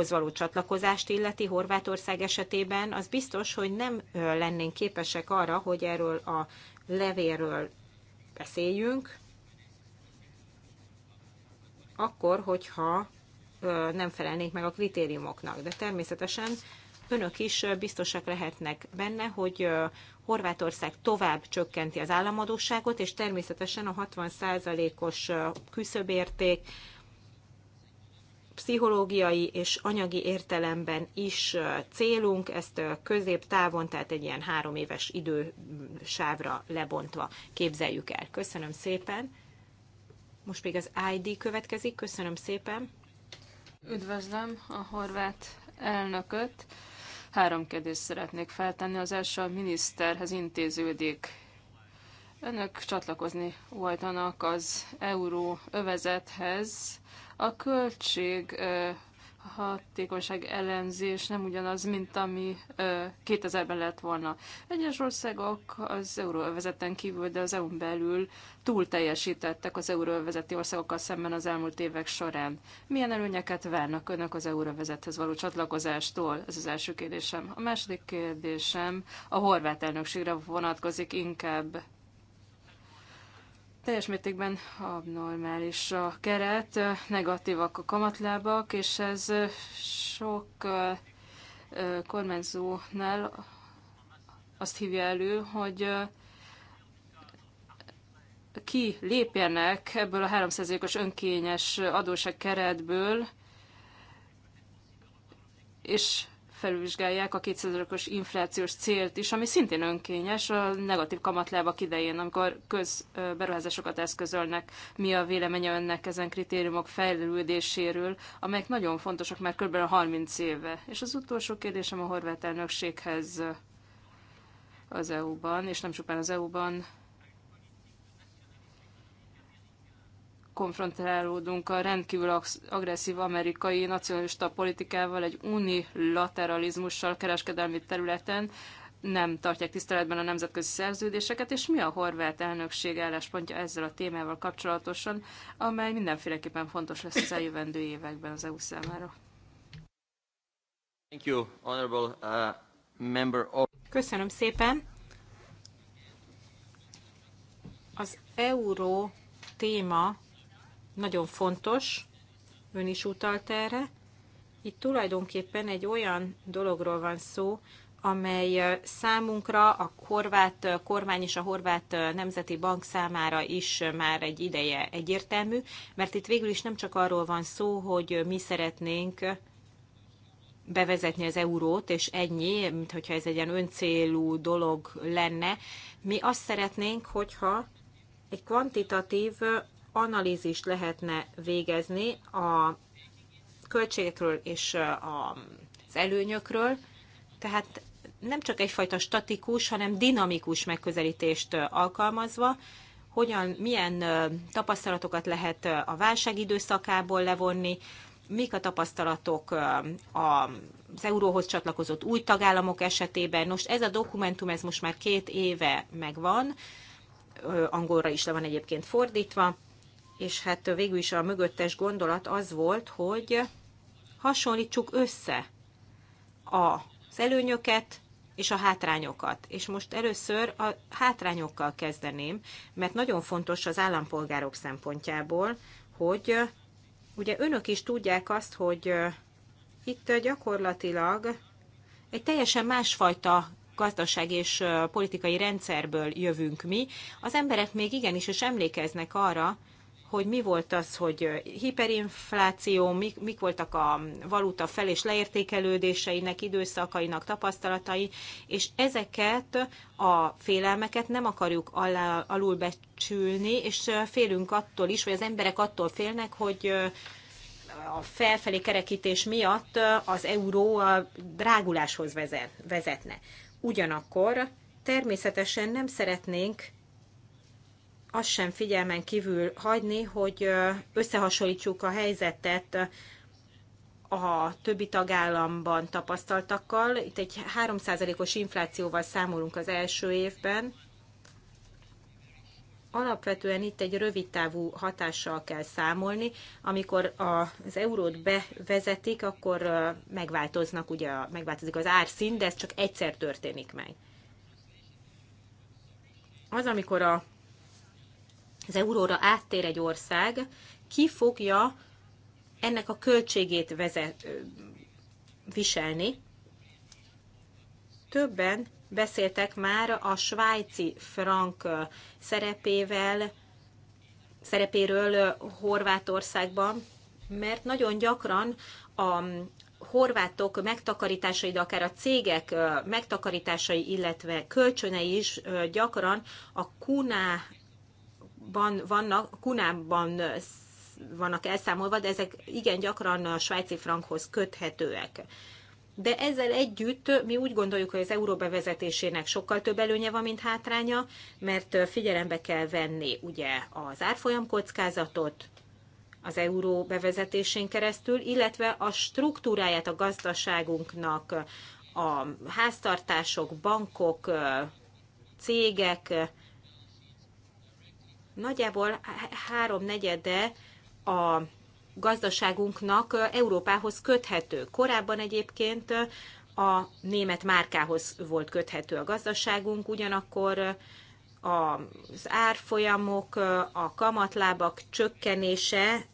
való csatlakozást illeti Horvátország esetében, az biztos, hogy nem lennénk képesek arra, hogy erről a levéről beszéljünk, akkor, hogyha nem felelnék meg a kritériumoknak. De természetesen önök is biztosak lehetnek benne, hogy Horvátország tovább csökkenti az államadóságot, és természetesen a 60%-os küszöbérték pszichológiai és anyagi értelemben is célunk, ezt középtávon, tehát egy ilyen három éves idősávra lebontva képzeljük el. Köszönöm szépen. Most még az ID következik. Köszönöm szépen. Üdvözlöm a horvát elnököt. Három kérdést szeretnék feltenni. Az első a miniszterhez intéződik. Önök csatlakozni voltanak az euró övezethez. A költség hatékonyság ellenzés nem ugyanaz, mint ami 2000-ben lett volna. Egyes országok az euróvezeten kívül, de az EU-n belül túl teljesítettek az euróvezeti országokkal szemben az elmúlt évek során. Milyen előnyeket várnak önök az euróvezethez való csatlakozástól? Ez az első kérdésem. A második kérdésem a horvát elnökségre vonatkozik inkább teljes mértékben abnormális a keret, negatívak a kamatlábak, és ez sok kormányzónál azt hívja elő, hogy ki lépjenek ebből a 3%-os önkényes adóság keretből, és felvizsgálják a 2000-ös inflációs célt is, ami szintén önkényes a negatív kamatlábak idején, amikor közberuházásokat eszközölnek. Mi a véleménye önnek ezen kritériumok fejlődéséről, amelyek nagyon fontosak már kb. 30 éve? És az utolsó kérdésem a horvát elnökséghez az EU-ban, és nem csupán az EU-ban, konfrontálódunk a rendkívül agresszív amerikai nacionalista politikával, egy unilateralizmussal kereskedelmi területen, nem tartják tiszteletben a nemzetközi szerződéseket, és mi a horvát elnökség álláspontja ezzel a témával kapcsolatosan, amely mindenféleképpen fontos lesz az eljövendő években az EU számára. Thank you, honorable, uh, member of... Köszönöm szépen. Az euró téma nagyon fontos, ön is utalt erre. Itt tulajdonképpen egy olyan dologról van szó, amely számunkra a horvát kormány és a horvát nemzeti bank számára is már egy ideje egyértelmű, mert itt végül is nem csak arról van szó, hogy mi szeretnénk bevezetni az eurót, és ennyi, mint hogyha ez egy ilyen öncélú dolog lenne. Mi azt szeretnénk, hogyha egy kvantitatív analízist lehetne végezni a költségekről és az előnyökről, tehát nem csak egyfajta statikus, hanem dinamikus megközelítést alkalmazva, hogyan, milyen tapasztalatokat lehet a válság időszakából levonni, mik a tapasztalatok az euróhoz csatlakozott új tagállamok esetében. Most ez a dokumentum, ez most már két éve megvan, angolra is le van egyébként fordítva, és hát végül is a mögöttes gondolat az volt, hogy hasonlítsuk össze az előnyöket és a hátrányokat. És most először a hátrányokkal kezdeném, mert nagyon fontos az állampolgárok szempontjából, hogy ugye önök is tudják azt, hogy itt gyakorlatilag egy teljesen másfajta gazdaság és politikai rendszerből jövünk mi. Az emberek még igenis is emlékeznek arra, hogy mi volt az, hogy hiperinfláció, mik, mik voltak a valuta fel- és leértékelődéseinek, időszakainak tapasztalatai, és ezeket a félelmeket nem akarjuk alá, alulbecsülni, és félünk attól is, vagy az emberek attól félnek, hogy a felfelé kerekítés miatt az euró a dráguláshoz vezetne. Ugyanakkor természetesen nem szeretnénk azt sem figyelmen kívül hagyni, hogy összehasonlítsuk a helyzetet a többi tagállamban tapasztaltakkal. Itt egy 3%-os inflációval számolunk az első évben. Alapvetően itt egy rövidtávú hatással kell számolni. Amikor az eurót bevezetik, akkor megváltoznak, ugye megváltozik az árszín, de ez csak egyszer történik meg. Az, amikor a az euróra áttér egy ország, ki fogja ennek a költségét vezet, viselni. Többen beszéltek már a svájci frank szerepével, szerepéről Horvátországban, mert nagyon gyakran a horvátok megtakarításai, de akár a cégek megtakarításai, illetve kölcsönei is gyakran a kuna, van, vannak, Kunában vannak elszámolva, de ezek igen gyakran a svájci frankhoz köthetőek. De ezzel együtt mi úgy gondoljuk, hogy az euró bevezetésének sokkal több előnye van, mint hátránya, mert figyelembe kell venni ugye az árfolyam kockázatot, az euró bevezetésén keresztül, illetve a struktúráját a gazdaságunknak, a háztartások, bankok, cégek, nagyjából háromnegyede a gazdaságunknak Európához köthető. Korábban egyébként a német márkához volt köthető a gazdaságunk, ugyanakkor az árfolyamok, a kamatlábak csökkenése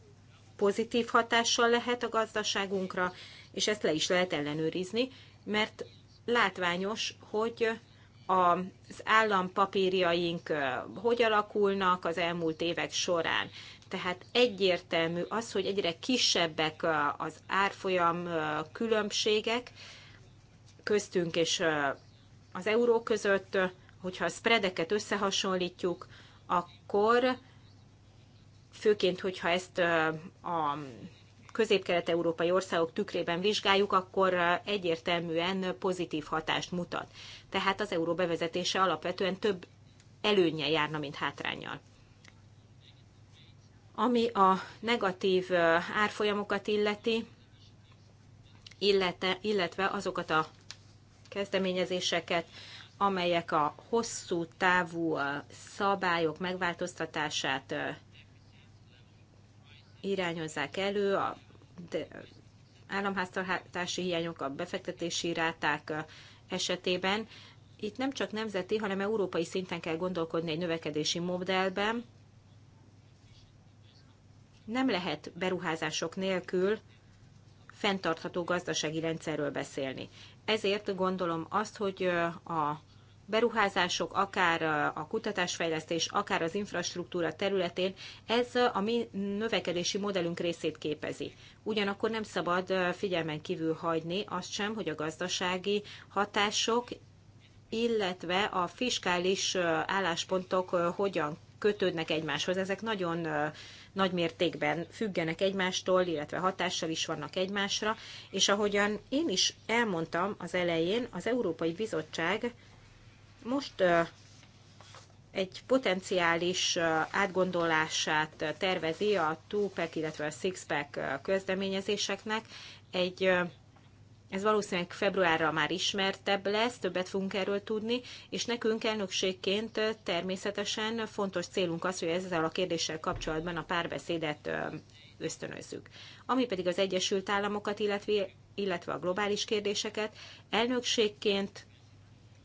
pozitív hatással lehet a gazdaságunkra, és ezt le is lehet ellenőrizni, mert látványos, hogy az állampapírjaink hogy alakulnak az elmúlt évek során. Tehát egyértelmű az, hogy egyre kisebbek az árfolyam különbségek köztünk és az euró között, hogyha a spreadeket összehasonlítjuk, akkor főként, hogyha ezt a közép-kelet-európai országok tükrében vizsgáljuk, akkor egyértelműen pozitív hatást mutat. Tehát az euró bevezetése alapvetően több előnyel járna, mint hátrányjal. Ami a negatív árfolyamokat illeti, illete, illetve azokat a kezdeményezéseket, amelyek a hosszú távú szabályok megváltoztatását irányozzák elő, a de államháztartási hiányok, a befektetési ráták esetében. Itt nem csak nemzeti, hanem európai szinten kell gondolkodni egy növekedési modellben. Nem lehet beruházások nélkül fenntartható gazdasági rendszerről beszélni. Ezért gondolom azt, hogy a beruházások, akár a kutatásfejlesztés, akár az infrastruktúra területén, ez a mi növekedési modellünk részét képezi. Ugyanakkor nem szabad figyelmen kívül hagyni azt sem, hogy a gazdasági hatások, illetve a fiskális álláspontok hogyan kötődnek egymáshoz. Ezek nagyon nagy mértékben függenek egymástól, illetve hatással is vannak egymásra, és ahogyan én is elmondtam az elején, az Európai Bizottság most egy potenciális átgondolását tervezi a two illetve a Sixpack közleményezéseknek. Egy, ez valószínűleg februárra már ismertebb lesz, többet fogunk erről tudni, és nekünk elnökségként természetesen fontos célunk az, hogy ezzel a kérdéssel kapcsolatban a párbeszédet ösztönözzük. Ami pedig az Egyesült Államokat, illetve, illetve a globális kérdéseket, elnökségként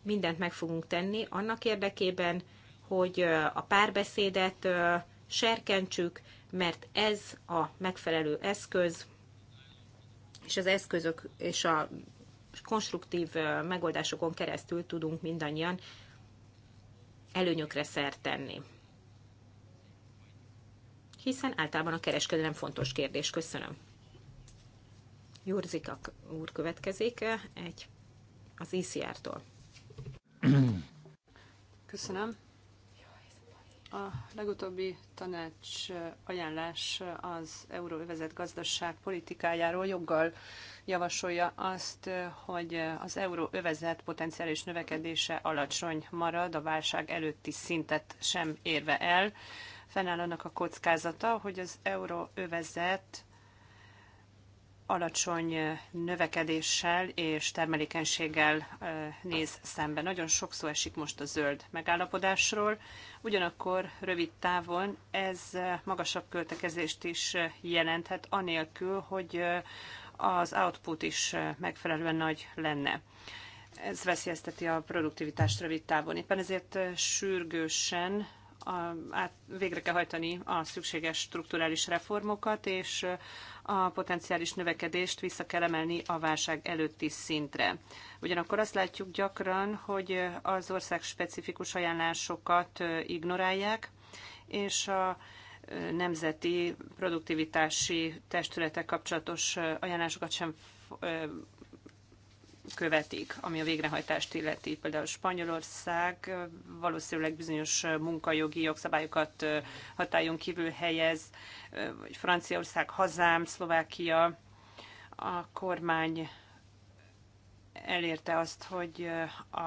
mindent meg fogunk tenni annak érdekében, hogy a párbeszédet serkentsük, mert ez a megfelelő eszköz, és az eszközök és a konstruktív megoldásokon keresztül tudunk mindannyian előnyökre szert tenni. Hiszen általában a kereskedelem fontos kérdés. Köszönöm. Jurzika úr következik egy az ICR-tól. E Köszönöm. A legutóbbi tanács ajánlás az euróövezet gazdaság politikájáról joggal javasolja azt, hogy az euróövezet potenciális növekedése alacsony marad, a válság előtti szintet sem érve el. Fennáll annak a kockázata, hogy az euróövezet alacsony növekedéssel és termelékenységgel néz szembe. Nagyon sok szó esik most a zöld megállapodásról, ugyanakkor rövid távon ez magasabb költekezést is jelenthet, anélkül, hogy az output is megfelelően nagy lenne. Ez veszélyezteti a produktivitást rövid távon. Éppen ezért sürgősen a, át, végre kell hajtani a szükséges strukturális reformokat, és a potenciális növekedést vissza kell emelni a válság előtti szintre. Ugyanakkor azt látjuk gyakran, hogy az ország specifikus ajánlásokat ignorálják, és a nemzeti produktivitási testületek kapcsolatos ajánlásokat sem követik, ami a végrehajtást illeti. Például Spanyolország valószínűleg bizonyos munkajogi jogszabályokat hatályon kívül helyez, vagy Franciaország, hazám, Szlovákia. A kormány elérte azt, hogy a,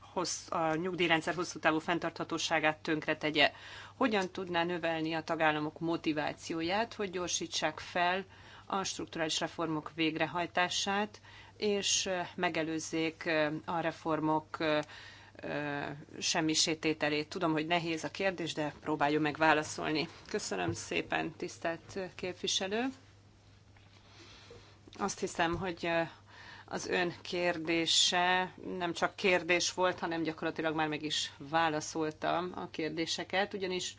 hossz, a nyugdíjrendszer hosszú távú fenntarthatóságát tönkre tegye. Hogyan tudná növelni a tagállamok motivációját, hogy gyorsítsák fel a strukturális reformok végrehajtását, és megelőzzék a reformok semmisétételét. Tudom, hogy nehéz a kérdés, de próbáljuk meg válaszolni. Köszönöm szépen, tisztelt képviselő. Azt hiszem, hogy az ön kérdése nem csak kérdés volt, hanem gyakorlatilag már meg is válaszoltam a kérdéseket, ugyanis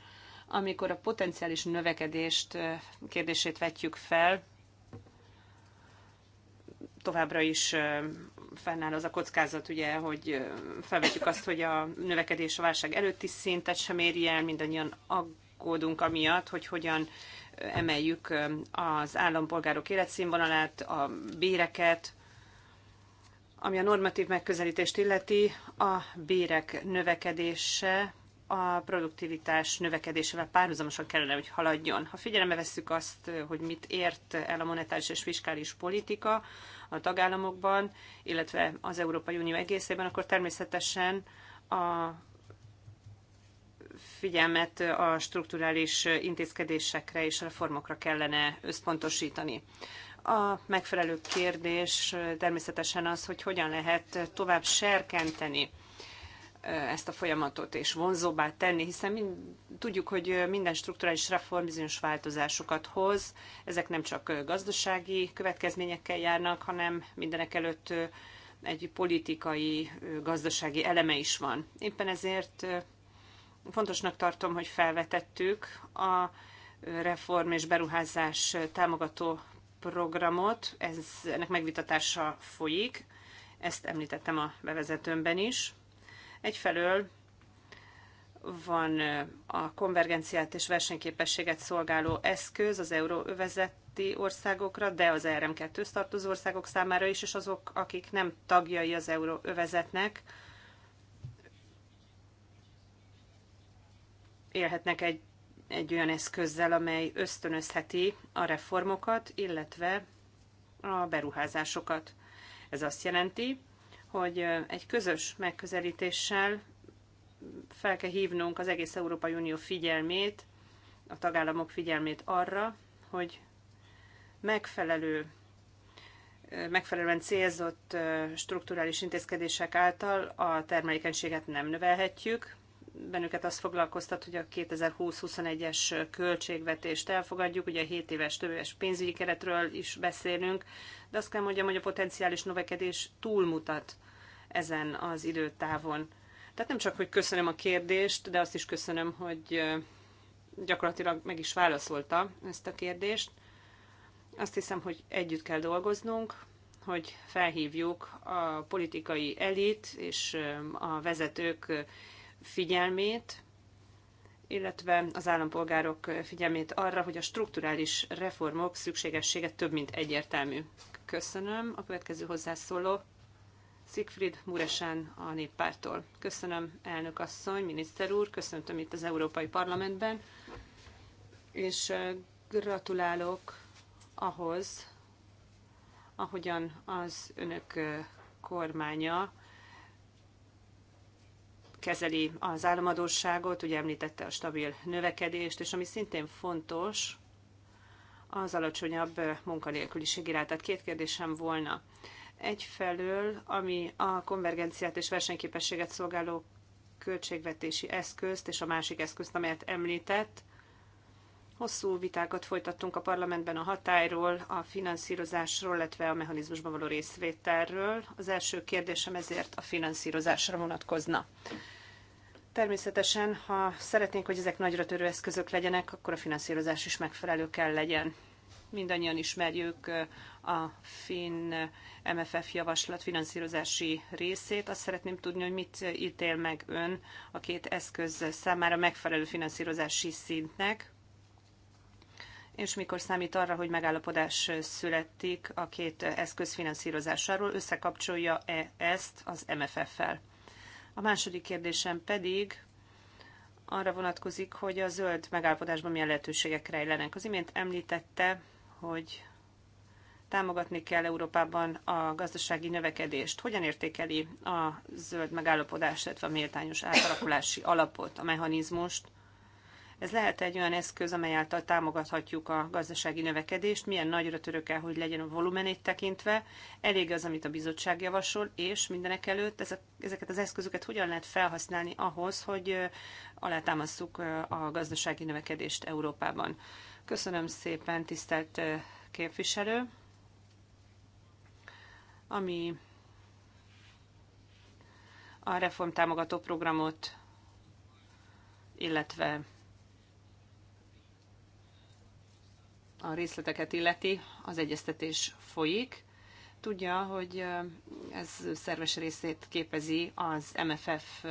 amikor a potenciális növekedést kérdését vetjük fel, továbbra is fennáll az a kockázat, ugye, hogy felvetjük azt, hogy a növekedés a válság előtti szintet sem éri el, mindannyian aggódunk amiatt, hogy hogyan emeljük az állampolgárok életszínvonalát, a béreket, ami a normatív megközelítést illeti, a bérek növekedése a produktivitás növekedésével párhuzamosan kellene, hogy haladjon. Ha figyelembe vesszük azt, hogy mit ért el a monetáris és fiskális politika a tagállamokban, illetve az Európai Unió egészében, akkor természetesen a figyelmet a strukturális intézkedésekre és reformokra kellene összpontosítani. A megfelelő kérdés természetesen az, hogy hogyan lehet tovább serkenteni ezt a folyamatot és vonzóbbá tenni, hiszen mind, tudjuk, hogy minden strukturális reform bizonyos változásokat hoz. Ezek nem csak gazdasági következményekkel járnak, hanem mindenek előtt egy politikai, gazdasági eleme is van. Éppen ezért fontosnak tartom, hogy felvetettük a reform és beruházás támogató programot, ez, ennek megvitatása folyik, ezt említettem a bevezetőmben is Egyfelől van a konvergenciát és versenyképességet szolgáló eszköz az euróövezeti országokra, de az e rm 2 tartozó országok számára is, és azok, akik nem tagjai az euróövezetnek, élhetnek egy, egy olyan eszközzel, amely ösztönözheti a reformokat, illetve a beruházásokat. Ez azt jelenti, hogy egy közös megközelítéssel fel kell hívnunk az egész Európai Unió figyelmét, a tagállamok figyelmét arra, hogy megfelelő megfelelően célzott strukturális intézkedések által a termelékenységet nem növelhetjük, bennünket azt foglalkoztat, hogy a 2020-21-es költségvetést elfogadjuk, ugye a 7 éves, éves pénzügyi keretről is beszélünk, de azt kell mondjam, hogy a potenciális növekedés túlmutat ezen az időtávon. Tehát nem csak, hogy köszönöm a kérdést, de azt is köszönöm, hogy gyakorlatilag meg is válaszolta ezt a kérdést. Azt hiszem, hogy együtt kell dolgoznunk, hogy felhívjuk a politikai elit és a vezetők figyelmét, illetve az állampolgárok figyelmét arra, hogy a strukturális reformok szükségessége több, mint egyértelmű. Köszönöm. A következő hozzászóló Siegfried Muresán a néppártól. Köszönöm, elnök asszony, miniszter úr, köszöntöm itt az Európai Parlamentben, és gratulálok ahhoz, ahogyan az önök kormánya kezeli az államadóságot, ugye említette a stabil növekedést, és ami szintén fontos, az alacsonyabb munkanélküliség irány. Tehát két kérdésem volna. Egyfelől, ami a konvergenciát és versenyképességet szolgáló költségvetési eszközt, és a másik eszközt, amelyet említett, Hosszú vitákat folytattunk a parlamentben a hatályról, a finanszírozásról, illetve a mechanizmusban való részvételről. Az első kérdésem ezért a finanszírozásra vonatkozna. Természetesen, ha szeretnénk, hogy ezek nagyra törő eszközök legyenek, akkor a finanszírozás is megfelelő kell legyen. Mindannyian ismerjük a FIN MFF javaslat finanszírozási részét. Azt szeretném tudni, hogy mit ítél meg ön a két eszköz számára megfelelő finanszírozási szintnek, és mikor számít arra, hogy megállapodás születik a két eszköz finanszírozásáról, összekapcsolja-e ezt az MFF-fel? A második kérdésem pedig arra vonatkozik, hogy a zöld megállapodásban milyen lehetőségek rejlenek. Az imént említette, hogy támogatni kell Európában a gazdasági növekedést. Hogyan értékeli a zöld megállapodást, illetve a méltányos átalakulási alapot, a mechanizmust, ez lehet egy olyan eszköz, amely által támogathatjuk a gazdasági növekedést, milyen nagyra török el, hogy legyen a volumenét tekintve, elég az, amit a bizottság javasol, és mindenek előtt ezeket az eszközöket hogyan lehet felhasználni ahhoz, hogy alátámasztjuk a gazdasági növekedést Európában. Köszönöm szépen, tisztelt képviselő! Ami a reformtámogató programot, illetve a részleteket illeti, az egyeztetés folyik. Tudja, hogy ez szerves részét képezi az MFF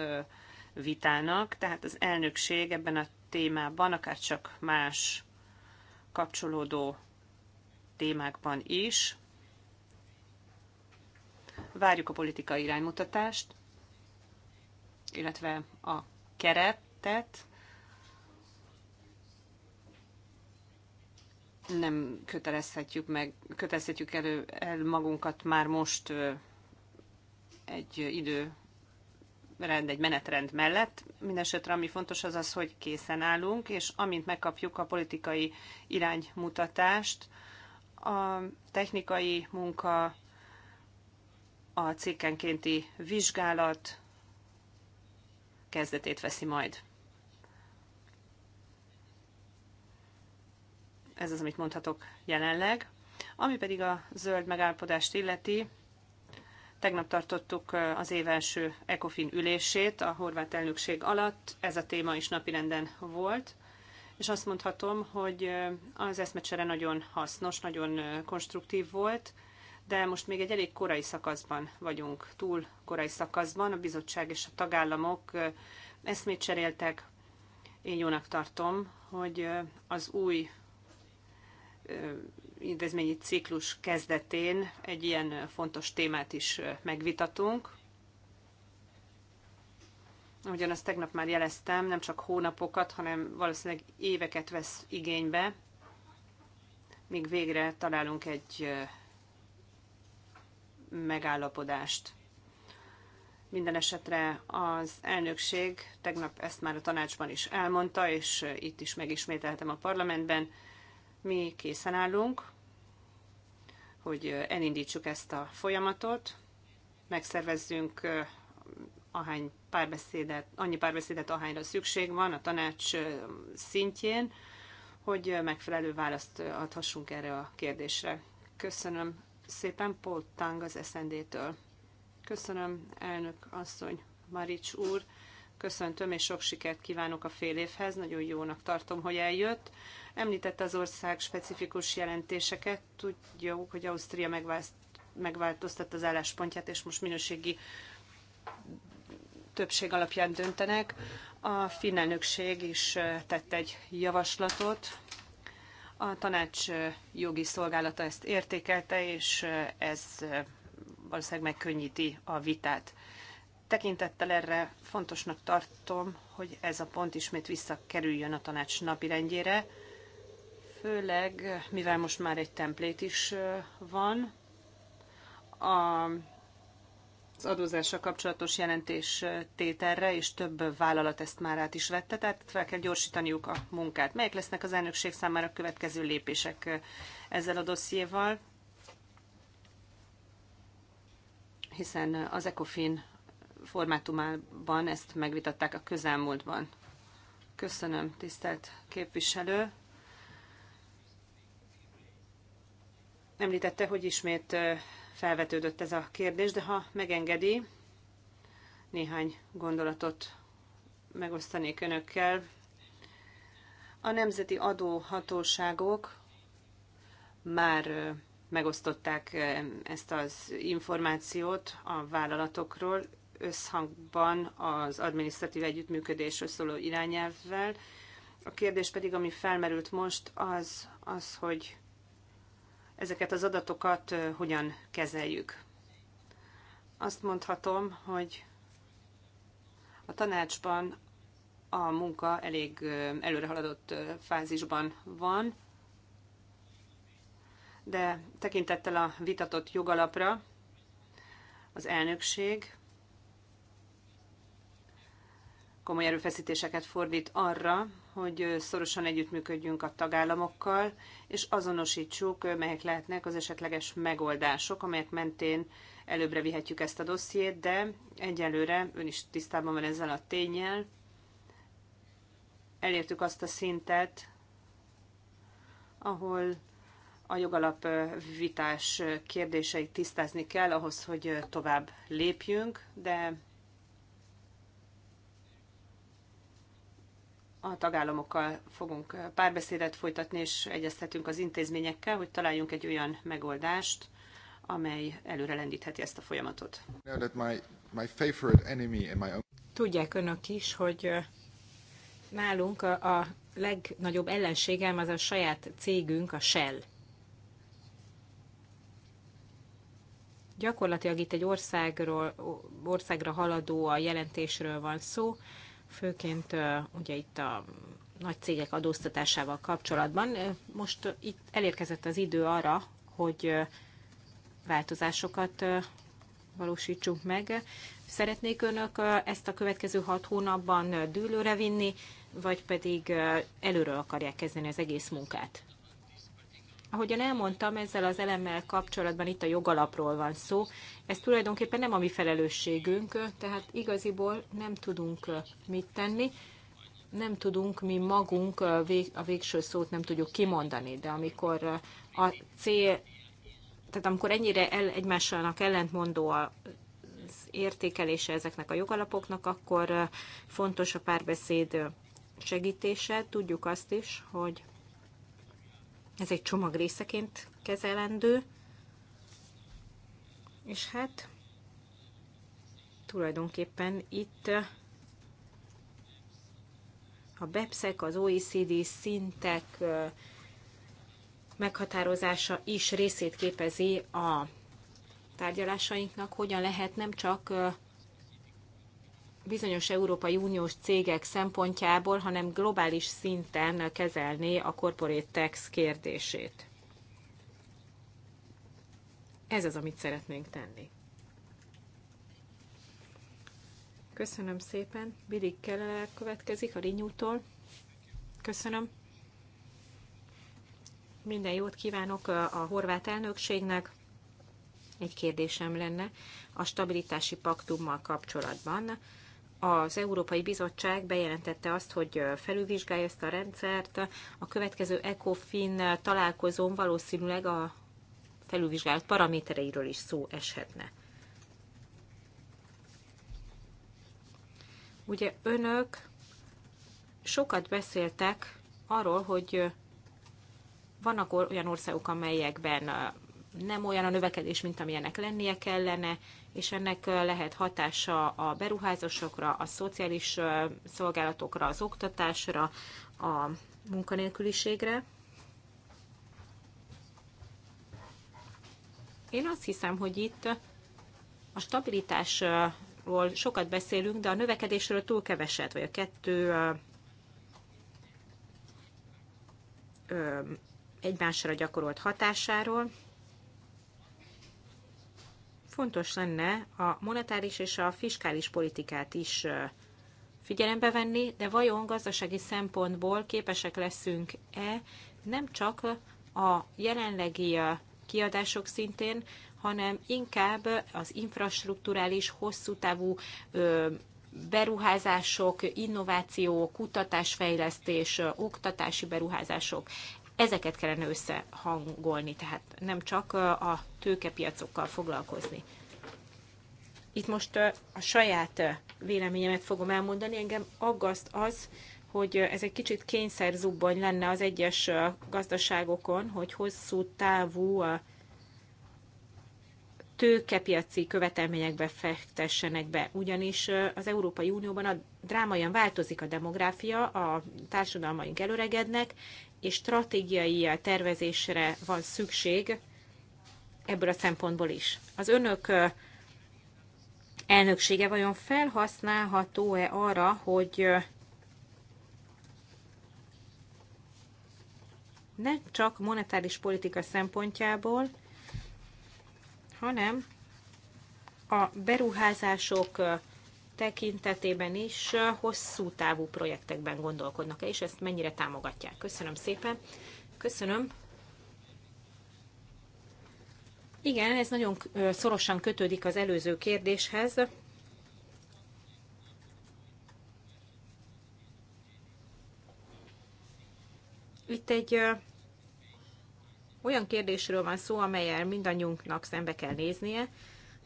vitának, tehát az elnökség ebben a témában, akár csak más kapcsolódó témákban is. Várjuk a politikai iránymutatást, illetve a keretet, nem kötelezhetjük meg, kötelezhetjük elő el magunkat már most egy idő rend, egy menetrend mellett. Mindenesetre ami fontos az az, hogy készen állunk, és amint megkapjuk a politikai iránymutatást, a technikai munka, a cikkenkénti vizsgálat kezdetét veszi majd. Ez az, amit mondhatok jelenleg. Ami pedig a zöld megállapodást illeti, tegnap tartottuk az év első ECOFIN ülését a horvát elnökség alatt. Ez a téma is napirenden volt és azt mondhatom, hogy az eszmecsere nagyon hasznos, nagyon konstruktív volt, de most még egy elég korai szakaszban vagyunk, túl korai szakaszban. A bizottság és a tagállamok eszmét cseréltek. Én jónak tartom, hogy az új intézményi ciklus kezdetén egy ilyen fontos témát is megvitatunk. Ugyanazt tegnap már jeleztem, nem csak hónapokat, hanem valószínűleg éveket vesz igénybe, míg végre találunk egy megállapodást. Minden esetre az elnökség tegnap ezt már a tanácsban is elmondta, és itt is megismételtem a parlamentben, mi készen állunk, hogy elindítsuk ezt a folyamatot, megszervezzünk ahány párbeszédet, annyi párbeszédet, ahányra szükség van a tanács szintjén, hogy megfelelő választ adhassunk erre a kérdésre. Köszönöm szépen Paul Tang az SND-től. Köszönöm, elnök asszony Marics úr köszöntöm, és sok sikert kívánok a fél évhez. Nagyon jónak tartom, hogy eljött. Említette az ország specifikus jelentéseket. Tudjuk, hogy Ausztria megváltoztatta az álláspontját, és most minőségi többség alapján döntenek. A finn elnökség is tett egy javaslatot. A tanács jogi szolgálata ezt értékelte, és ez valószínűleg megkönnyíti a vitát. Tekintettel erre fontosnak tartom, hogy ez a pont ismét visszakerüljön a tanács napirendjére, főleg mivel most már egy templét is van, a az adózással kapcsolatos jelentés tételre, és több vállalat ezt már át is vette, tehát fel kell gyorsítaniuk a munkát. Melyek lesznek az elnökség számára a következő lépések ezzel a dossziéval? Hiszen az ECOFIN formátumában ezt megvitatták a közelmúltban. Köszönöm, tisztelt képviselő. Említette, hogy ismét felvetődött ez a kérdés, de ha megengedi, néhány gondolatot megosztanék önökkel. A nemzeti adóhatóságok már megosztották ezt az információt a vállalatokról, összhangban az adminisztratív együttműködésről szóló irányelvvel. A kérdés pedig, ami felmerült most, az, az hogy ezeket az adatokat hogyan kezeljük. Azt mondhatom, hogy a tanácsban a munka elég előrehaladott fázisban van, de tekintettel a vitatott jogalapra az elnökség komoly erőfeszítéseket fordít arra, hogy szorosan együttműködjünk a tagállamokkal, és azonosítsuk, melyek lehetnek az esetleges megoldások, amelyek mentén előbbre vihetjük ezt a dossziét, de egyelőre ön is tisztában van ezzel a tényel. Elértük azt a szintet, ahol a jogalap vitás kérdéseit tisztázni kell ahhoz, hogy tovább lépjünk, de a tagállamokkal fogunk párbeszédet folytatni, és egyeztetünk az intézményekkel, hogy találjunk egy olyan megoldást, amely előre lendítheti ezt a folyamatot. Tudják önök is, hogy nálunk a, a legnagyobb ellenségem az a saját cégünk, a Shell. Gyakorlatilag itt egy országról, országra haladó a jelentésről van szó, főként ugye itt a nagy cégek adóztatásával kapcsolatban. Most itt elérkezett az idő arra, hogy változásokat valósítsunk meg. Szeretnék önök ezt a következő hat hónapban dűlőre vinni, vagy pedig előről akarják kezdeni az egész munkát? Ahogyan elmondtam, ezzel az elemmel kapcsolatban itt a jogalapról van szó. Ez tulajdonképpen nem a mi felelősségünk, tehát igaziból nem tudunk mit tenni, nem tudunk mi magunk a végső szót nem tudjuk kimondani, de amikor a cél, tehát amikor ennyire el, egymásnak ellentmondó a értékelése ezeknek a jogalapoknak, akkor fontos a párbeszéd segítése. Tudjuk azt is, hogy ez egy csomag részeként kezelendő, és hát tulajdonképpen itt eh, a BEPSZEK, az OECD szintek eh, meghatározása is részét képezi a tárgyalásainknak, hogyan lehet nem csak eh, bizonyos Európai Uniós cégek szempontjából, hanem globális szinten kezelné a corporate tax kérdését. Ez az, amit szeretnénk tenni. Köszönöm szépen. Birik Keller következik a Rinyútól. Köszönöm. Minden jót kívánok a horvát elnökségnek. Egy kérdésem lenne a stabilitási paktummal kapcsolatban az Európai Bizottság bejelentette azt, hogy felülvizsgálja ezt a rendszert. A következő ECOFIN találkozón valószínűleg a felülvizsgálat paramétereiről is szó eshetne. Ugye önök sokat beszéltek arról, hogy vannak olyan országok, amelyekben nem olyan a növekedés, mint amilyenek lennie kellene, és ennek lehet hatása a beruházásokra, a szociális szolgálatokra, az oktatásra, a munkanélküliségre. Én azt hiszem, hogy itt a stabilitásról sokat beszélünk, de a növekedésről túl keveset, vagy a kettő egymásra gyakorolt hatásáról fontos lenne a monetáris és a fiskális politikát is figyelembe venni, de vajon gazdasági szempontból képesek leszünk-e nem csak a jelenlegi kiadások szintén, hanem inkább az infrastruktúrális, hosszú távú beruházások, innováció, kutatásfejlesztés, oktatási beruházások Ezeket kellene összehangolni, tehát nem csak a tőkepiacokkal foglalkozni. Itt most a saját véleményemet fogom elmondani. Engem aggaszt az, hogy ez egy kicsit kényszerzubbony lenne az egyes gazdaságokon, hogy hosszú távú tőkepiaci követelményekbe fektessenek be. Ugyanis az Európai Unióban a drámaian változik a demográfia, a társadalmaink előregednek, és stratégiai tervezésre van szükség ebből a szempontból is. Az önök elnöksége vajon felhasználható-e arra, hogy nem csak monetáris politika szempontjából, hanem a beruházások tekintetében is hosszú távú projektekben gondolkodnak -e, és ezt mennyire támogatják. Köszönöm szépen. Köszönöm. Igen, ez nagyon szorosan kötődik az előző kérdéshez. Itt egy olyan kérdésről van szó, amelyel mindannyiunknak szembe kell néznie,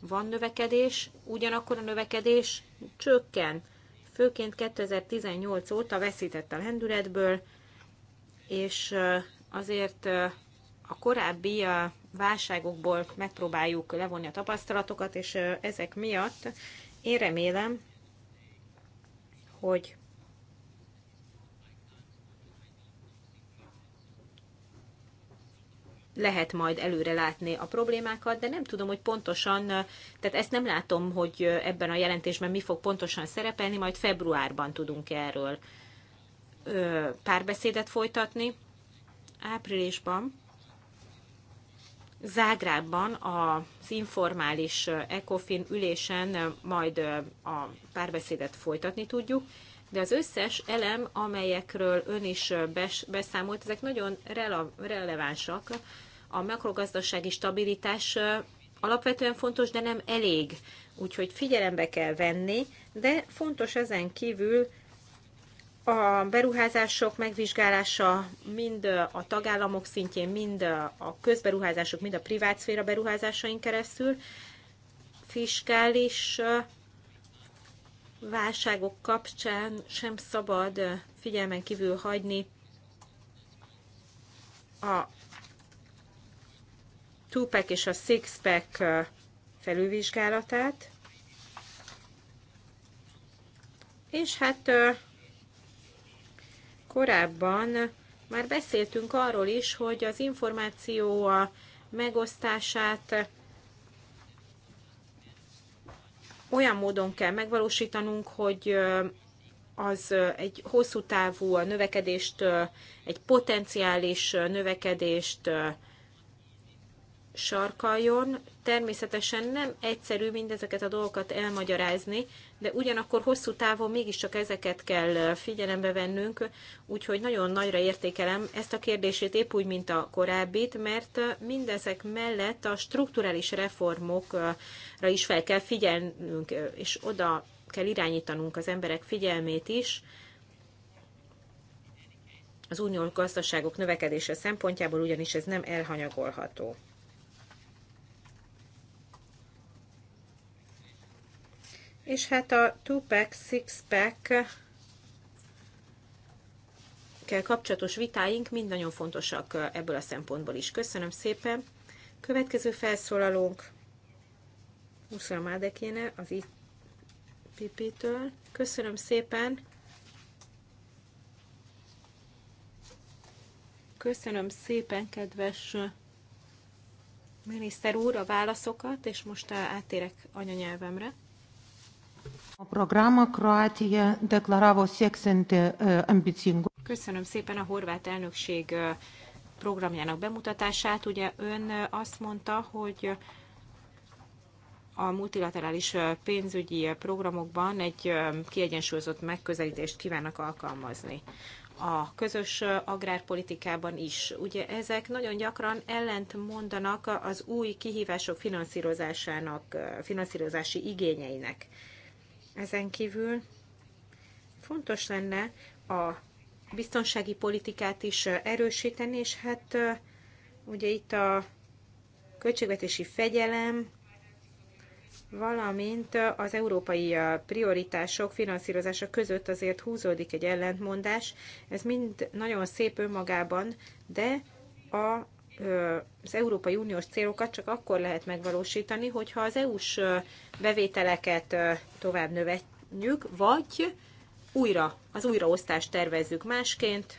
van növekedés, ugyanakkor a növekedés csökken. Főként 2018 óta veszített a lendületből, és azért a korábbi válságokból megpróbáljuk levonni a tapasztalatokat, és ezek miatt én remélem, hogy lehet majd előre látni a problémákat, de nem tudom, hogy pontosan, tehát ezt nem látom, hogy ebben a jelentésben mi fog pontosan szerepelni, majd februárban tudunk erről párbeszédet folytatni. Áprilisban Zágrában az informális ECOFIN ülésen majd a párbeszédet folytatni tudjuk, de az összes elem, amelyekről ön is beszámolt, ezek nagyon rele relevánsak a makrogazdasági stabilitás alapvetően fontos, de nem elég. Úgyhogy figyelembe kell venni, de fontos ezen kívül a beruházások megvizsgálása mind a tagállamok szintjén, mind a közberuházások, mind a privátszféra beruházásain keresztül fiskális válságok kapcsán sem szabad figyelmen kívül hagyni a 2-pack és a Sixpack felülvizsgálatát. És hát korábban már beszéltünk arról is, hogy az információ a megosztását olyan módon kell megvalósítanunk, hogy az egy hosszú távú növekedést, egy potenciális növekedést sarkaljon. Természetesen nem egyszerű mindezeket a dolgokat elmagyarázni, de ugyanakkor hosszú távon mégiscsak ezeket kell figyelembe vennünk, úgyhogy nagyon nagyra értékelem ezt a kérdését épp úgy, mint a korábbit, mert mindezek mellett a strukturális reformokra is fel kell figyelnünk, és oda kell irányítanunk az emberek figyelmét is, az uniós gazdaságok növekedése szempontjából ugyanis ez nem elhanyagolható. És hát a 2-pack, 6-pack kell kapcsolatos vitáink mind nagyon fontosak ebből a szempontból is. Köszönöm szépen. Következő felszólalónk Muszal Ádekéne az itt től Köszönöm szépen. Köszönöm szépen, kedves miniszter úr, a válaszokat, és most átérek anyanyelvemre. A Kroátia deklaravo sieksianti e, ambicingų. Köszönöm szépen a horvát elnökség e, programjának bemutatását. Ugye ön e, azt mondta, hogy a multilaterális pénzügyi programokban egy kiegyensúlyozott megközelítést kívánnak alkalmazni a közös agrárpolitikában is. Ugye ezek nagyon gyakran ellent mondanak az új kihívások finanszírozásának, finanszírozási igényeinek. Ezen kívül fontos lenne a biztonsági politikát is erősíteni, és hát ugye itt a költségvetési fegyelem, valamint az európai prioritások finanszírozása között azért húzódik egy ellentmondás. Ez mind nagyon szép önmagában, de a az Európai Uniós célokat csak akkor lehet megvalósítani, hogyha az EU-s bevételeket tovább növeljük, vagy újra, az újraosztást tervezzük másként,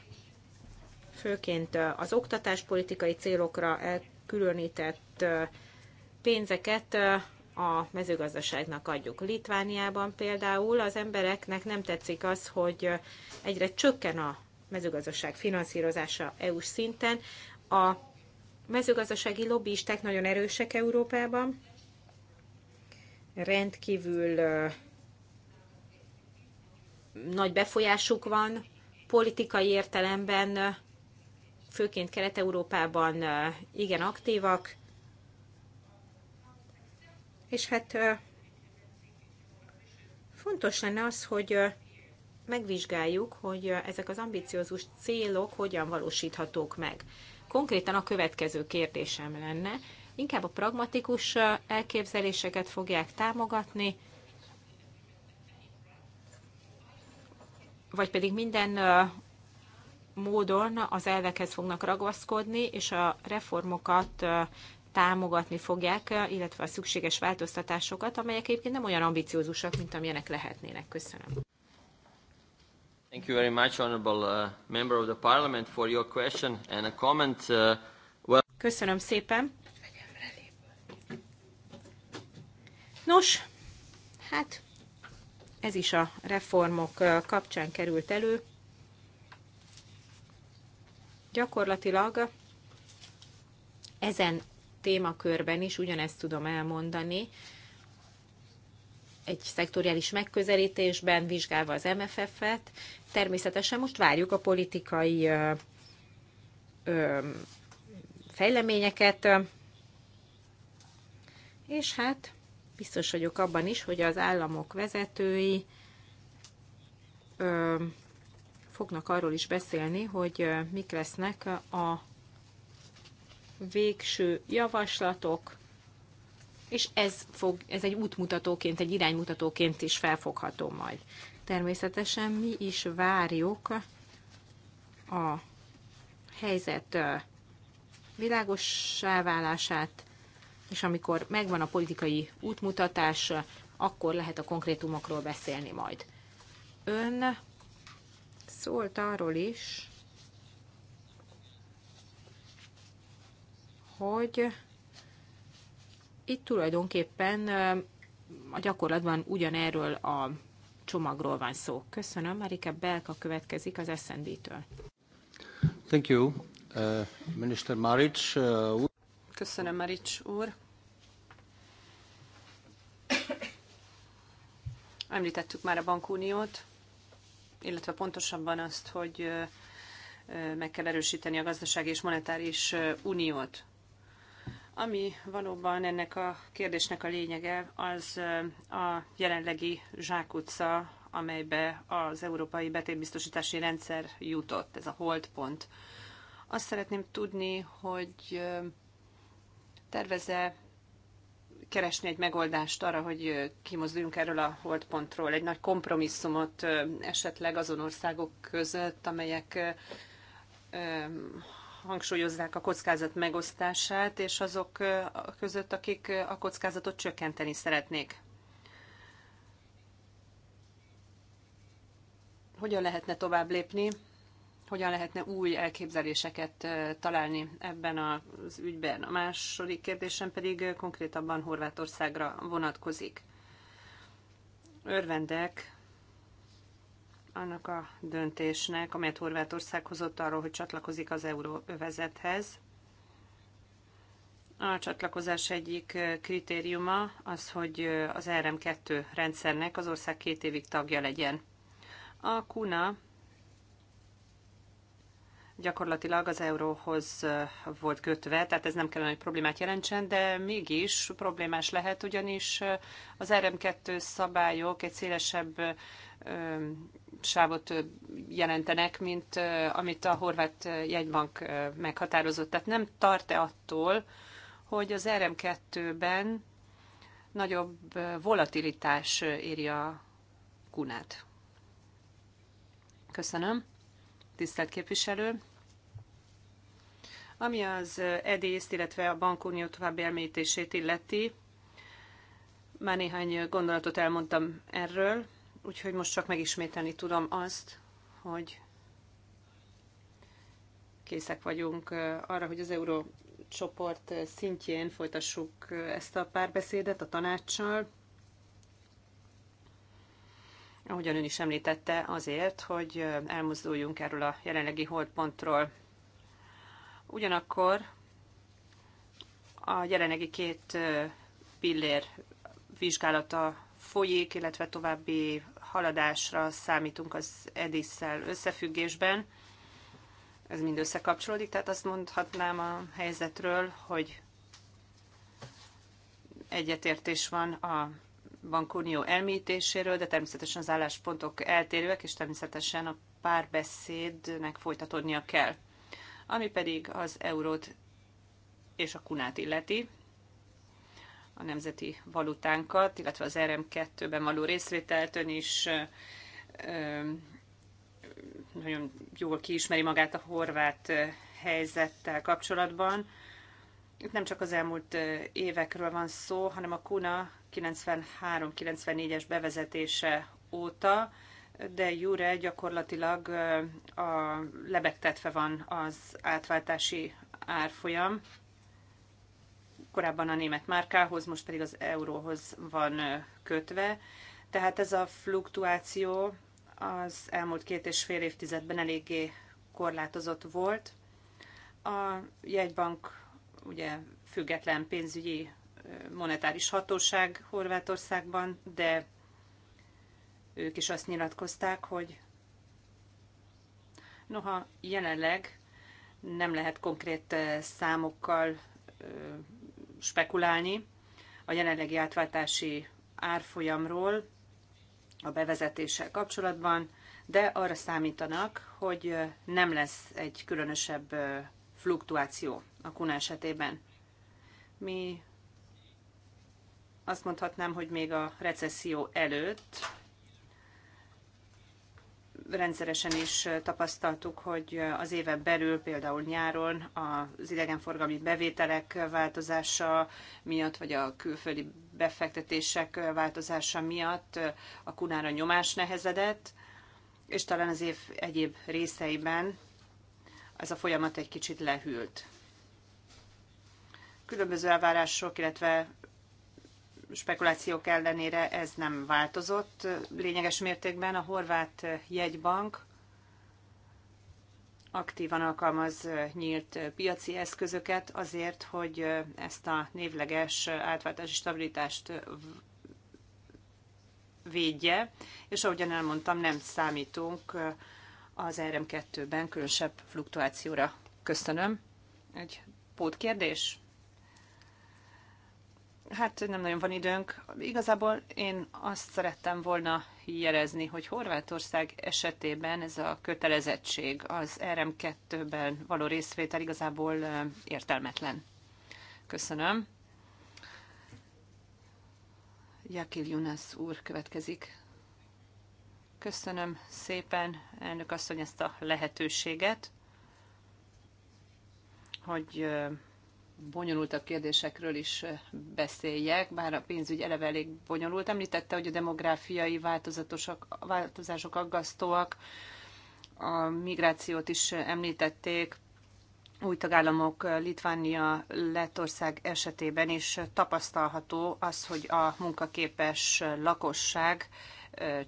főként az oktatáspolitikai célokra elkülönített pénzeket a mezőgazdaságnak adjuk. Litvániában például az embereknek nem tetszik az, hogy egyre csökken a mezőgazdaság finanszírozása EU-s szinten, a mezőgazdasági lobbisták nagyon erősek Európában, rendkívül nagy befolyásuk van, politikai értelemben, főként Kelet-Európában igen aktívak, és hát fontos lenne az, hogy megvizsgáljuk, hogy ezek az ambiciózus célok hogyan valósíthatók meg. Konkrétan a következő kérdésem lenne, inkább a pragmatikus elképzeléseket fogják támogatni, vagy pedig minden módon az elvekhez fognak ragaszkodni, és a reformokat támogatni fogják, illetve a szükséges változtatásokat, amelyek egyébként nem olyan ambiciózusak, mint amilyenek lehetnének. Köszönöm. Thank you very much, honorable uh, member of the parliament, for your question and a comment. Uh, well... Köszönöm szépen. Nos, hát ez is a reformok uh, kapcsán került elő. Gyakorlatilag ezen témakörben is ugyanezt tudom elmondani, egy szektoriális megközelítésben vizsgálva az MFF-et, Természetesen most várjuk a politikai ö, ö, fejleményeket, és hát biztos vagyok abban is, hogy az államok vezetői ö, fognak arról is beszélni, hogy mik lesznek a végső javaslatok, és ez, fog, ez egy útmutatóként, egy iránymutatóként is felfogható majd. Természetesen mi is várjuk a helyzet világossá válását, és amikor megvan a politikai útmutatás, akkor lehet a konkrétumokról beszélni majd. Ön szólt arról is, hogy itt tulajdonképpen a gyakorlatban ugyanerről a csomagról van szó. Köszönöm. Marika Belka következik az SND-től. Thank you. Uh, Minister Maric. Uh... Köszönöm, Marics úr. Említettük már a bankuniót, illetve pontosabban azt, hogy uh, uh, meg kell erősíteni a gazdasági és monetáris uh, uniót. Ami valóban ennek a kérdésnek a lényege, az a jelenlegi zsákutca, amelybe az Európai Betétbiztosítási Rendszer jutott, ez a holdpont. Azt szeretném tudni, hogy terveze keresni egy megoldást arra, hogy kimozduljunk erről a holdpontról, egy nagy kompromisszumot esetleg azon országok között, amelyek hangsúlyozzák a kockázat megosztását, és azok között, akik a kockázatot csökkenteni szeretnék. Hogyan lehetne tovább lépni? Hogyan lehetne új elképzeléseket találni ebben az ügyben? A második kérdésem pedig konkrétabban Horvátországra vonatkozik. Örvendek annak a döntésnek, amelyet Horvátország hozott arról, hogy csatlakozik az euróövezethez. A csatlakozás egyik kritériuma az, hogy az RM2 rendszernek az ország két évig tagja legyen. A KUNA gyakorlatilag az euróhoz volt kötve, tehát ez nem kellene, hogy problémát jelentsen, de mégis problémás lehet, ugyanis az RM2 szabályok egy szélesebb sávot jelentenek, mint amit a horvát jegybank meghatározott. Tehát nem tart-e attól, hogy az RM2-ben nagyobb volatilitás éri a kunát? Köszönöm tisztelt képviselő! Ami az EDészt, illetve a bankunió további elmélyítését illeti, már néhány gondolatot elmondtam erről, úgyhogy most csak megismételni tudom azt, hogy készek vagyunk arra, hogy az Eurócsoport szintjén folytassuk ezt a párbeszédet a tanácssal, ahogyan ön is említette, azért, hogy elmozduljunk erről a jelenlegi holdpontról. Ugyanakkor a jelenlegi két pillér vizsgálata folyik, illetve további haladásra számítunk az edisszel összefüggésben. Ez mind összekapcsolódik, tehát azt mondhatnám a helyzetről, hogy egyetértés van a Unió elmítéséről, de természetesen az álláspontok eltérőek, és természetesen a párbeszédnek folytatódnia kell. Ami pedig az eurót és a kunát illeti, a nemzeti valutánkat, illetve az RM2-ben való részvételt ön is nagyon jól kiismeri magát a horvát helyzettel kapcsolatban. Itt nem csak az elmúlt évekről van szó, hanem a KUNA 93-94-es bevezetése óta, de Jure gyakorlatilag a lebegtetve van az átváltási árfolyam. Korábban a német márkához, most pedig az euróhoz van kötve. Tehát ez a fluktuáció az elmúlt két és fél évtizedben eléggé korlátozott volt. A jegybank ugye független pénzügyi monetáris hatóság Horvátországban, de ők is azt nyilatkozták, hogy noha jelenleg nem lehet konkrét számokkal spekulálni a jelenlegi átváltási árfolyamról a bevezetéssel kapcsolatban, de arra számítanak, hogy nem lesz egy különösebb fluktuáció a Kun esetében. Mi azt mondhatnám, hogy még a recesszió előtt rendszeresen is tapasztaltuk, hogy az éve belül, például nyáron az idegenforgalmi bevételek változása miatt, vagy a külföldi befektetések változása miatt a kunára nyomás nehezedett, és talán az év egyéb részeiben ez a folyamat egy kicsit lehűlt különböző elvárások, illetve spekulációk ellenére ez nem változott. Lényeges mértékben a horvát jegybank aktívan alkalmaz nyílt piaci eszközöket azért, hogy ezt a névleges átváltási stabilitást védje, és ahogyan elmondtam, nem számítunk az RM2-ben különösebb fluktuációra. Köszönöm. Egy pótkérdés? Hát nem nagyon van időnk. Igazából én azt szerettem volna jelezni, hogy Horvátország esetében ez a kötelezettség az RM2-ben való részvétel igazából értelmetlen. Köszönöm. Jakil Junas úr következik. Köszönöm szépen, elnök asszony, ezt a lehetőséget, hogy bonyolultabb kérdésekről is beszéljek, bár a pénzügy eleve elég bonyolult. Említette, hogy a demográfiai változatosak, változások aggasztóak, a migrációt is említették, új tagállamok Litvánia, Lettország esetében is tapasztalható az, hogy a munkaképes lakosság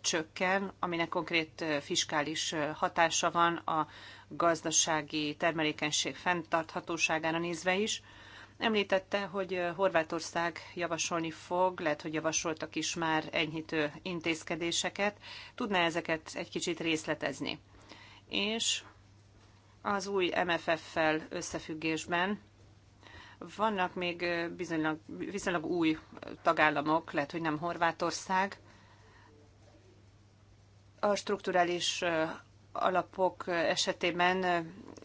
csökken, aminek konkrét fiskális hatása van a gazdasági termelékenység fenntarthatóságára nézve is. Említette, hogy Horvátország javasolni fog, lehet, hogy javasoltak is már enyhítő intézkedéseket. Tudná ezeket egy kicsit részletezni? És az új MFF-fel összefüggésben vannak még bizonylag, viszonylag új tagállamok, lehet, hogy nem Horvátország. A strukturális alapok esetében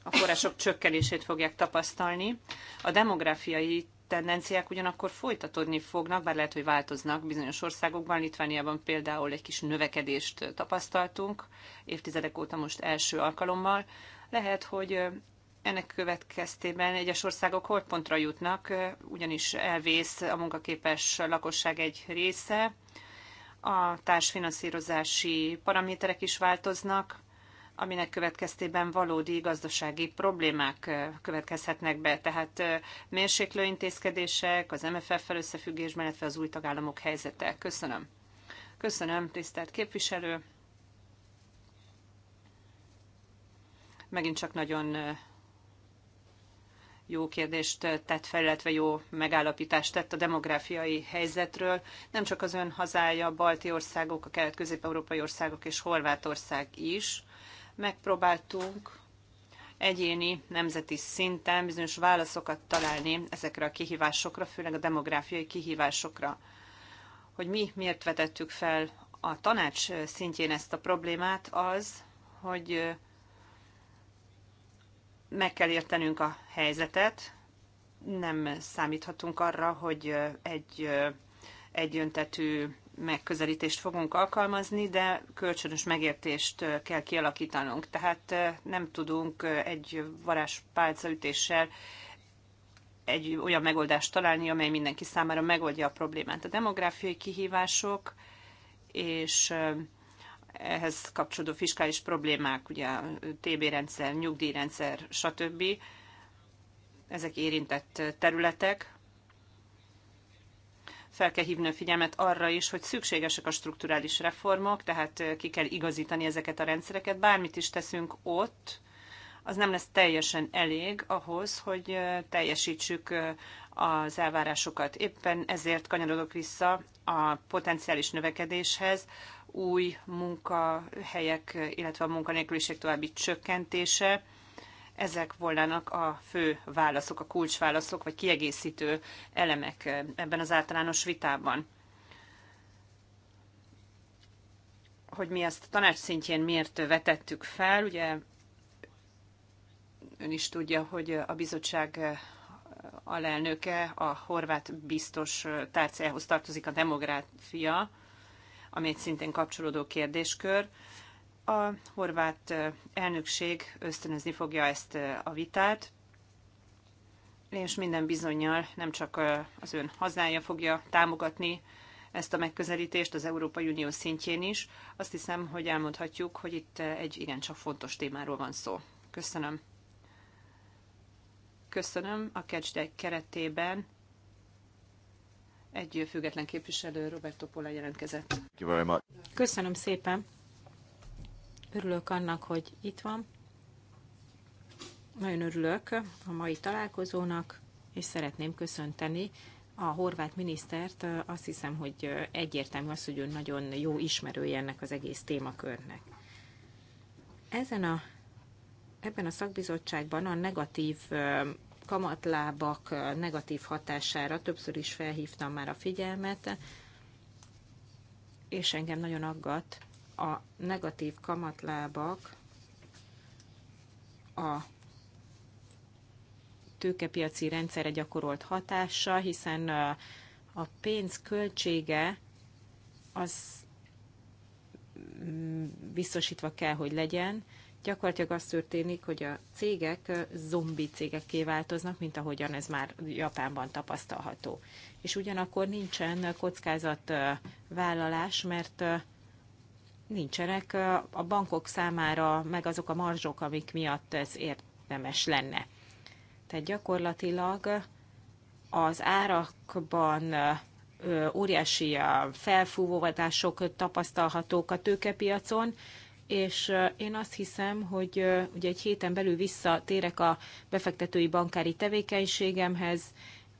a források csökkenését fogják tapasztalni. A demográfiai tendenciák ugyanakkor folytatódni fognak, bár lehet, hogy változnak bizonyos országokban. Litvániában például egy kis növekedést tapasztaltunk évtizedek óta most első alkalommal. Lehet, hogy ennek következtében egyes országok holtpontra jutnak, ugyanis elvész a munkaképes lakosság egy része, a társfinanszírozási paraméterek is változnak, aminek következtében valódi gazdasági problémák következhetnek be. Tehát mérséklő intézkedések, az MFF-fel összefüggésben, illetve az új tagállamok helyzete. Köszönöm. Köszönöm, tisztelt képviselő. Megint csak nagyon jó kérdést tett fel, illetve jó megállapítást tett a demográfiai helyzetről. Nem csak az ön hazája, a balti országok, a kelet-közép-európai országok és Horvátország is, megpróbáltunk egyéni, nemzeti szinten bizonyos válaszokat találni ezekre a kihívásokra, főleg a demográfiai kihívásokra. Hogy mi miért vetettük fel a tanács szintjén ezt a problémát, az, hogy meg kell értenünk a helyzetet, nem számíthatunk arra, hogy egy egyöntetű megközelítést fogunk alkalmazni, de kölcsönös megértést kell kialakítanunk. Tehát nem tudunk egy varázspálcaütéssel egy olyan megoldást találni, amely mindenki számára megoldja a problémát. A demográfiai kihívások és ehhez kapcsolódó fiskális problémák, ugye a TB rendszer, nyugdíjrendszer, stb. Ezek érintett területek, fel kell hívni a figyelmet arra is, hogy szükségesek a strukturális reformok, tehát eh, ki kell igazítani ezeket a rendszereket. Bármit is teszünk ott, az nem lesz teljesen elég ahhoz, hogy eh, teljesítsük eh, az elvárásokat. Éppen ezért kanyarodok vissza a potenciális növekedéshez, új munkahelyek, illetve a munkanélküliség további csökkentése, ezek volnának a fő válaszok, a kulcsválaszok, vagy kiegészítő elemek ebben az általános vitában. Hogy mi ezt tanács szintjén miért vetettük fel, ugye ön is tudja, hogy a bizottság alelnöke a horvát biztos tárcájához tartozik a demográfia, amely szintén kapcsolódó kérdéskör. A horvát elnökség ösztönözni fogja ezt a vitát, és minden bizonyal nem csak az ön hazája fogja támogatni ezt a megközelítést az Európai Unió szintjén is. Azt hiszem, hogy elmondhatjuk, hogy itt egy igencsak fontos témáról van szó. Köszönöm. Köszönöm. A kecsdek keretében egy független képviselő, Roberto Pola jelentkezett. Köszönöm szépen. Örülök annak, hogy itt van. Nagyon örülök a mai találkozónak, és szeretném köszönteni a horvát minisztert. Azt hiszem, hogy egyértelmű az, hogy ő nagyon jó ismerője ennek az egész témakörnek. Ezen a, ebben a szakbizottságban a negatív kamatlábak negatív hatására többször is felhívtam már a figyelmet, és engem nagyon aggat a negatív kamatlábak a tőkepiaci rendszerre gyakorolt hatása, hiszen a pénz költsége az mm, biztosítva kell, hogy legyen. Gyakorlatilag az történik, hogy a cégek zombi cégekké változnak, mint ahogyan ez már Japánban tapasztalható. És ugyanakkor nincsen kockázatvállalás, mert nincsenek a bankok számára meg azok a marzsok, amik miatt ez érdemes lenne. Tehát gyakorlatilag az árakban óriási felfúvódások tapasztalhatók a tőkepiacon, és én azt hiszem, hogy ugye egy héten belül visszatérek a befektetői bankári tevékenységemhez,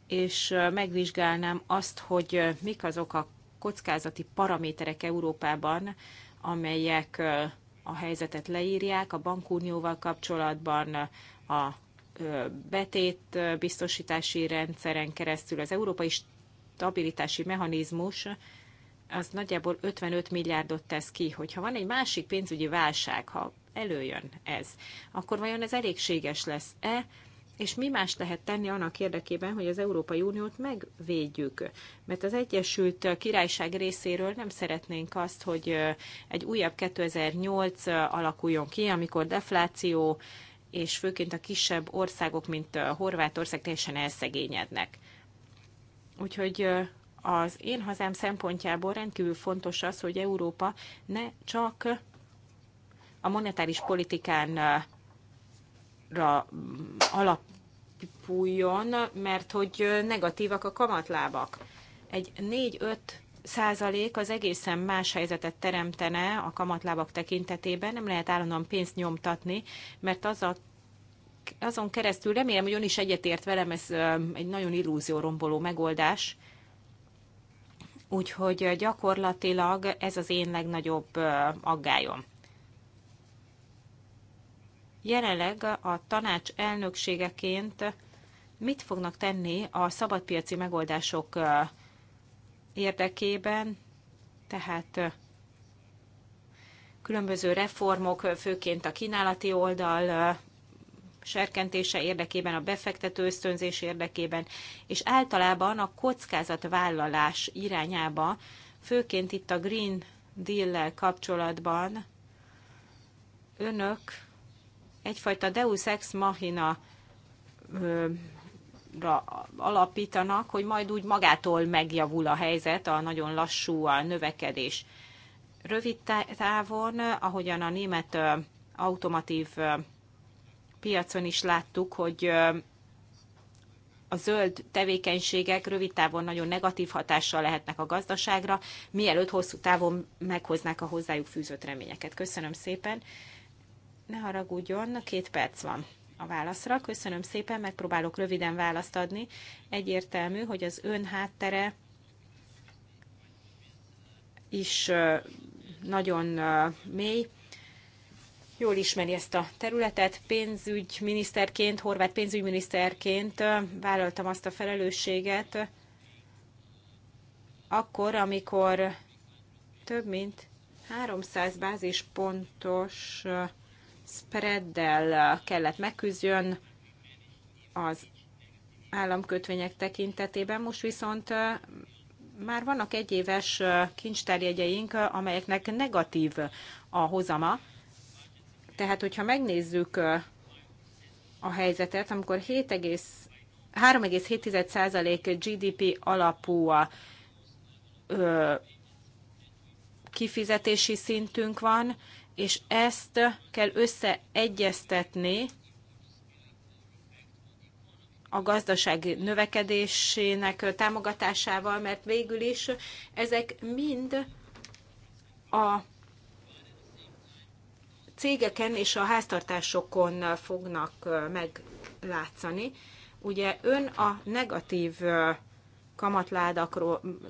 és megvizsgálnám azt, hogy mik azok a kockázati paraméterek Európában, amelyek a helyzetet leírják a bankunióval kapcsolatban, a betét biztosítási rendszeren keresztül az európai stabilitási mechanizmus az nagyjából 55 milliárdot tesz ki. Hogyha van egy másik pénzügyi válság, ha előjön ez, akkor vajon ez elégséges lesz-e és mi más lehet tenni annak érdekében, hogy az Európai Uniót megvédjük? Mert az Egyesült Királyság részéről nem szeretnénk azt, hogy egy újabb 2008 alakuljon ki, amikor defláció és főként a kisebb országok, mint Horvátország teljesen elszegényednek. Úgyhogy az én hazám szempontjából rendkívül fontos az, hogy Európa ne csak a monetáris politikán Mm, alapuljon, mert hogy negatívak a kamatlábak. Egy 4-5 százalék az egészen más helyzetet teremtene a kamatlábak tekintetében. Nem lehet állandóan pénzt nyomtatni, mert az a azon keresztül, remélem, hogy ön is egyetért velem, ez egy nagyon illúzióromboló megoldás, úgyhogy gyakorlatilag ez az én legnagyobb aggályom jelenleg a tanács elnökségeként mit fognak tenni a szabadpiaci megoldások érdekében, tehát különböző reformok, főként a kínálati oldal serkentése érdekében, a befektető ösztönzés érdekében, és általában a kockázatvállalás irányába, főként itt a Green Deal-lel kapcsolatban önök egyfajta deus ex machina ö, ra alapítanak, hogy majd úgy magától megjavul a helyzet, a nagyon lassú a növekedés. Rövid távon, ahogyan a német automatív piacon is láttuk, hogy a zöld tevékenységek rövid távon nagyon negatív hatással lehetnek a gazdaságra, mielőtt hosszú távon meghoznák a hozzájuk fűzött reményeket. Köszönöm szépen! ne haragudjon, két perc van a válaszra. Köszönöm szépen, megpróbálok röviden választ adni. Egyértelmű, hogy az ön háttere is nagyon mély. Jól ismeri ezt a területet. Pénzügyminiszterként, horvát pénzügyminiszterként vállaltam azt a felelősséget, akkor, amikor több mint 300 bázispontos pontos spreaddel kellett megküzdjön az államkötvények tekintetében. Most viszont már vannak egyéves kincstárjegyeink, amelyeknek negatív a hozama. Tehát, hogyha megnézzük a helyzetet, amikor 3,7% GDP alapú a kifizetési szintünk van, és ezt kell összeegyeztetni a gazdaság növekedésének támogatásával, mert végül is ezek mind a cégeken és a háztartásokon fognak meglátszani. Ugye ön a negatív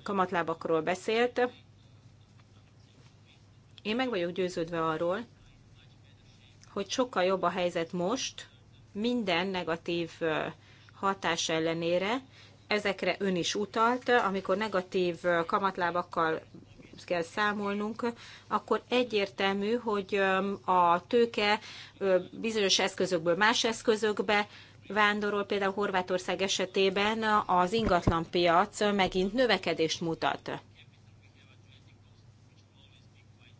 kamatlábakról beszélt, én meg vagyok győződve arról, hogy sokkal jobb a helyzet most, minden negatív hatás ellenére, ezekre ön is utalt, amikor negatív kamatlábakkal kell számolnunk, akkor egyértelmű, hogy a tőke bizonyos eszközökből más eszközökbe vándorol, például Horvátország esetében az ingatlanpiac megint növekedést mutat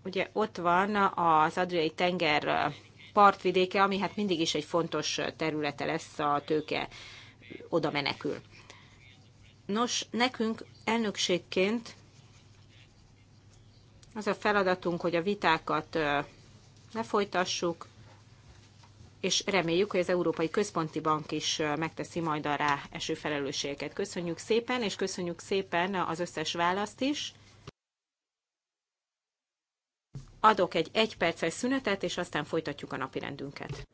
ugye ott van az Adriai tenger partvidéke, ami hát mindig is egy fontos területe lesz a tőke oda menekül. Nos, nekünk elnökségként az a feladatunk, hogy a vitákat lefolytassuk, és reméljük, hogy az Európai Központi Bank is megteszi majd a rá eső felelősségeket. Köszönjük szépen, és köszönjük szépen az összes választ is adok egy egyperces szünetet, és aztán folytatjuk a napirendünket.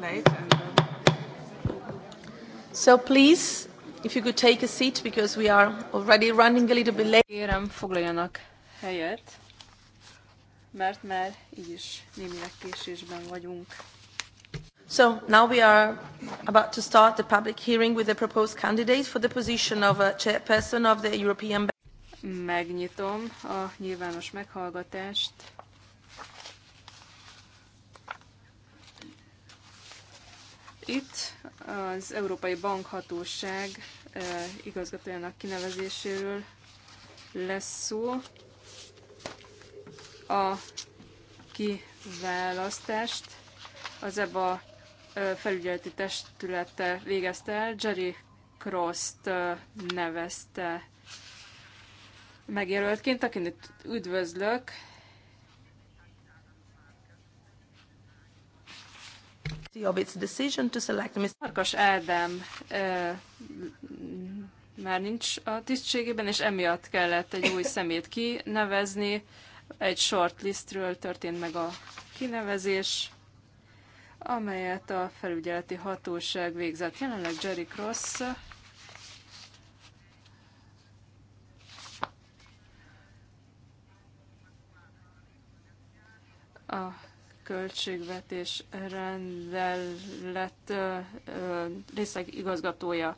late. So please, if you could take a seat, because we are already running a little bit late. Kérem, foglaljanak helyet, mert már így is némileg késésben vagyunk. So now we are about to start the public hearing with the proposed candidate for the position of a chairperson of the European Bank. Megnyitom a nyilvános meghallgatást az Európai Bankhatóság eh, igazgatójának kinevezéséről lesz szó. A kiválasztást az EBA eh, felügyeleti testülete végezte el, Jerry Cross-t eh, nevezte megjelöltként, akinek üdvözlök, of its decision to select Mr. Markas Ádám már nincs a tisztségében, és emiatt kellett egy új szemét kinevezni. Egy shortlistről történt meg a kinevezés, amelyet a felügyeleti hatóság végzett. Jelenleg Jerry Cross a költségvetés rendelet részleg igazgatója.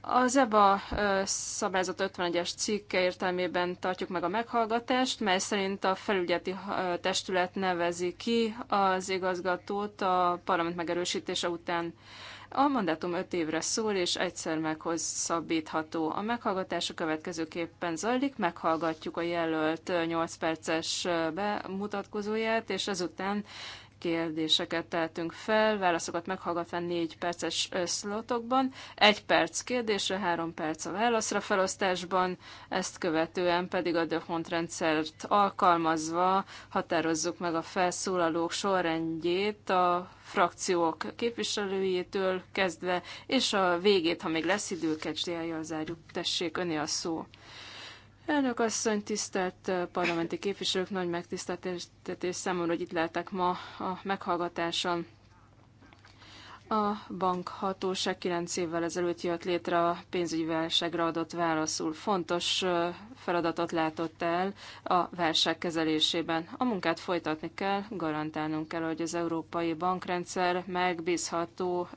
Az EBA szabályzat 51-es cikke értelmében tartjuk meg a meghallgatást, mely szerint a felügyeti testület nevezi ki az igazgatót a parlament megerősítése után. A mandátum öt évre szól, és egyszer meghosszabbítható. A meghallgatás a következőképpen zajlik, meghallgatjuk a jelölt 8 perces bemutatkozóját, és ezután kérdéseket tehetünk fel, válaszokat meghallgatva négy perces szlotokban, egy perc kérdésre, három perc a válaszra felosztásban, ezt követően pedig a Döfont rendszert alkalmazva határozzuk meg a felszólalók sorrendjét a frakciók képviselőjétől kezdve, és a végét, ha még lesz idő, kecsdiájjal zárjuk. Tessék, öné a szó. Elnök asszony, tisztelt parlamenti képviselők, nagy megtiszteltetés számomra, hogy itt lehetek ma a meghallgatáson. A bankhatóság 9 évvel ezelőtt jött létre a pénzügyi válságra adott válaszul. Fontos feladatot látott el a válság kezelésében. A munkát folytatni kell, garantálnunk kell, hogy az európai bankrendszer megbízható,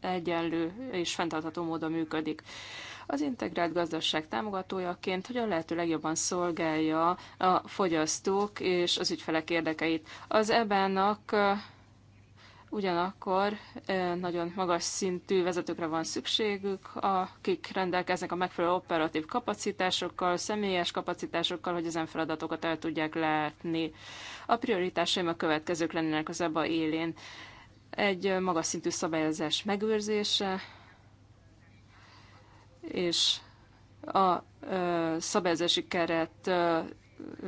egyenlő és fenntartható módon működik az integrált gazdaság támogatójaként hogyan lehető legjobban szolgálja a fogyasztók és az ügyfelek érdekeit. Az ebben ugyanakkor nagyon magas szintű vezetőkre van szükségük, akik rendelkeznek a megfelelő operatív kapacitásokkal, személyes kapacitásokkal, hogy ezen feladatokat el tudják látni. A prioritásaim a következők lennének az EBA élén. Egy magas szintű szabályozás megőrzése, és a szabályozási keret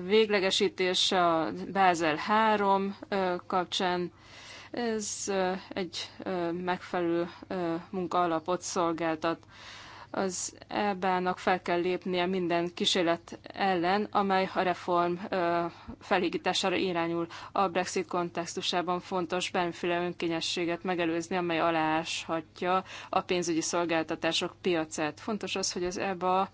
véglegesítése a Bázel 3 kapcsán. Ez egy megfelelő munkaalapot szolgáltat az EBA-nak fel kell lépnie minden kísérlet ellen, amely a reform felhígítására irányul. A Brexit kontextusában fontos bármiféle önkényességet megelőzni, amely alááshatja a pénzügyi szolgáltatások piacát. Fontos az, hogy az EBA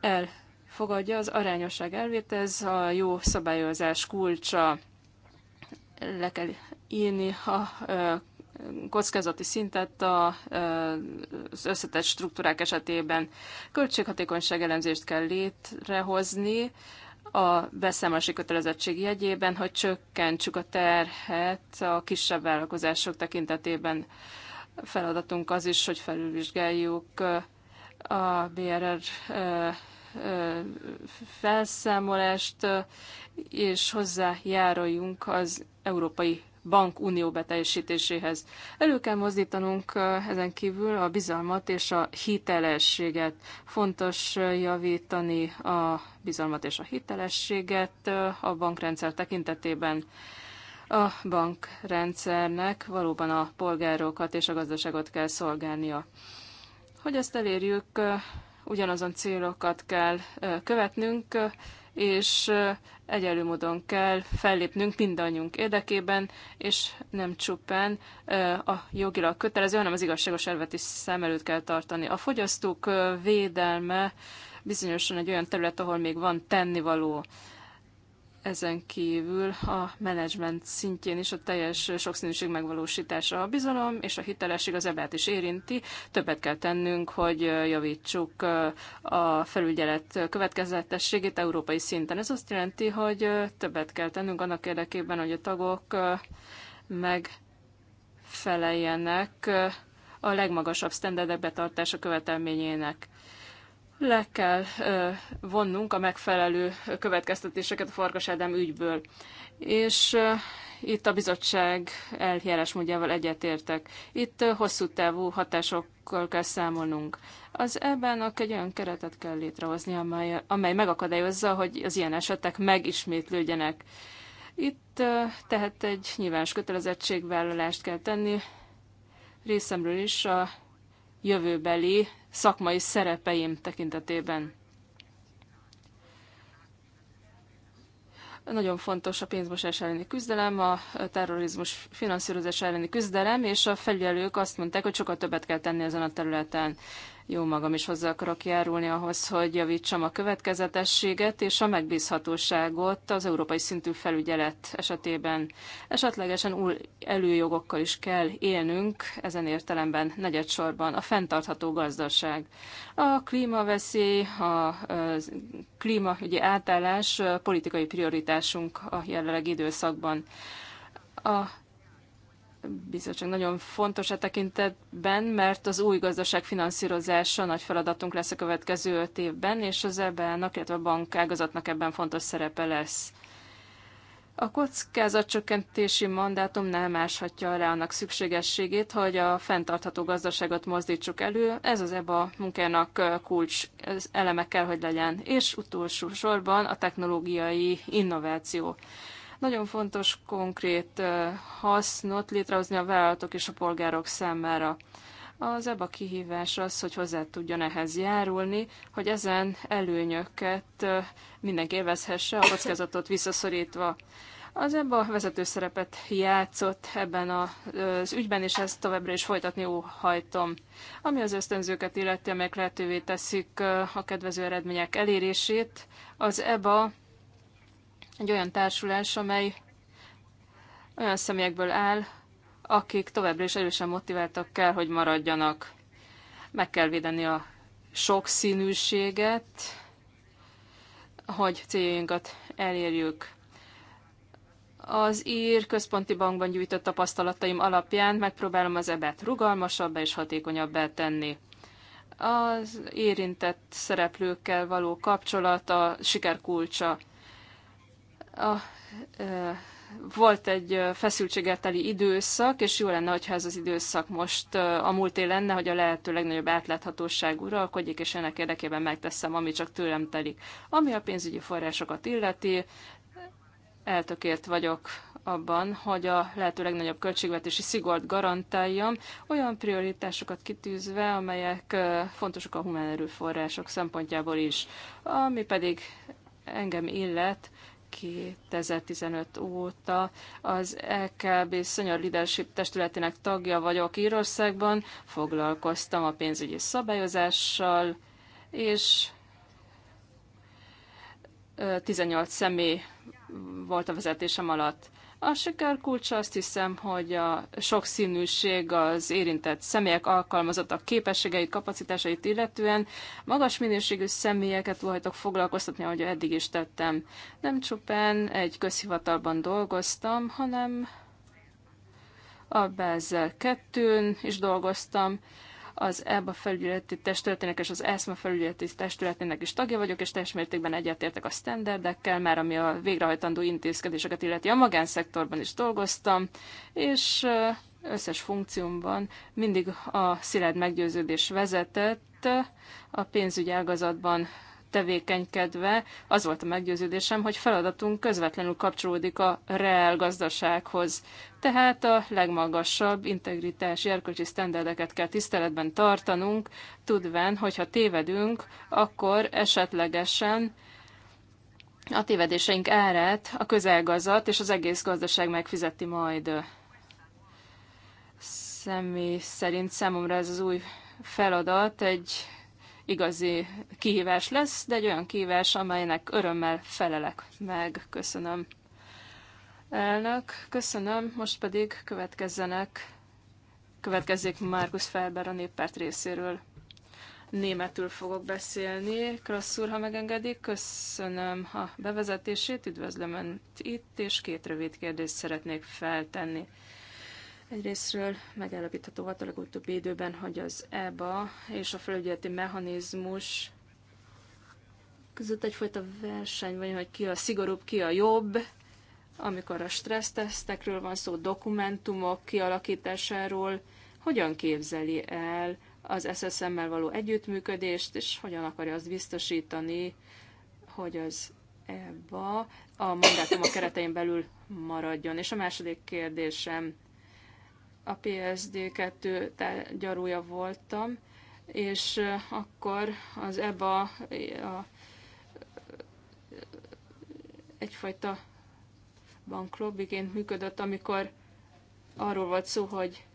elfogadja az arányosság elvét, ez a jó szabályozás kulcsa. Le kell írni a kockázati szintet az összetett struktúrák esetében. Költséghatékonyság elemzést kell létrehozni a beszámolási kötelezettség jegyében, hogy csökkentsük a terhet a kisebb vállalkozások tekintetében. Feladatunk az is, hogy felülvizsgáljuk a BRR felszámolást, és hozzájáruljunk az európai bankunió beteljesítéséhez. Elő kell mozdítanunk ezen kívül a bizalmat és a hitelességet. Fontos javítani a bizalmat és a hitelességet a bankrendszer tekintetében. A bankrendszernek valóban a polgárokat és a gazdaságot kell szolgálnia. Hogy ezt elérjük, ugyanazon célokat kell követnünk, és egyenlő módon kell fellépnünk mindannyiunk érdekében, és nem csupán a jogilag kötelező, hanem az igazságos elvet is szem előtt kell tartani. A fogyasztók védelme bizonyosan egy olyan terület, ahol még van tennivaló ezen kívül a menedzsment szintjén is a teljes sokszínűség megvalósítása a bizalom, és a hitelesség az ebát is érinti. Többet kell tennünk, hogy javítsuk a felügyelet következetességét európai szinten. Ez azt jelenti, hogy többet kell tennünk annak érdekében, hogy a tagok megfeleljenek a legmagasabb sztenderdek betartása követelményének le kell vonnunk a megfelelő következtetéseket a Farkas Ádám ügyből. És itt a bizottság eljárás módjával egyetértek. Itt hosszú távú hatásokkal kell számolnunk. Az ebben egy olyan keretet kell létrehozni, amely, amely megakadályozza, hogy az ilyen esetek megismétlődjenek. Itt tehát egy nyilvános kötelezettségvállalást kell tenni részemről is a jövőbeli szakmai szerepeim tekintetében. Nagyon fontos a pénzmosás elleni küzdelem, a terrorizmus finanszírozás elleni küzdelem, és a felügyelők azt mondták, hogy sokkal többet kell tenni ezen a területen. Jó magam is hozzá akarok járulni ahhoz, hogy javítsam a következetességet és a megbízhatóságot az európai szintű felügyelet esetében. Esetlegesen új előjogokkal is kell élnünk, ezen értelemben negyedsorban a fenntartható gazdaság. A klímaveszély, a klímaügyi átállás politikai prioritásunk a jelenlegi időszakban. A bizottság nagyon fontos a e tekintetben, mert az új gazdaság finanszírozása nagy feladatunk lesz a következő öt évben, és az EBA-nak, illetve a bankágazatnak ebben fontos szerepe lesz. A kockázatcsökkentési mandátum nem máshatja rá annak szükségességét, hogy a fenntartható gazdaságot mozdítsuk elő. Ez az EBA munkának kulcs eleme kell, hogy legyen. És utolsó sorban a technológiai innováció. Nagyon fontos konkrét hasznot létrehozni a vállalatok és a polgárok számára. Az a kihívás az, hogy hozzá tudjon ehhez járulni, hogy ezen előnyöket mindenki élvezhesse, a kockázatot visszaszorítva. Az ebben a vezető szerepet játszott ebben az ügyben, és ezt továbbra is folytatni óhajtom. Ami az ösztönzőket illeti, amelyek lehetővé teszik a kedvező eredmények elérését, az EBA egy olyan társulás, amely olyan személyekből áll, akik továbbra is erősen motiváltak kell, hogy maradjanak. Meg kell védeni a sokszínűséget, hogy céljainkat elérjük. Az ír központi bankban gyűjtött tapasztalataim alapján megpróbálom az ebet rugalmasabbá és hatékonyabbá tenni. Az érintett szereplőkkel való kapcsolat a siker kulcsa a, e, volt egy feszültségeteli időszak, és jó lenne, hogyha ez az időszak most a múlté lenne, hogy a lehető legnagyobb átláthatóság uralkodjék, és ennek érdekében megteszem, ami csak tőlem telik. Ami a pénzügyi forrásokat illeti, eltökért vagyok abban, hogy a lehető legnagyobb költségvetési szigort garantáljam, olyan prioritásokat kitűzve, amelyek fontosak a humán erőforrások szempontjából is, ami pedig engem illet, 2015 óta az EKB Senior Leadership testületének tagja vagyok Írországban, foglalkoztam a pénzügyi szabályozással, és 18 személy volt a vezetésem alatt. A siker kulcsa azt hiszem, hogy a sokszínűség az érintett személyek alkalmazottak képességei, kapacitásait illetően magas minőségű személyeket tudhatok foglalkoztatni, ahogy eddig is tettem. Nem csupán egy közhivatalban dolgoztam, hanem a Belzel kettőn is dolgoztam, az EBA felügyeleti testületének és az ESMA felügyeleti testületének is tagja vagyok, és teljes mértékben egyetértek a standardekkel, már ami a végrehajtandó intézkedéseket illeti. A magánszektorban is dolgoztam, és összes funkciómban mindig a szilárd meggyőződés vezetett a pénzügyi ágazatban tevékenykedve az volt a meggyőződésem, hogy feladatunk közvetlenül kapcsolódik a reál gazdasághoz. Tehát a legmagasabb integritási erkölcsi sztenderdeket kell tiszteletben tartanunk, tudván, hogyha tévedünk, akkor esetlegesen a tévedéseink árát a közelgazat és az egész gazdaság megfizeti majd. Személy szerint számomra ez az új feladat egy igazi kihívás lesz, de egy olyan kihívás, amelynek örömmel felelek meg. Köszönöm. Elnök, köszönöm. Most pedig következzenek, következzék Markus Felber a néppárt részéről. Németül fogok beszélni. Krassz úr, ha megengedik, köszönöm a bevezetését, üdvözlöm Önt itt, és két rövid kérdést szeretnék feltenni. Egyrésztről megállapítható volt a legutóbbi időben, hogy az EBA és a felügyeleti mechanizmus között egyfajta verseny van, hogy ki a szigorúbb, ki a jobb, amikor a stressztesztekről van szó, dokumentumok kialakításáról, hogyan képzeli el az SSM-mel való együttműködést, és hogyan akarja azt biztosítani, hogy az EBA a mandátum a keretein belül maradjon. És a második kérdésem, a PSD2 gyarúja voltam, és akkor az EBA a, egyfajta banklobiként működött, amikor arról volt szó, hogy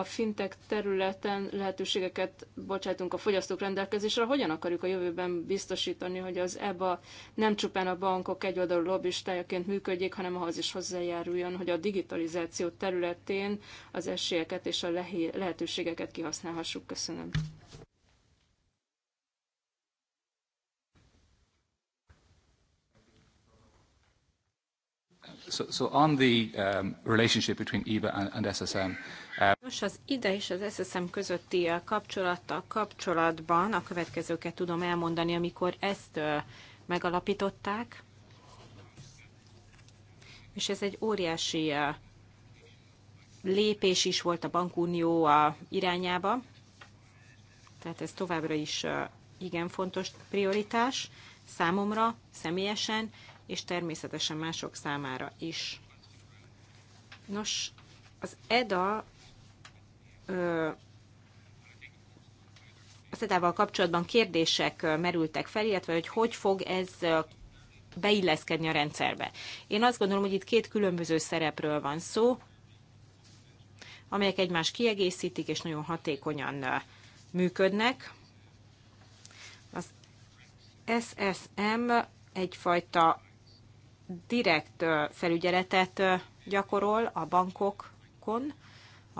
a fintek területen lehetőségeket bocsátunk a fogyasztók rendelkezésre, hogyan akarjuk a jövőben biztosítani, hogy az EBA nem csupán a bankok egyoldalú lobbistájaként működjék, hanem ahhoz is hozzájáruljon, hogy a digitalizáció területén az esélyeket és a lehetőségeket kihasználhassuk. Köszönöm. So, so on the um, relationship between EBA and, and SSM, Nos, az IDE és az SSM közötti eh, kapcsolattal kapcsolatban a következőket tudom elmondani, amikor ezt eh, megalapították. És ez egy óriási eh, lépés is volt a bankunió irányába. Tehát ez továbbra is igen fontos prioritás számomra, személyesen, és természetesen mások számára is. Nos, az EDA a SZETA-val kapcsolatban kérdések merültek fel, illetve hogy hogy fog ez beilleszkedni a rendszerbe. Én azt gondolom, hogy itt két különböző szerepről van szó, amelyek egymást kiegészítik és nagyon hatékonyan működnek. Az SSM egyfajta direkt felügyeletet gyakorol a bankokon,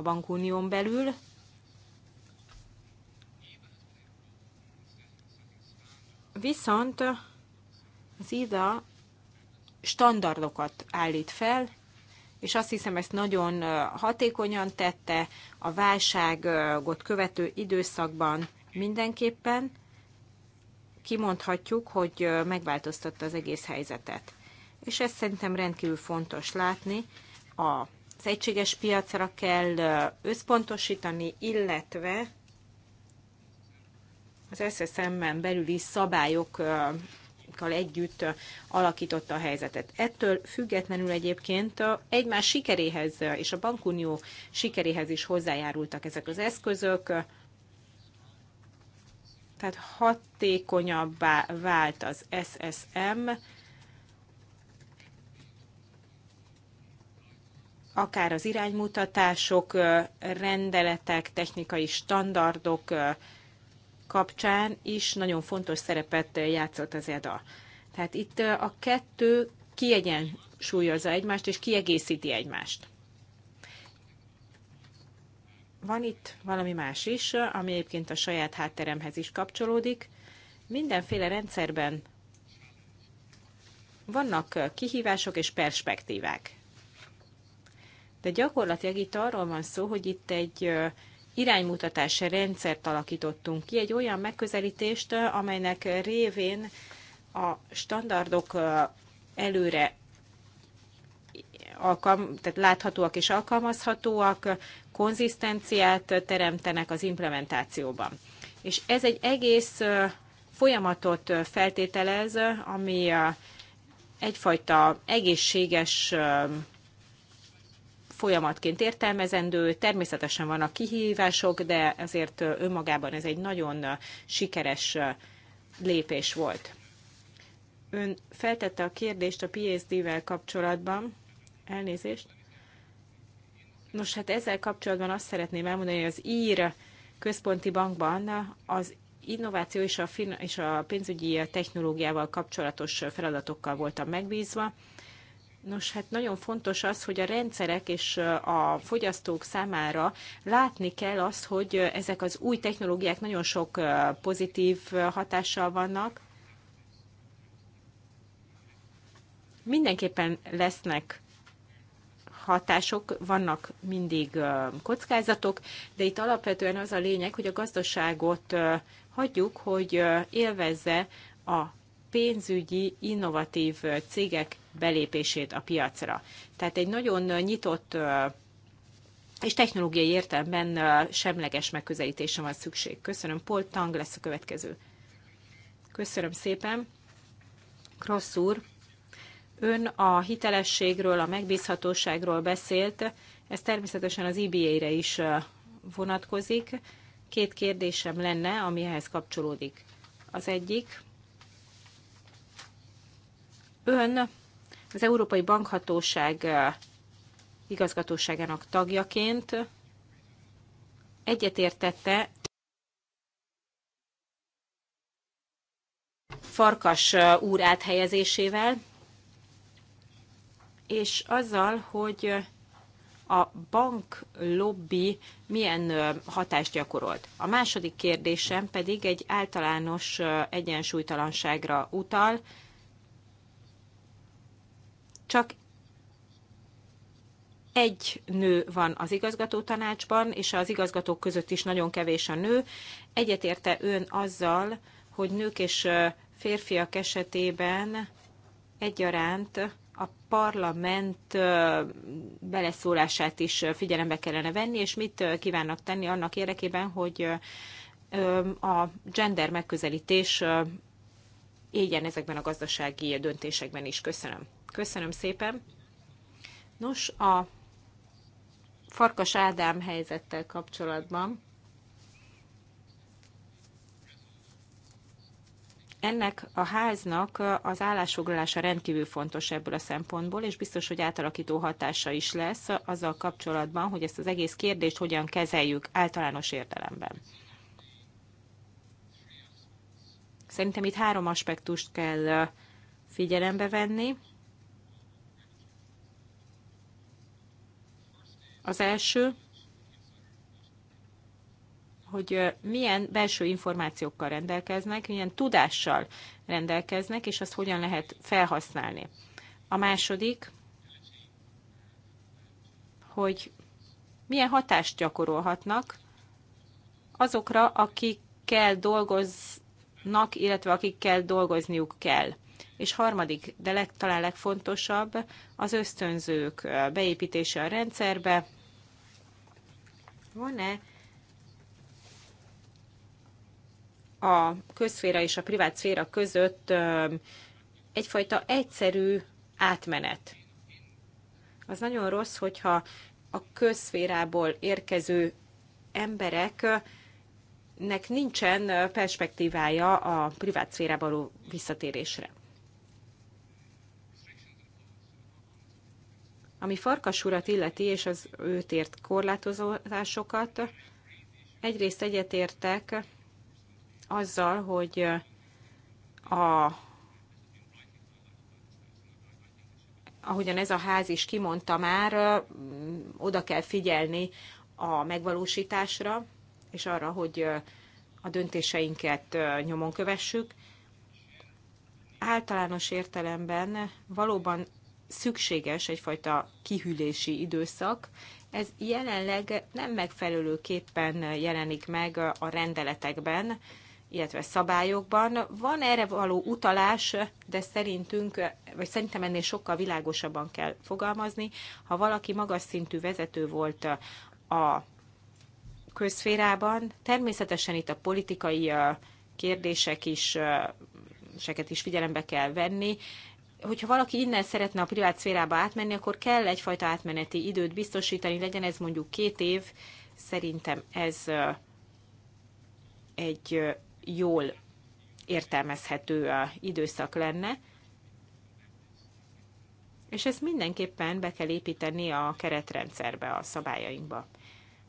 a bankunión belül. Viszont az IDA standardokat állít fel, és azt hiszem ezt nagyon hatékonyan tette a válságot követő időszakban mindenképpen. Kimondhatjuk, hogy megváltoztatta az egész helyzetet. És ezt szerintem rendkívül fontos látni a az egységes piacra kell összpontosítani, illetve az SSM-ben belüli szabályokkal együtt alakította a helyzetet. Ettől függetlenül egyébként egymás sikeréhez és a bankunió sikeréhez is hozzájárultak ezek az eszközök, tehát hatékonyabbá vált az SSM, akár az iránymutatások, rendeletek, technikai standardok kapcsán is nagyon fontos szerepet játszott az EDA. Tehát itt a kettő kiegyensúlyozza egymást, és kiegészíti egymást. Van itt valami más is, ami egyébként a saját hátteremhez is kapcsolódik. Mindenféle rendszerben vannak kihívások és perspektívák de gyakorlatilag itt arról van szó, hogy itt egy iránymutatási rendszert alakítottunk ki, egy olyan megközelítést, amelynek révén a standardok előre alkalm, tehát láthatóak és alkalmazhatóak, konzisztenciát teremtenek az implementációban. És ez egy egész folyamatot feltételez, ami egyfajta egészséges folyamatként értelmezendő. Természetesen vannak kihívások, de ezért önmagában ez egy nagyon sikeres lépés volt. Ön feltette a kérdést a PSD-vel kapcsolatban. Elnézést. Nos, hát ezzel kapcsolatban azt szeretném elmondani, hogy az ír központi bankban az innováció és a, és a pénzügyi technológiával kapcsolatos feladatokkal voltam megbízva, Nos, hát nagyon fontos az, hogy a rendszerek és a fogyasztók számára látni kell azt, hogy ezek az új technológiák nagyon sok pozitív hatással vannak. Mindenképpen lesznek hatások, vannak mindig kockázatok, de itt alapvetően az a lényeg, hogy a gazdaságot hagyjuk, hogy élvezze a pénzügyi innovatív cégek belépését a piacra. Tehát egy nagyon nyitott és technológiai értelemben semleges megközelítésre van szükség. Köszönöm, Paul Tang lesz a következő. Köszönöm szépen. Krossz úr, ön a hitelességről, a megbízhatóságról beszélt, ez természetesen az IBA-re e is vonatkozik. Két kérdésem lenne, ami ehhez kapcsolódik. Az egyik, ön az Európai Bankhatóság igazgatóságának tagjaként egyetértette Farkas úr áthelyezésével, és azzal, hogy a bank lobby milyen hatást gyakorolt. A második kérdésem pedig egy általános egyensúlytalanságra utal, csak egy nő van az igazgató tanácsban, és az igazgatók között is nagyon kevés a nő. Egyetérte ön azzal, hogy nők és férfiak esetében egyaránt a parlament beleszólását is figyelembe kellene venni, és mit kívánnak tenni annak érdekében, hogy a gender megközelítés éljen ezekben a gazdasági döntésekben is. Köszönöm. Köszönöm szépen. Nos, a Farkas Ádám helyzettel kapcsolatban Ennek a háznak az állásfoglalása rendkívül fontos ebből a szempontból, és biztos, hogy átalakító hatása is lesz azzal kapcsolatban, hogy ezt az egész kérdést hogyan kezeljük általános értelemben. Szerintem itt három aspektust kell figyelembe venni. Az első, hogy milyen belső információkkal rendelkeznek, milyen tudással rendelkeznek, és azt hogyan lehet felhasználni. A második, hogy milyen hatást gyakorolhatnak azokra, akikkel dolgoznak, illetve akikkel dolgozniuk kell és harmadik, de leg, talán legfontosabb, az ösztönzők beépítése a rendszerbe. Van-e a közszféra és a privát szféra között egyfajta egyszerű átmenet? Az nagyon rossz, hogyha a közszférából érkező emberek nek nincsen perspektívája a privát szférába való visszatérésre. Ami Farkas urat illeti, és az őt ért korlátozásokat, egyrészt egyetértek azzal, hogy a ahogyan ez a ház is kimondta már, oda kell figyelni a megvalósításra, és arra, hogy a döntéseinket nyomon kövessük. Általános értelemben valóban szükséges egyfajta kihűlési időszak. Ez jelenleg nem megfelelőképpen jelenik meg a rendeletekben, illetve szabályokban. Van erre való utalás, de szerintünk, vagy szerintem ennél sokkal világosabban kell fogalmazni. Ha valaki magas szintű vezető volt a közférában, természetesen itt a politikai kérdések is, seket is figyelembe kell venni, hogyha valaki innen szeretne a privát szférába átmenni, akkor kell egyfajta átmeneti időt biztosítani, legyen ez mondjuk két év, szerintem ez egy jól értelmezhető időszak lenne. És ezt mindenképpen be kell építeni a keretrendszerbe, a szabályainkba.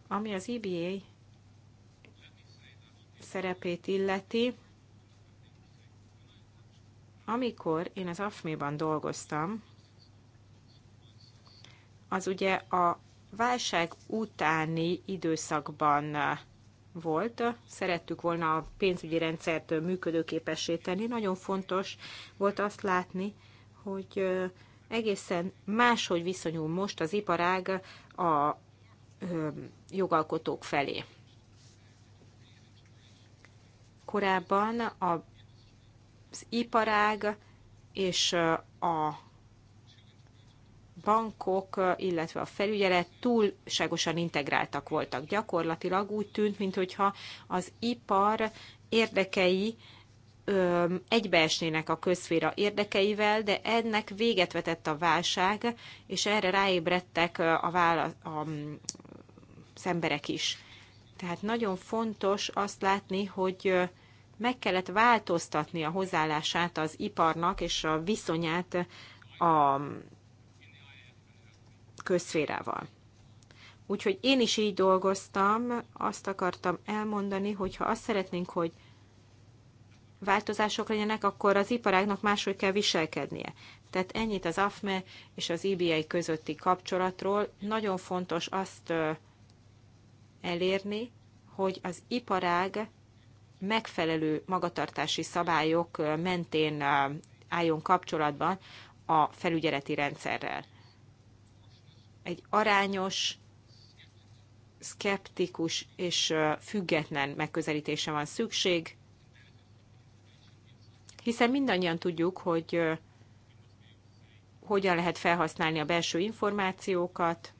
Ami az EBA szerepét illeti, amikor én az AFME-ban dolgoztam, az ugye a válság utáni időszakban eh, volt, szerettük volna a pénzügyi rendszert működőképessé tenni. Nagyon fontos volt azt látni, hogy eh, egészen máshogy viszonyul most az iparág a eh, jogalkotók felé. Korábban a az iparág és a bankok, illetve a felügyelet túlságosan integráltak voltak. Gyakorlatilag úgy tűnt, mintha az ipar érdekei egybeesnének a közféra érdekeivel, de ennek véget vetett a válság, és erre ráébredtek a, vála, a, az emberek is. Tehát nagyon fontos azt látni, hogy meg kellett változtatni a hozzáállását az iparnak és a viszonyát a közszférával. Úgyhogy én is így dolgoztam, azt akartam elmondani, hogy ha azt szeretnénk, hogy változások legyenek, akkor az iparágnak máshogy kell viselkednie. Tehát ennyit az AFME és az IBA közötti kapcsolatról. Nagyon fontos azt elérni, hogy az iparág megfelelő magatartási szabályok mentén álljon kapcsolatban a felügyeleti rendszerrel. Egy arányos, szkeptikus és független megközelítése van szükség, hiszen mindannyian tudjuk, hogy hogyan lehet felhasználni a belső információkat,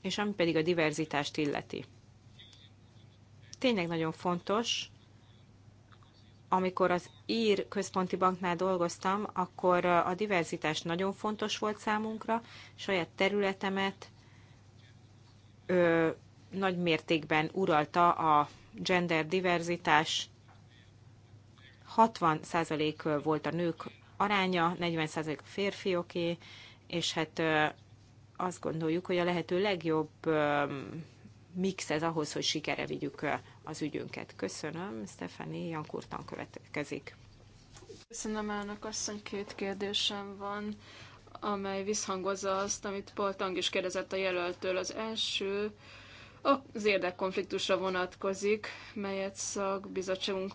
és ami pedig a diverzitást illeti. Tényleg nagyon fontos, amikor az Ír Központi Banknál dolgoztam, akkor a diverzitás nagyon fontos volt számunkra, saját területemet ö, nagy mértékben uralta a gender diverzitás. 60% volt a nők aránya, 40% a férfioké, és hát azt gondoljuk, hogy a lehető legjobb mix ez ahhoz, hogy sikere vigyük az ügyünket. Köszönöm, Stefani Jankurtan következik. Köszönöm, elnök asszony, két kérdésem van, amely visszhangozza azt, amit Paul Tang is kérdezett a jelöltől. Az első, az érdekkonfliktusra vonatkozik, melyet szakbizottságunk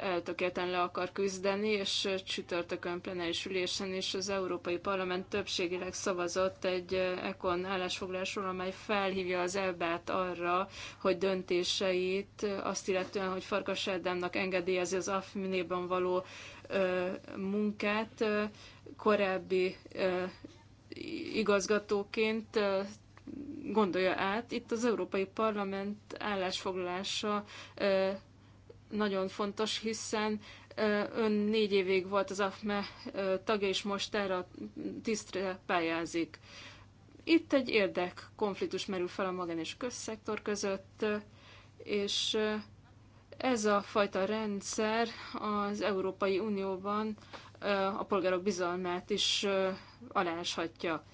eltökéleten le akar küzdeni, és csütörtökön plenáris ülésen is az Európai Parlament többségileg szavazott egy ekon állásfoglásról, amely felhívja az elbát arra, hogy döntéseit azt illetően, hogy Farkas Erdemnak engedélyezi az AFMINÉ-ben való ö, munkát, ö, korábbi ö, igazgatóként gondolja át. Itt az Európai Parlament állásfoglalása nagyon fontos, hiszen ön négy évig volt az AFME tagja, és most erre a tisztre pályázik. Itt egy érdek konfliktus merül fel a magán és közszektor között, és ez a fajta rendszer az Európai Unióban a polgárok bizalmát is aláshatja.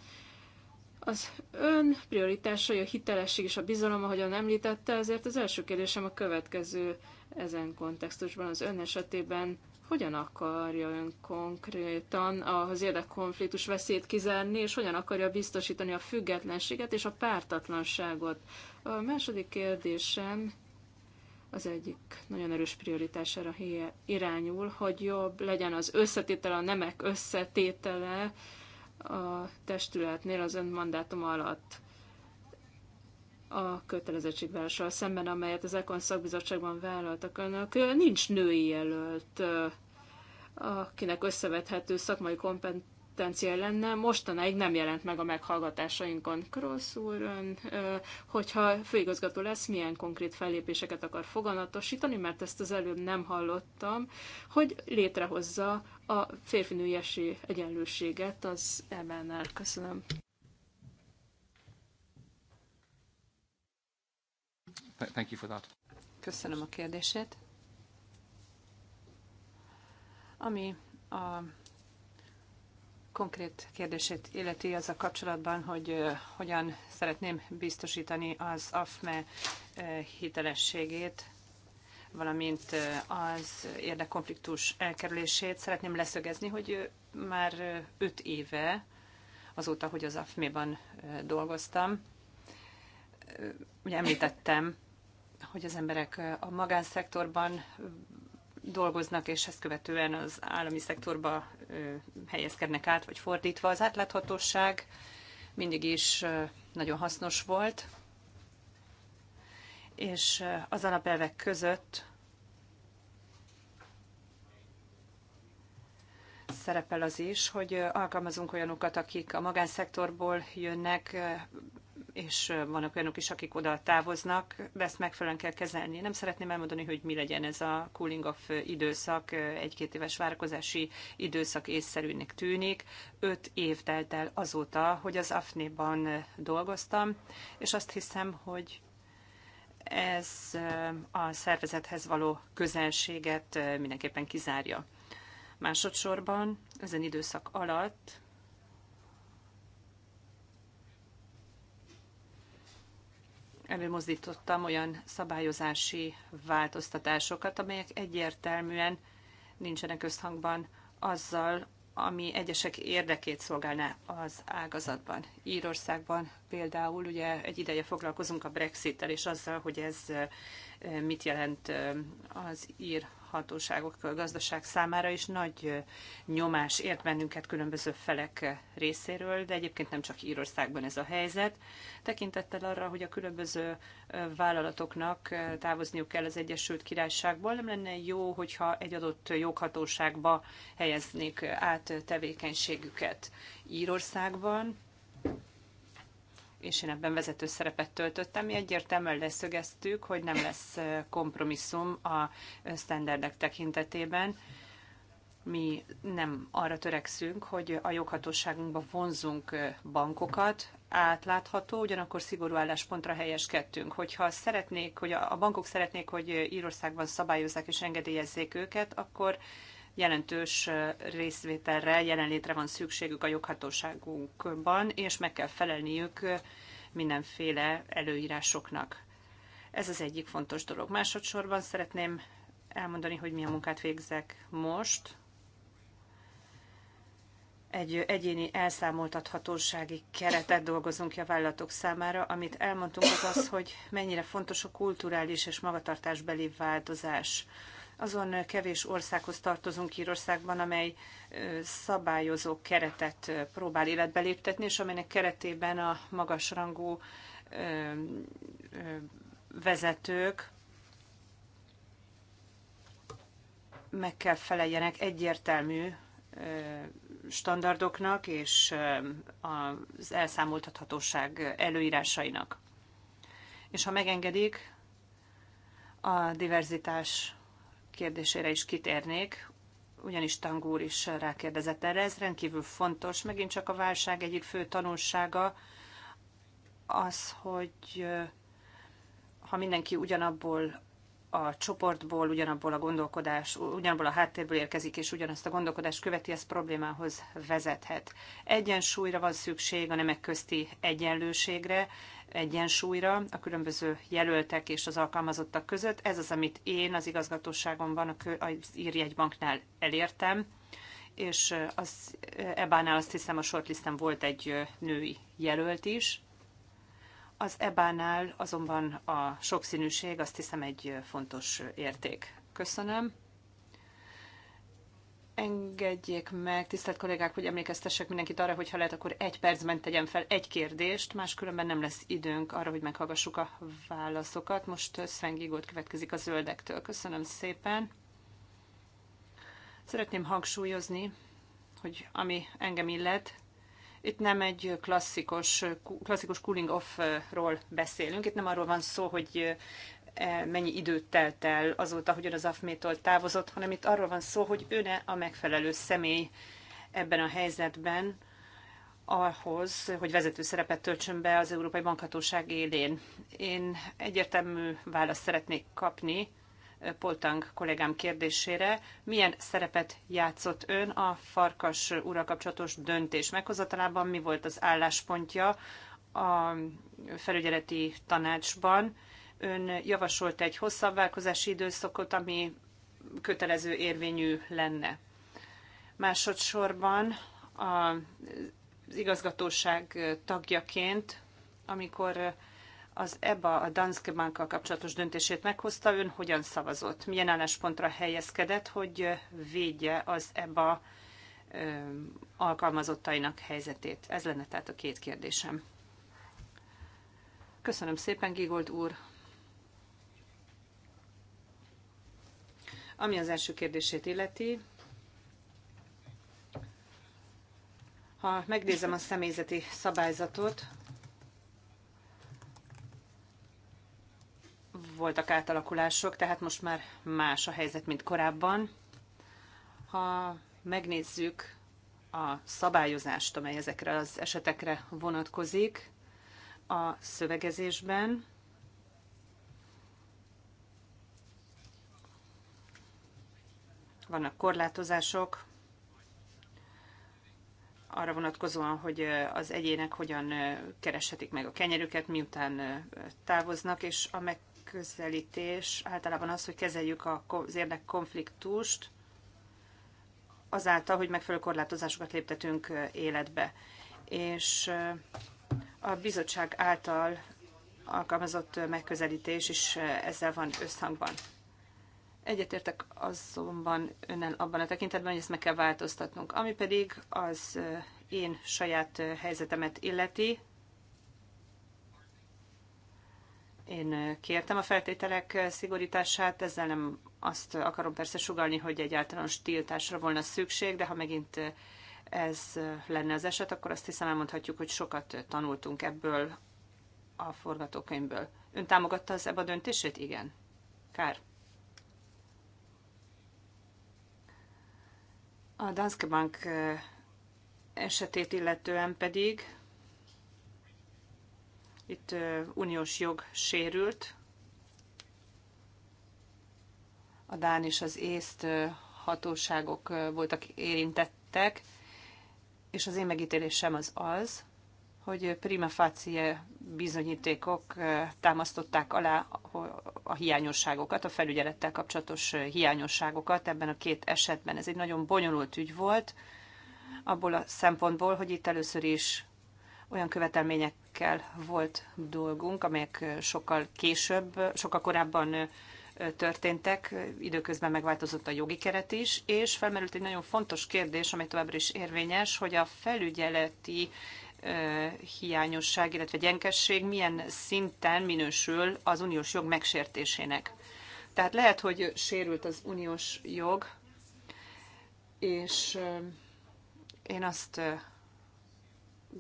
Az ön prioritásai a hitelesség és a bizalom, ahogyan említette, ezért az első kérdésem a következő ezen kontextusban az ön esetében hogyan akarja ön konkrétan az érdekkonfliktus veszélyt kizárni, és hogyan akarja biztosítani a függetlenséget és a pártatlanságot. A második kérdésem az egyik nagyon erős prioritására irányul, hogy jobb legyen az összetétele, a nemek összetétele, a testületnél az ön mandátum alatt a kötelezettségvállalással szemben, amelyet az Ekon szakbizottságban vállaltak önök. Nincs női jelölt, akinek összevethető szakmai kompetenciája potenciál lenne, mostanáig nem jelent meg a meghallgatásainkon. Krossz úr, ön, hogyha főigazgató lesz, milyen konkrét fellépéseket akar foganatosítani, mert ezt az előbb nem hallottam, hogy létrehozza a férfinőjesi egyenlőséget az ebn Köszönöm. Thank you for that. Köszönöm a kérdését. Ami a konkrét kérdését illeti az a kapcsolatban, hogy hogyan szeretném biztosítani az AFME hitelességét, valamint az érdekkonfliktus elkerülését. Szeretném leszögezni, hogy már öt éve, azóta, hogy az AFME-ban dolgoztam, ugye említettem, hogy az emberek a magánszektorban dolgoznak, és ezt követően az állami szektorba helyezkednek át, vagy fordítva. Az átláthatóság mindig is nagyon hasznos volt, és az alapelvek között szerepel az is, hogy alkalmazunk olyanokat, akik a magánszektorból jönnek, és vannak olyanok is, akik oda távoznak, de ezt megfelelően kell kezelni. Nem szeretném elmondani, hogy mi legyen ez a cooling off időszak, egy-két éves várakozási időszak észszerűnek tűnik. Öt év telt el azóta, hogy az afni ban dolgoztam, és azt hiszem, hogy ez a szervezethez való közelséget mindenképpen kizárja. Másodszorban ezen időszak alatt előmozdítottam olyan szabályozási változtatásokat, amelyek egyértelműen nincsenek összhangban azzal, ami egyesek érdekét szolgálná az ágazatban. Írországban például ugye egy ideje foglalkozunk a Brexit-tel és azzal, hogy ez eh, mit jelent eh, az ír hatóságok, a gazdaság számára is nagy nyomás ért bennünket különböző felek részéről, de egyébként nem csak Írországban ez a helyzet. Tekintettel arra, hogy a különböző vállalatoknak távozniuk kell az Egyesült Királyságból, nem lenne jó, hogyha egy adott joghatóságba helyeznék át tevékenységüket Írországban, és én ebben vezető szerepet töltöttem. Mi egyértelműen leszögeztük, hogy nem lesz kompromisszum a sztenderdek tekintetében. Mi nem arra törekszünk, hogy a joghatóságunkba vonzunk bankokat, átlátható, ugyanakkor szigorú álláspontra helyeskedtünk. Hogyha szeretnék, hogy a bankok szeretnék, hogy Írországban szabályozzák és engedélyezzék őket, akkor jelentős részvételre, jelenlétre van szükségük a joghatóságunkban, és meg kell felelniük mindenféle előírásoknak. Ez az egyik fontos dolog. Másodszorban szeretném elmondani, hogy milyen munkát végzek most. Egy egyéni elszámoltathatósági keretet dolgozunk ki a vállalatok számára. Amit elmondtunk az az, hogy mennyire fontos a kulturális és magatartásbeli változás. Azon kevés országhoz tartozunk Írországban, amely szabályozó keretet próbál életbe léptetni, és amelynek keretében a magasrangú vezetők meg kell feleljenek egyértelmű standardoknak és az elszámoltathatóság előírásainak. És ha megengedik, a diverzitás kérdésére is kitérnék, ugyanis Tangúr is rákérdezett erre. Ez rendkívül fontos. Megint csak a válság egyik fő tanulsága az, hogy ha mindenki ugyanabból a csoportból, ugyanabból a gondolkodás, ugyanabból a háttérből érkezik, és ugyanazt a gondolkodást követi, ez problémához vezethet. Egyensúlyra van szükség, a nemek közti egyenlőségre, egyensúlyra a különböző jelöltek és az alkalmazottak között. Ez az, amit én az igazgatóságomban az banknál elértem, és az ebánál azt hiszem a shortlisten volt egy női jelölt is, az EBA-nál azonban a sokszínűség azt hiszem egy fontos érték. Köszönöm. Engedjék meg, tisztelt kollégák, hogy emlékeztessek mindenkit arra, hogy ha lehet, akkor egy percben tegyen fel egy kérdést, máskülönben nem lesz időnk arra, hogy meghallgassuk a válaszokat. Most Sven Gigót következik a zöldektől. Köszönöm szépen. Szeretném hangsúlyozni, hogy ami engem illet, itt nem egy klasszikus, klasszikus cooling off-ról beszélünk, itt nem arról van szó, hogy eh, mennyi időt telt el azóta, hogy ön az AFMÉ-tól távozott, hanem itt arról van szó, hogy ne a megfelelő személy ebben a helyzetben, ahhoz, hogy vezető szerepet töltsön be az Európai Bankhatóság élén. Én egyértelmű választ szeretnék kapni Poltang kollégám kérdésére, milyen szerepet játszott ön a farkas úrral kapcsolatos döntés meghozatalában, mi volt az álláspontja a felügyeleti tanácsban? Ön javasolt egy hosszabb válkozási időszakot, ami kötelező érvényű lenne. Másodszorban az igazgatóság tagjaként, amikor az EBA a Danske Bankkal kapcsolatos döntését meghozta, ön hogyan szavazott? Milyen álláspontra helyezkedett, hogy védje az EBA alkalmazottainak helyzetét? Ez lenne tehát a két kérdésem. Köszönöm szépen, Gigold úr! Ami az első kérdését illeti, ha megnézem a személyzeti szabályzatot, voltak átalakulások, tehát most már más a helyzet, mint korábban. Ha megnézzük a szabályozást, amely ezekre az esetekre vonatkozik a szövegezésben, vannak korlátozások, arra vonatkozóan, hogy az egyének hogyan kereshetik meg a kenyerüket, miután távoznak, és a meg megközelítés általában az, hogy kezeljük az érdekkonfliktust, azáltal, hogy megfelelő korlátozásokat léptetünk életbe. És a bizottság által alkalmazott megközelítés is ezzel van összhangban. Egyetértek azonban önnel abban a tekintetben, hogy ezt meg kell változtatnunk. Ami pedig az én saját helyzetemet illeti, Én kértem a feltételek szigorítását, ezzel nem azt akarom persze sugalni, hogy egy általános tiltásra volna szükség, de ha megint ez lenne az eset, akkor azt hiszem elmondhatjuk, hogy sokat tanultunk ebből a forgatókönyvből. Ön támogatta az EBA döntését? Igen. Kár. A Danske Bank esetét illetően pedig itt uniós jog sérült. A Dán és az észt hatóságok voltak érintettek, és az én megítélésem az az, hogy prima facie bizonyítékok támasztották alá a hiányosságokat, a felügyelettel kapcsolatos hiányosságokat ebben a két esetben. Ez egy nagyon bonyolult ügy volt, abból a szempontból, hogy itt először is olyan követelmények amelyekkel volt dolgunk, amelyek sokkal később, sokkal korábban történtek, időközben megváltozott a jogi keret is, és felmerült egy nagyon fontos kérdés, amely továbbra is érvényes, hogy a felügyeleti hiányosság, illetve gyenkesség milyen szinten minősül az uniós jog megsértésének. Tehát lehet, hogy sérült az uniós jog, és én azt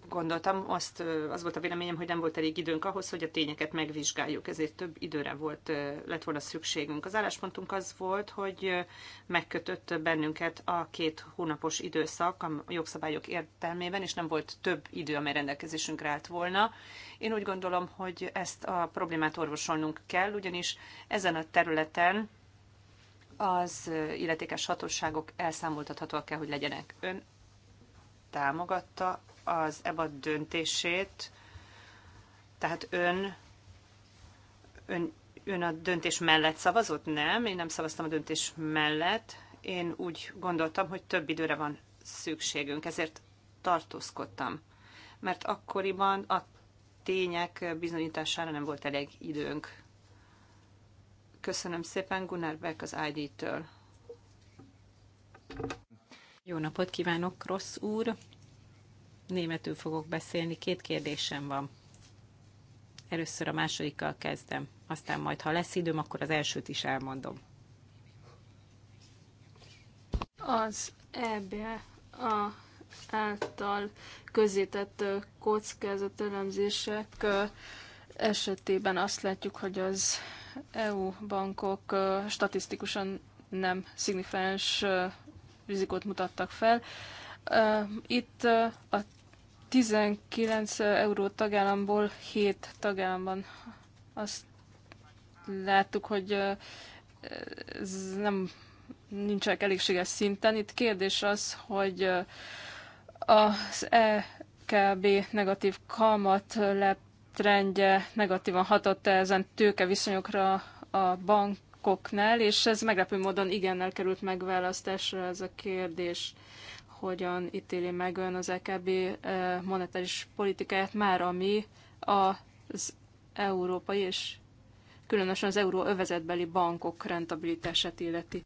gondoltam, azt, az volt a véleményem, hogy nem volt elég időnk ahhoz, hogy a tényeket megvizsgáljuk, ezért több időre volt, lett volna szükségünk. Az álláspontunk az volt, hogy megkötött bennünket a két hónapos időszak a jogszabályok értelmében, és nem volt több idő, amely rendelkezésünkre állt volna. Én úgy gondolom, hogy ezt a problémát orvosolnunk kell, ugyanis ezen a területen az illetékes hatóságok elszámoltathatóak kell, hogy legyenek. Ön támogatta az EBA döntését, tehát ön, ön, ön a döntés mellett szavazott? Nem, én nem szavaztam a döntés mellett. Én úgy gondoltam, hogy több időre van szükségünk, ezért tartózkodtam. Mert akkoriban a tények bizonyítására nem volt elég időnk. Köszönöm szépen Gunnar Beck az ID-től. Jó napot kívánok, Rossz úr! Németül fogok beszélni, két kérdésem van. Először a másodikkal kezdem, aztán majd, ha lesz időm, akkor az elsőt is elmondom. Az e a által közített kockázat elemzések esetében azt látjuk, hogy az EU bankok statisztikusan nem szignifikáns rizikót mutattak fel. Itt a 19 euró tagállamból 7 tagállamban azt láttuk, hogy ez nem nincsenek elégséges szinten. Itt kérdés az, hogy az EKB negatív kamat lep trendje negatívan hatott -e ezen tőkeviszonyokra a bank bankoknál, és ez meglepő módon igennel került megválasztásra ez a kérdés hogyan ítéli meg ön az EKB eh, monetáris politikáját már, ami az európai és különösen az euró övezetbeli bankok rentabilitását illeti.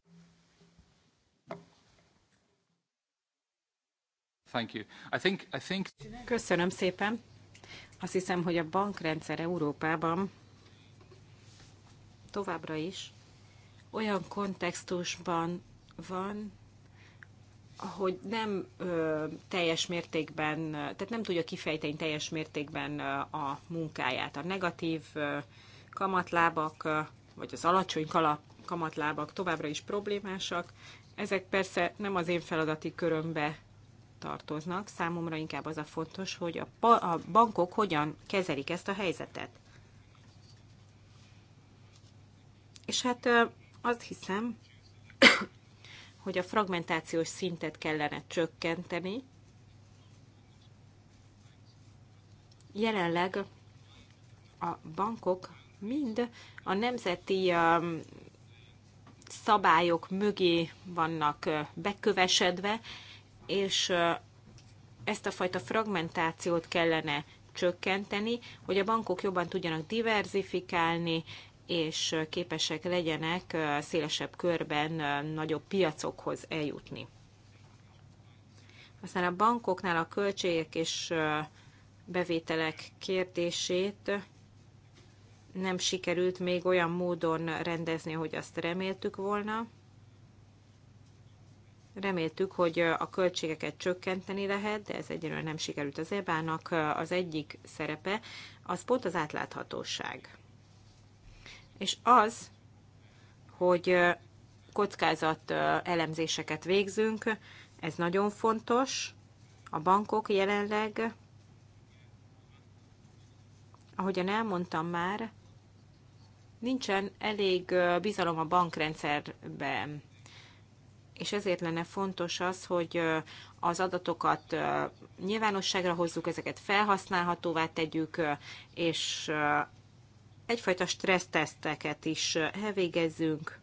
Thank you. I think, I think... Köszönöm szépen. Azt hiszem, hogy a bankrendszer Európában továbbra is olyan kontextusban van, hogy nem ö, teljes mértékben, tehát nem tudja kifejteni teljes mértékben ö, a munkáját. A negatív ö, kamatlábak, ö, vagy az alacsony kalap, kamatlábak továbbra is problémásak. Ezek persze nem az én feladati körömbe tartoznak. Számomra inkább az a fontos, hogy a, a bankok hogyan kezelik ezt a helyzetet. És hát azt hiszem, hogy a fragmentációs szintet kellene csökkenteni. Jelenleg a bankok mind a nemzeti um, szabályok mögé vannak uh, bekövesedve, és uh, ezt a fajta fragmentációt kellene csökkenteni, hogy a bankok jobban tudjanak diverzifikálni, és képesek legyenek szélesebb körben nagyobb piacokhoz eljutni. Aztán a bankoknál a költségek és bevételek kérdését nem sikerült még olyan módon rendezni, hogy azt reméltük volna. Reméltük, hogy a költségeket csökkenteni lehet, de ez egyelőre nem sikerült az ebának. Az egyik szerepe az pont az átláthatóság és az, hogy kockázat elemzéseket végzünk, ez nagyon fontos. A bankok jelenleg, ahogyan elmondtam már, nincsen elég bizalom a bankrendszerben, és ezért lenne fontos az, hogy az adatokat nyilvánosságra hozzuk, ezeket felhasználhatóvá tegyük, és egyfajta stresszteszteket is elvégezzünk,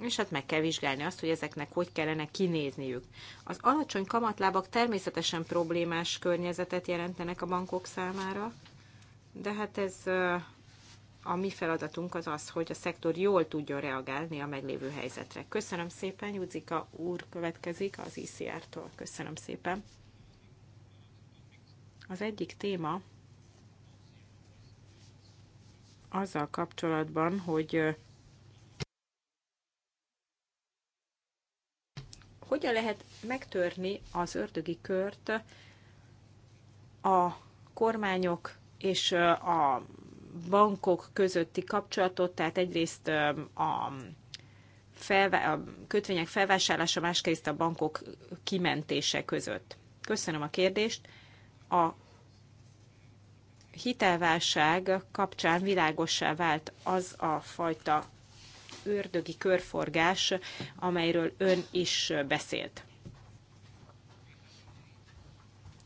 és hát meg kell vizsgálni azt, hogy ezeknek hogy kellene kinézniük. Az alacsony kamatlábak természetesen problémás környezetet jelentenek a bankok számára, de hát ez a mi feladatunk az az, hogy a szektor jól tudjon reagálni a meglévő helyzetre. Köszönöm szépen, Judzika úr következik az ICR-tól. Köszönöm szépen. Az egyik téma azzal kapcsolatban, hogy hogyan lehet megtörni az ördögi kört a kormányok és a bankok közötti kapcsolatot, tehát egyrészt a, felve, a kötvények felvásárlása, másrészt a bankok kimentése között. Köszönöm a kérdést. A hitelválság kapcsán világossá vált az a fajta ördögi körforgás, amelyről ön is beszélt.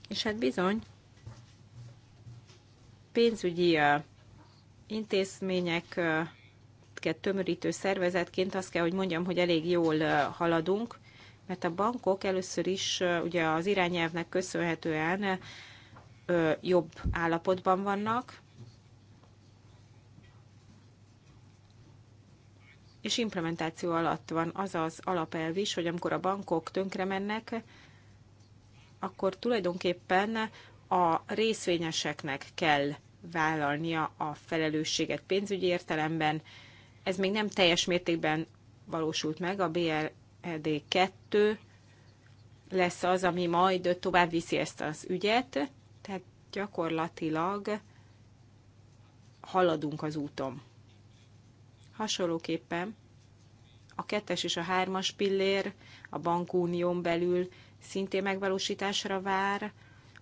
És hát bizony, pénzügyi intézmények tömörítő szervezetként azt kell, hogy mondjam, hogy elég jól haladunk, mert a bankok először is ugye az irányelvnek köszönhetően jobb állapotban vannak, és implementáció alatt van az az alapelv is, hogy amikor a bankok tönkre mennek, akkor tulajdonképpen a részvényeseknek kell vállalnia a felelősséget pénzügyi értelemben. Ez még nem teljes mértékben valósult meg, a BLD 2 lesz az, ami majd tovább viszi ezt az ügyet, gyakorlatilag haladunk az úton. Hasonlóképpen a kettes és a hármas pillér a bankunión belül szintén megvalósításra vár,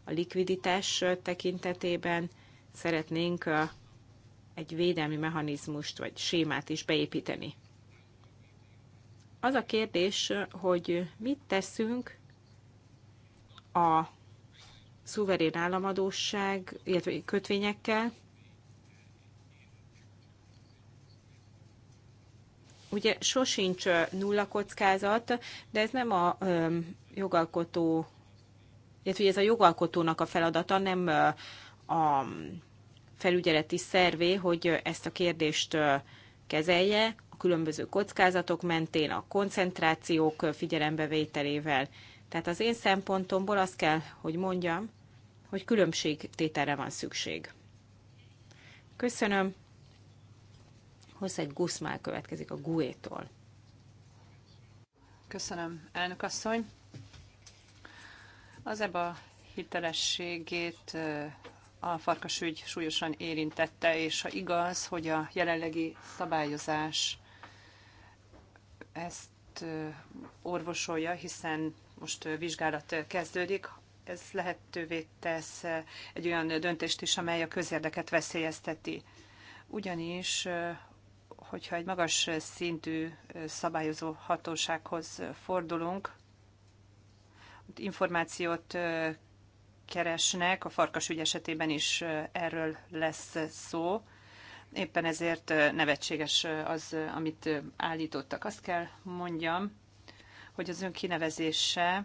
a likviditás tekintetében szeretnénk egy védelmi mechanizmust vagy sémát is beépíteni. Az a kérdés, hogy mit teszünk a szuverén államadóság, illetve kötvényekkel. Ugye sosincs nulla kockázat, de ez nem a jogalkotó, illetve ez a jogalkotónak a feladata, nem a felügyeleti szervé, hogy ezt a kérdést kezelje a különböző kockázatok mentén, a koncentrációk figyelembevételével, tehát az én szempontomból azt kell, hogy mondjam, hogy különbségtételre van szükség. Köszönöm. Hossz egy Guszmál következik a GUE-tól. Köszönöm, elnök asszony. Az EBA hitelességét a farkasügy súlyosan érintette, és ha igaz, hogy a jelenlegi szabályozás ezt orvosolja, hiszen most vizsgálat kezdődik, ez lehetővé tesz egy olyan döntést is, amely a közérdeket veszélyezteti. Ugyanis, hogyha egy magas szintű szabályozó hatósághoz fordulunk, információt keresnek, a farkas ügy esetében is erről lesz szó. Éppen ezért nevetséges az, amit állítottak. Azt kell mondjam, hogy az ön kinevezése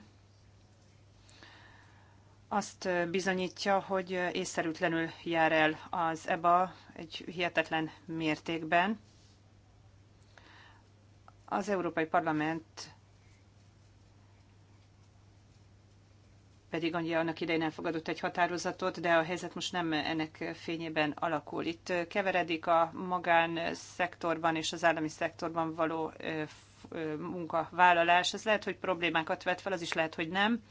azt bizonyítja, hogy észszerűtlenül jár el az EBA egy hihetetlen mértékben. Az Európai Parlament pedig annyira annak idején elfogadott egy határozatot, de a helyzet most nem ennek fényében alakul. Itt keveredik a magánszektorban és az állami szektorban való munkavállalás. Ez lehet, hogy problémákat vet fel, az is lehet, hogy nem.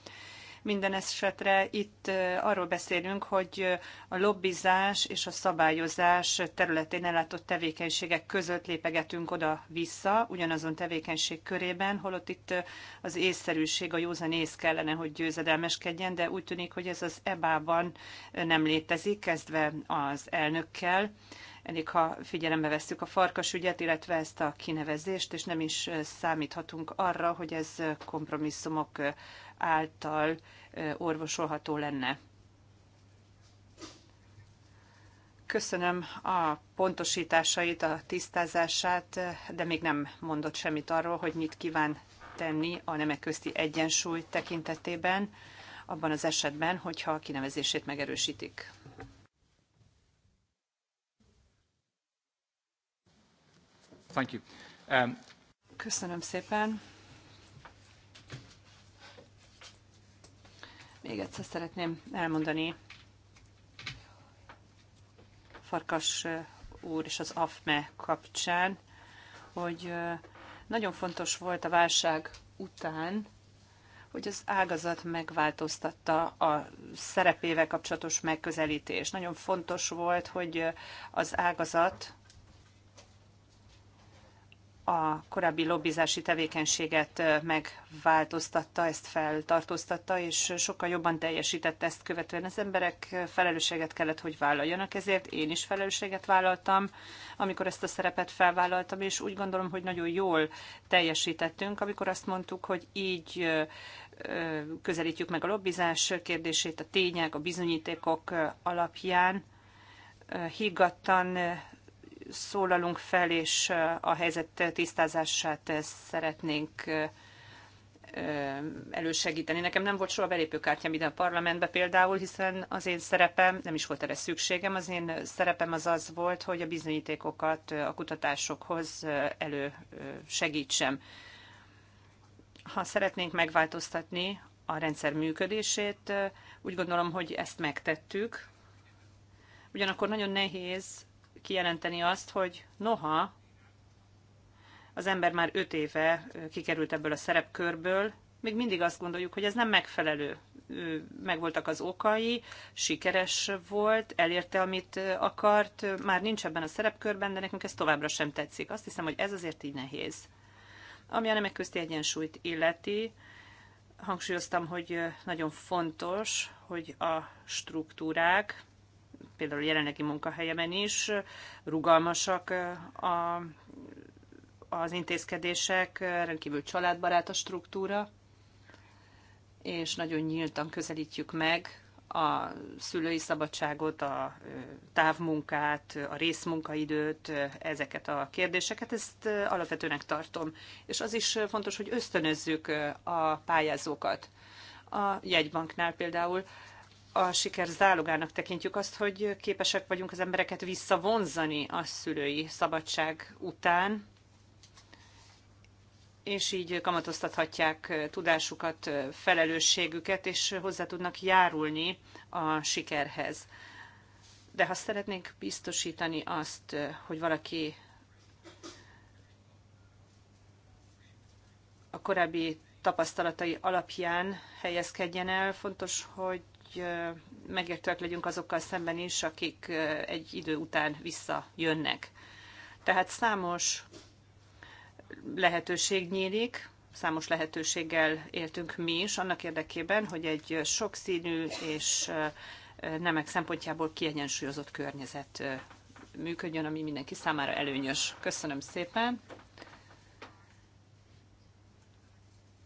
Minden esetre itt arról beszélünk, hogy a lobbizás és a szabályozás területén ellátott tevékenységek között lépegetünk oda-vissza, ugyanazon tevékenység körében, holott itt az észszerűség, a józan ész kellene, hogy győzedelmeskedjen, de úgy tűnik, hogy ez az EBA-ban nem létezik, kezdve az elnökkel elég ha figyelembe vesszük a farkas ügyet, illetve ezt a kinevezést, és nem is számíthatunk arra, hogy ez kompromisszumok által orvosolható lenne. Köszönöm a pontosításait, a tisztázását, de még nem mondott semmit arról, hogy mit kíván tenni a nemek közti egyensúly tekintetében, abban az esetben, hogyha a kinevezését megerősítik. Thank you. Um... Köszönöm szépen. Még egyszer szeretném elmondani Farkas uh, úr és az AFME kapcsán, hogy uh, nagyon fontos volt a válság után, hogy az ágazat megváltoztatta a szerepével kapcsolatos megközelítés. Nagyon fontos volt, hogy uh, az ágazat a korábbi lobbizási tevékenységet megváltoztatta, ezt feltartóztatta, és sokkal jobban teljesített ezt követően. Az emberek felelősséget kellett, hogy vállaljanak, ezért én is felelősséget vállaltam, amikor ezt a szerepet felvállaltam, és úgy gondolom, hogy nagyon jól teljesítettünk, amikor azt mondtuk, hogy így közelítjük meg a lobbizás kérdését a tények, a bizonyítékok alapján, higgadtan szólalunk fel, és a helyzet tisztázását szeretnénk elősegíteni. Nekem nem volt soha belépőkártyám ide a parlamentbe például, hiszen az én szerepem, nem is volt erre szükségem, az én szerepem az az volt, hogy a bizonyítékokat a kutatásokhoz elősegítsem. Ha szeretnénk megváltoztatni a rendszer működését, úgy gondolom, hogy ezt megtettük. Ugyanakkor nagyon nehéz kijelenteni azt, hogy noha az ember már öt éve kikerült ebből a szerepkörből, még mindig azt gondoljuk, hogy ez nem megfelelő. Megvoltak az okai, sikeres volt, elérte, amit akart, már nincs ebben a szerepkörben, de nekünk ez továbbra sem tetszik. Azt hiszem, hogy ez azért így nehéz. Ami a nemek közti egyensúlyt illeti, hangsúlyoztam, hogy nagyon fontos, hogy a struktúrák, például jelenlegi munkahelyemen is rugalmasak a, az intézkedések, rendkívül családbarát a struktúra, és nagyon nyíltan közelítjük meg a szülői szabadságot, a távmunkát, a részmunkaidőt, ezeket a kérdéseket, ezt alapvetőnek tartom. És az is fontos, hogy ösztönözzük a pályázókat. A jegybanknál például a siker zálogának tekintjük azt, hogy képesek vagyunk az embereket visszavonzani a szülői szabadság után, és így kamatoztathatják tudásukat, felelősségüket, és hozzá tudnak járulni a sikerhez. De ha szeretnénk biztosítani azt, hogy valaki a korábbi tapasztalatai alapján helyezkedjen el, fontos, hogy hogy megértőek legyünk azokkal szemben is, akik egy idő után visszajönnek. Tehát számos lehetőség nyílik, számos lehetőséggel éltünk mi is, annak érdekében, hogy egy sokszínű és nemek szempontjából kiegyensúlyozott környezet működjön, ami mindenki számára előnyös. Köszönöm szépen!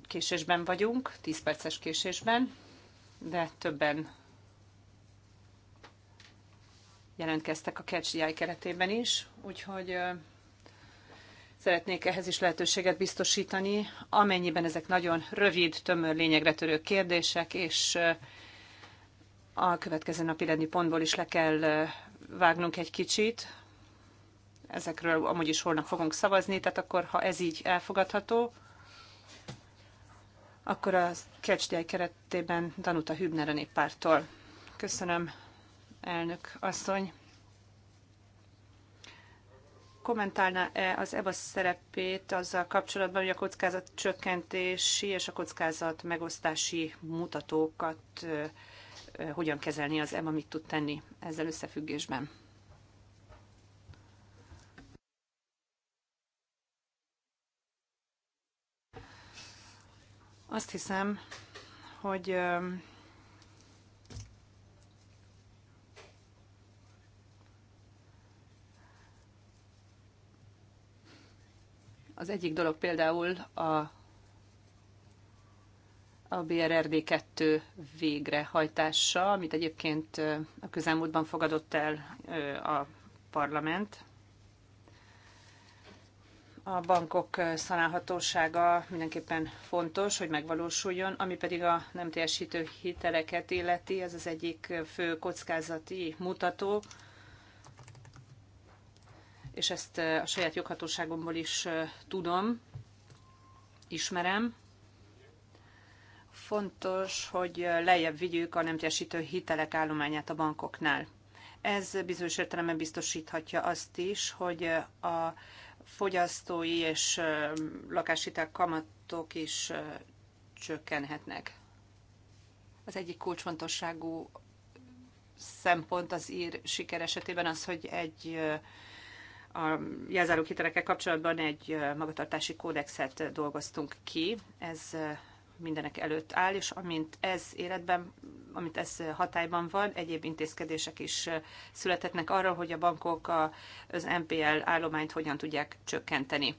Késésben vagyunk, 10 perces késésben de többen jelentkeztek a AI keretében is, úgyhogy szeretnék ehhez is lehetőséget biztosítani, amennyiben ezek nagyon rövid, tömör, lényegre törő kérdések, és a következő napi rendi pontból is le kell vágnunk egy kicsit. Ezekről amúgy is holnap fogunk szavazni, tehát akkor, ha ez így elfogadható, akkor a Kecsdiáj keretében Danuta Hübner a néppártól. Köszönöm, elnök asszony. Kommentálná-e az EBA szerepét azzal kapcsolatban, hogy a kockázat csökkentési és a kockázat megosztási mutatókat hogyan kezelni az EBA, mit tud tenni ezzel összefüggésben? Azt hiszem, hogy az egyik dolog például a a BRRD2 végrehajtása, amit egyébként a közelmúltban fogadott el a parlament a bankok szanálhatósága mindenképpen fontos, hogy megvalósuljon, ami pedig a nem teljesítő hiteleket illeti, ez az egyik fő kockázati mutató, és ezt a saját joghatóságomból is tudom, ismerem. Fontos, hogy lejjebb vigyük a nem teljesítő hitelek állományát a bankoknál. Ez bizonyos értelemben biztosíthatja azt is, hogy a fogyasztói és lakáshitel kamatok is csökkenhetnek. Az egyik kulcsfontosságú szempont az ír siker esetében az, hogy egy a jelzáló hitelekkel kapcsolatban egy magatartási kódexet dolgoztunk ki. Ez mindenek előtt áll, és amint ez életben, amit ez hatályban van, egyéb intézkedések is születhetnek arra, hogy a bankok az NPL állományt hogyan tudják csökkenteni.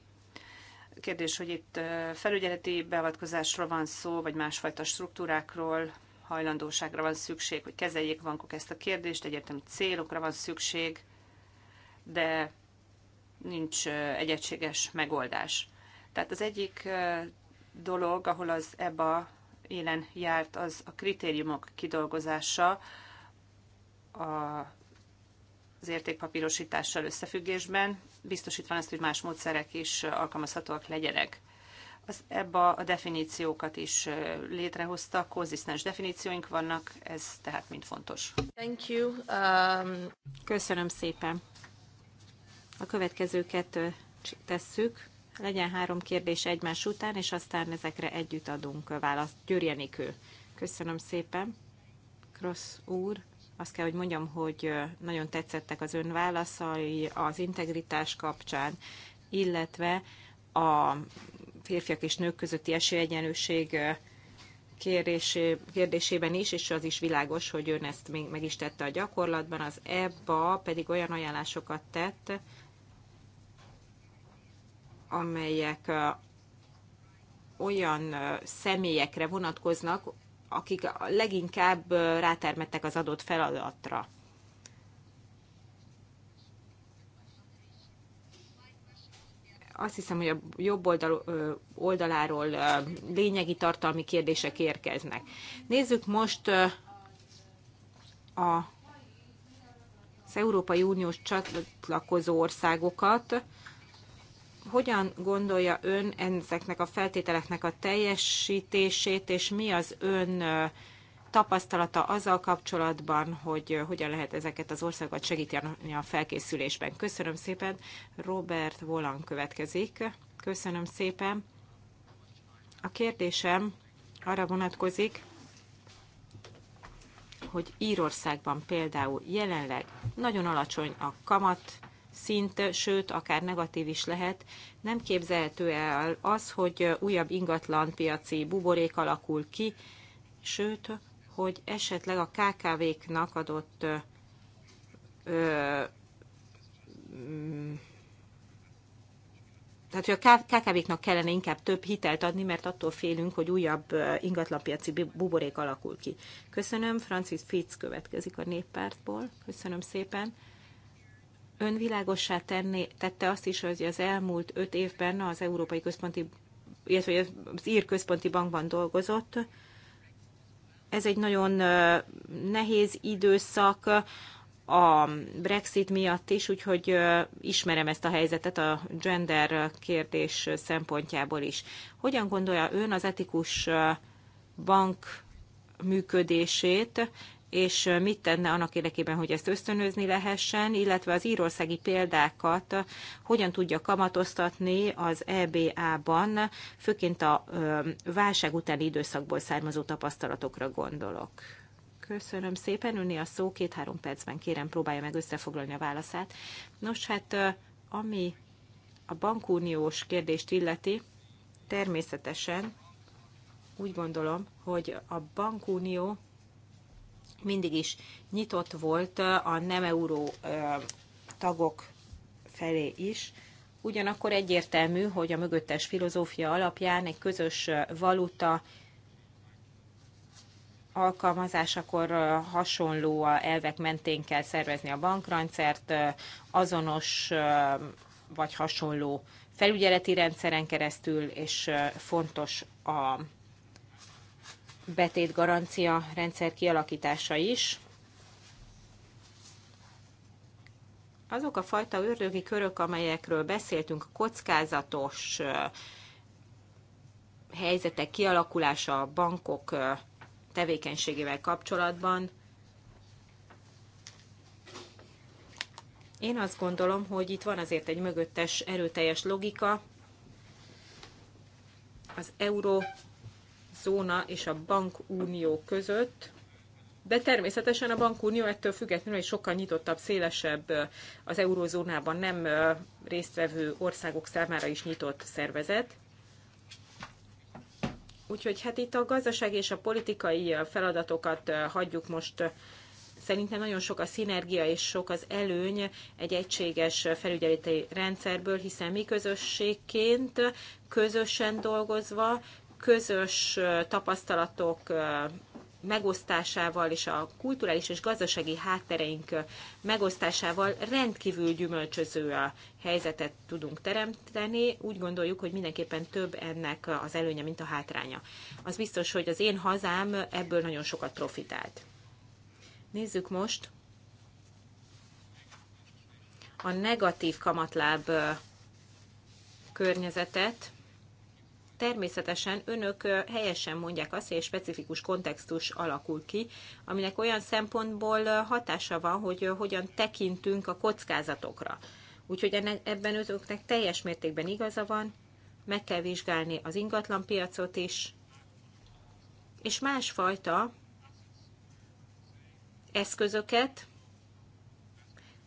Kérdés, hogy itt felügyeleti beavatkozásról van szó, vagy másfajta struktúrákról, hajlandóságra van szükség, hogy kezeljék a bankok ezt a kérdést, egyértelmű célokra van szükség, de nincs egységes megoldás. Tehát az egyik dolog, ahol az EBA élen járt, az a kritériumok kidolgozása az értékpapírosítással összefüggésben, biztosítva azt, hogy más módszerek is alkalmazhatóak legyenek. Az EBA a definíciókat is létrehozta, konzisztens definícióink vannak, ez tehát mind fontos. Thank you. Um... Köszönöm szépen. A következőket tesszük. Legyen három kérdés egymás után, és aztán ezekre együtt adunk választ. Győri Enikő. Köszönöm szépen. Krossz úr, azt kell, hogy mondjam, hogy nagyon tetszettek az ön válaszai az integritás kapcsán, illetve a férfiak és nők közötti esélyegyenlőség kérdésében is, és az is világos, hogy ön ezt még meg is tette a gyakorlatban. Az EBA pedig olyan ajánlásokat tett, amelyek olyan személyekre vonatkoznak, akik leginkább rátermettek az adott feladatra. Azt hiszem, hogy a jobb oldal, oldaláról lényegi tartalmi kérdések érkeznek. Nézzük most az Európai Uniós csatlakozó országokat hogyan gondolja ön ezeknek a feltételeknek a teljesítését, és mi az ön tapasztalata azzal kapcsolatban, hogy hogyan lehet ezeket az országokat segíteni a felkészülésben. Köszönöm szépen. Robert Volan következik. Köszönöm szépen. A kérdésem arra vonatkozik, hogy Írországban például jelenleg nagyon alacsony a kamat szint, sőt, akár negatív is lehet. Nem képzelhető el az, hogy újabb ingatlanpiaci buborék alakul ki, sőt, hogy esetleg a KKV-knak adott ö, mm, tehát, hogy a KKV-knak kellene inkább több hitelt adni, mert attól félünk, hogy újabb ingatlanpiaci buborék alakul ki. Köszönöm, Francis Fitz következik a néppártból. Köszönöm szépen. Ön világossá tenni, tette azt is, hogy az elmúlt öt évben az Európai Központi, illetve az Ír Központi Bankban dolgozott. Ez egy nagyon nehéz időszak a Brexit miatt is, úgyhogy ismerem ezt a helyzetet a gender kérdés szempontjából is. Hogyan gondolja ön az etikus bank működését, és mit tenne annak érdekében, hogy ezt ösztönözni lehessen, illetve az írországi példákat hogyan tudja kamatoztatni az EBA-ban, főként a válság utáni időszakból származó tapasztalatokra gondolok. Köszönöm szépen, önni a szó, két-három percben kérem, próbálja meg összefoglalni a válaszát. Nos, hát ami a bankuniós kérdést illeti, természetesen úgy gondolom, hogy a bankunió mindig is nyitott volt a nem euró tagok felé is. Ugyanakkor egyértelmű, hogy a mögöttes filozófia alapján egy közös valuta alkalmazásakor hasonló elvek mentén kell szervezni a bankrendszert, azonos vagy hasonló felügyeleti rendszeren keresztül, és fontos a betét garancia rendszer kialakítása is. Azok a fajta ördögi körök, amelyekről beszéltünk, kockázatos helyzetek kialakulása a bankok tevékenységével kapcsolatban, Én azt gondolom, hogy itt van azért egy mögöttes erőteljes logika. Az euró zóna és a bankunió között, de természetesen a bankunió ettől függetlenül egy sokkal nyitottabb, szélesebb az eurózónában nem résztvevő országok számára is nyitott szervezet. Úgyhogy hát itt a gazdaság és a politikai feladatokat hagyjuk most szerintem nagyon sok a szinergia és sok az előny egy egységes felügyeleti rendszerből, hiszen mi közösségként, közösen dolgozva közös tapasztalatok megosztásával és a kulturális és gazdasági háttereink megosztásával rendkívül gyümölcsöző a helyzetet tudunk teremteni. Úgy gondoljuk, hogy mindenképpen több ennek az előnye, mint a hátránya. Az biztos, hogy az én hazám ebből nagyon sokat profitált. Nézzük most a negatív kamatláb környezetet természetesen önök helyesen mondják azt, hogy egy specifikus kontextus alakul ki, aminek olyan szempontból hatása van, hogy hogyan tekintünk a kockázatokra. Úgyhogy enne, ebben önöknek teljes mértékben igaza van, meg kell vizsgálni az ingatlanpiacot is, és másfajta eszközöket,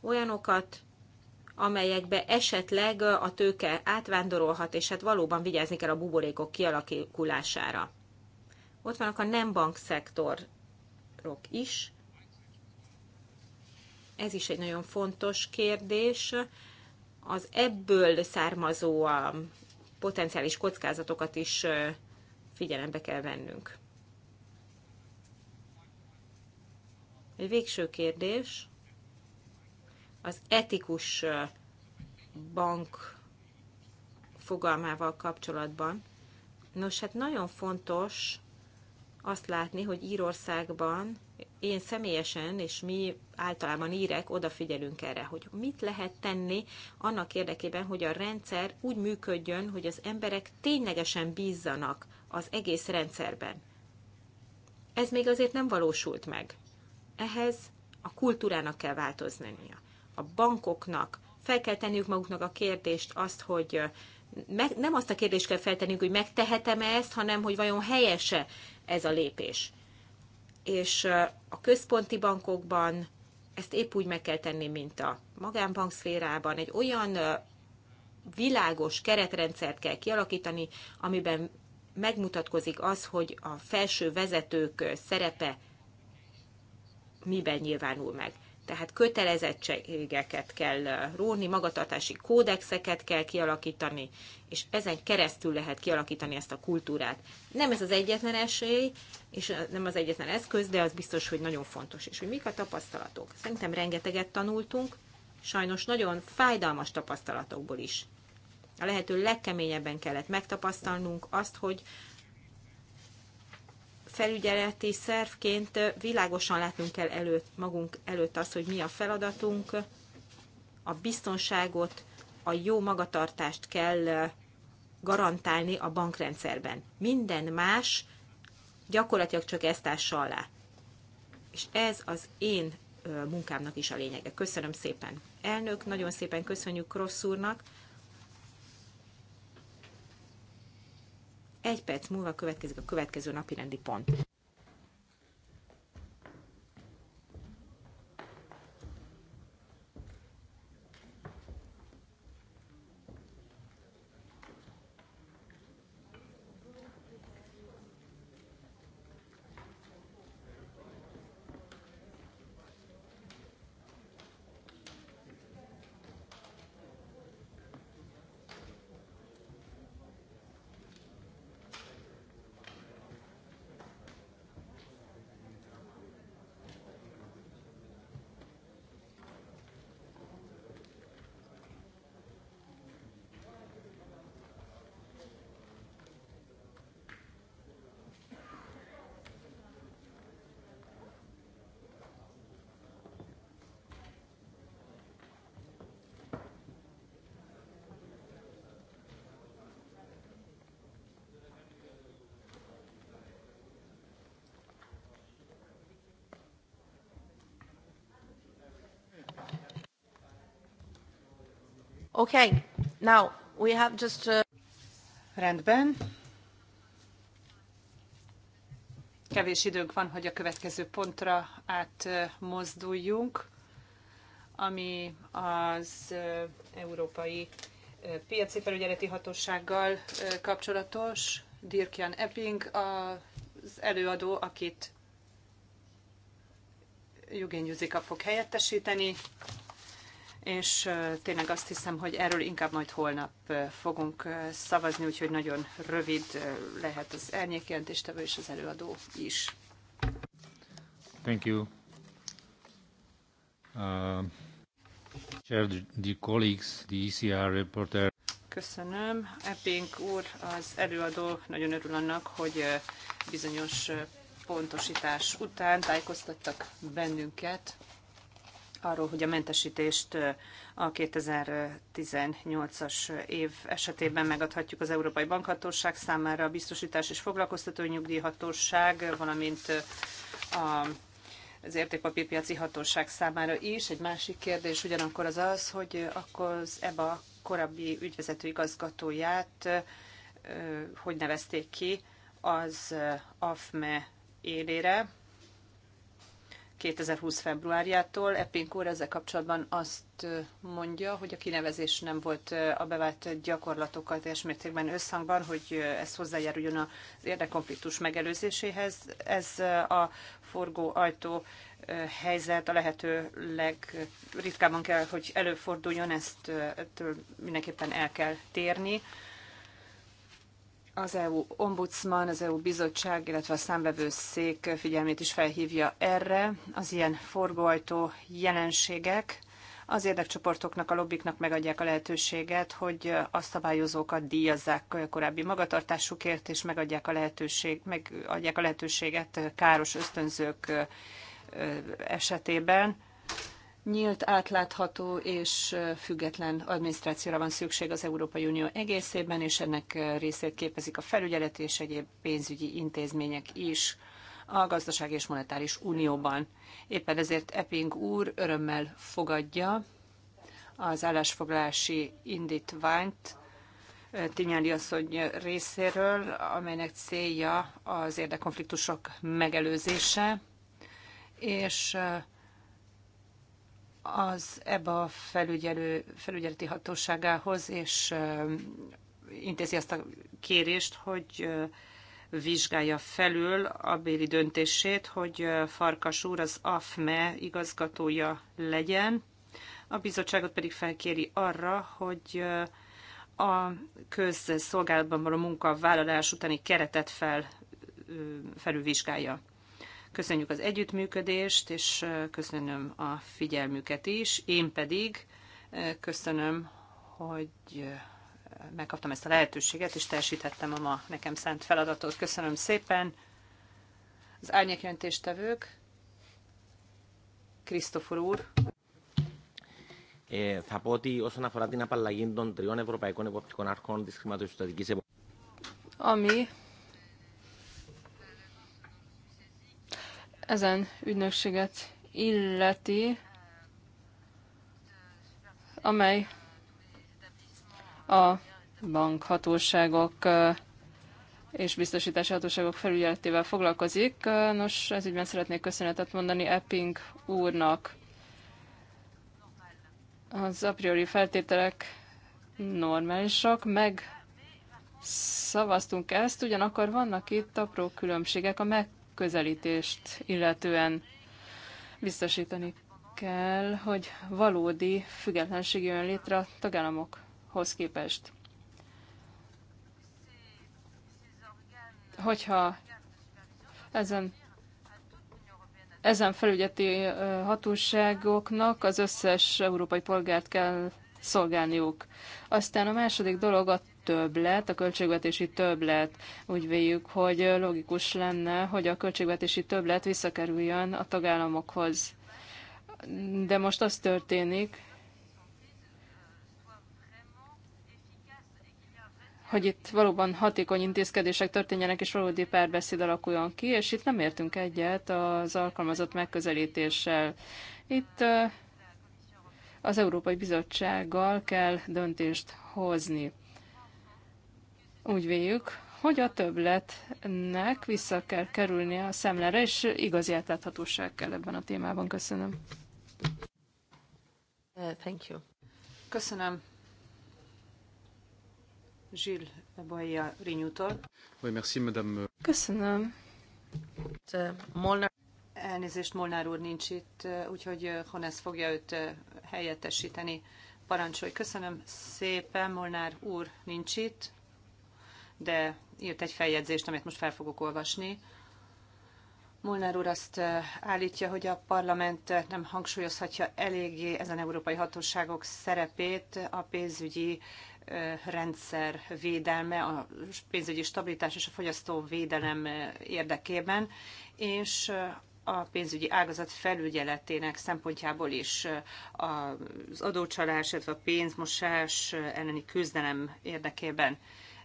olyanokat, amelyekbe esetleg a tőke átvándorolhat, és hát valóban vigyázni kell a buborékok kialakulására. Ott vannak a nem bankszektorok is. Ez is egy nagyon fontos kérdés. Az ebből származó a potenciális kockázatokat is figyelembe kell vennünk. Egy végső kérdés az etikus bank fogalmával kapcsolatban. Nos, hát nagyon fontos azt látni, hogy Írországban én személyesen, és mi általában írek, odafigyelünk erre, hogy mit lehet tenni annak érdekében, hogy a rendszer úgy működjön, hogy az emberek ténylegesen bízzanak az egész rendszerben. Ez még azért nem valósult meg. Ehhez a kultúrának kell változnia a bankoknak fel kell tenniük maguknak a kérdést azt, hogy meg, nem azt a kérdést kell feltenniük, hogy megtehetem-e ezt, hanem hogy vajon helyese ez a lépés. És a központi bankokban ezt épp úgy meg kell tenni, mint a magánbankszférában. Egy olyan világos keretrendszert kell kialakítani, amiben megmutatkozik az, hogy a felső vezetők szerepe miben nyilvánul meg. Tehát kötelezettségeket kell eh, róni, magatartási kódexeket kell kialakítani, és ezen keresztül lehet kialakítani ezt a kultúrát. Nem ez az egyetlen esély, és eh, nem az egyetlen eszköz, de az biztos, hogy nagyon fontos. És hogy mik a tapasztalatok? Szerintem rengeteget tanultunk, sajnos nagyon fájdalmas tapasztalatokból is. A lehető legkeményebben kellett megtapasztalnunk azt, hogy felügyeleti szervként világosan látnunk kell előtt, magunk előtt azt, hogy mi a feladatunk, a biztonságot, a jó magatartást kell garantálni a bankrendszerben. Minden más gyakorlatilag csak ezt ássa alá. És ez az én munkámnak is a lényege. Köszönöm szépen. Elnök, nagyon szépen köszönjük Krossz úrnak. Egy perc múlva következik a következő napi rendi pont. Okay, now we have just... Uh... Rendben. Kevés időnk van, hogy a következő pontra átmozduljunk, ami az Európai Piaci Felügyeleti Hatósággal kapcsolatos. Dirkian Epping az előadó, akit Jugén Gyuzika fog helyettesíteni és tényleg azt hiszem, hogy erről inkább majd holnap fogunk szavazni, úgyhogy nagyon rövid lehet az árnyékjelentéstevő és az előadó is. Thank you. Uh, the colleagues, the ECR reporter. Köszönöm. Epping úr, az előadó nagyon örül annak, hogy bizonyos pontosítás után tájékoztattak bennünket arról, hogy a mentesítést a 2018-as év esetében megadhatjuk az Európai Bankhatóság számára, a Biztosítás és Foglalkoztató Nyugdíjhatóság, valamint a az értékpapírpiaci hatóság számára is. Egy másik kérdés ugyanakkor az az, hogy akkor az EBA korábbi ügyvezető igazgatóját hogy nevezték ki az AFME élére, 2020. februárjától. Epping úr ezzel kapcsolatban azt mondja, hogy a kinevezés nem volt a bevált gyakorlatokkal teljes mértékben összhangban, hogy ez hozzájáruljon az érdekonfliktus megelőzéséhez. Ez a forgó ajtó helyzet a lehető legritkábban kell, hogy előforduljon, ezt mindenképpen el kell térni az EU ombudsman, az EU bizottság, illetve a számvevőszék figyelmét is felhívja erre. Az ilyen forgóajtó jelenségek az érdekcsoportoknak, a lobbiknak megadják a lehetőséget, hogy a szabályozókat díjazzák korábbi magatartásukért, és megadják a, lehetőség, megadják a lehetőséget káros ösztönzők esetében nyílt, átlátható és független adminisztrációra van szükség az Európai Unió egészében, és ennek részét képezik a felügyelet és egyéb pénzügyi intézmények is a gazdaság és monetáris unióban. Éppen ezért Epping úr örömmel fogadja az állásfoglalási indítványt Tinyáli asszony részéről, amelynek célja az érdekkonfliktusok megelőzése, és az EBA felügyelő, felügyeleti hatóságához, és intézi azt a kérést, hogy vizsgálja felül a béli döntését, hogy Farkas úr az AFME igazgatója legyen. A bizottságot pedig felkéri arra, hogy a közszolgálatban való munkavállalás utáni keretet fel, felülvizsgálja. Köszönjük az együttműködést, és köszönöm a figyelmüket is. Én pedig köszönöm, hogy megkaptam ezt a lehetőséget, és teljesíthettem a ma nekem szánt feladatot. Köszönöm szépen. Az árnyékjöntéstevők, Krisztofor úr. θα πω ότι όσον αφορά την απαλλαγή των τριών ευρωπαϊκών εποπτικών αρχών της χρηματοπιστωτικής εποπτικής... Ami ezen ügynökséget illeti, amely a bankhatóságok és biztosítási hatóságok felügyeletével foglalkozik. Nos, ez ügyben szeretnék köszönetet mondani Epping úrnak. Az a priori feltételek normálisak, meg szavaztunk ezt, ugyanakkor vannak itt apró különbségek a meg megközelítést illetően biztosítani kell, hogy valódi függetlenség jön létre a tagállamokhoz képest. Hogyha ezen ezen felügyeti hatóságoknak az összes európai polgárt kell szolgálniuk. Aztán a második dolog a többlet, a költségvetési többlet. Úgy véljük, hogy logikus lenne, hogy a költségvetési többlet visszakerüljön a tagállamokhoz. De most az történik, hogy itt valóban hatékony intézkedések történjenek, és valódi párbeszéd alakuljon ki, és itt nem értünk egyet az alkalmazott megközelítéssel. Itt az Európai Bizottsággal kell döntést hozni. Úgy véljük, hogy a többletnek vissza kell kerülnie a szemlere, és igazi átláthatóság kell ebben a témában. Köszönöm. Uh, thank you. Köszönöm. Zsill Bajja Rinyútól. Oui, merci, madame. Köszönöm. Uh, Molnár. Elnézést, Molnár úr nincs itt, uh, úgyhogy uh, Honesz fogja őt helyettesíteni. Parancsolj, köszönöm szépen, Molnár úr nincs itt de írt egy feljegyzést, amit most fel fogok olvasni. Molnár úr azt eh, állítja, hogy a parlament eh, nem hangsúlyozhatja eléggé ezen európai hatóságok szerepét a pénzügyi eh, rendszer védelme, a pénzügyi stabilitás és a fogyasztó védelem érdekében, és a pénzügyi ágazat felügyeletének szempontjából is az adócsalás, illetve a pénzmosás elleni küzdelem érdekében.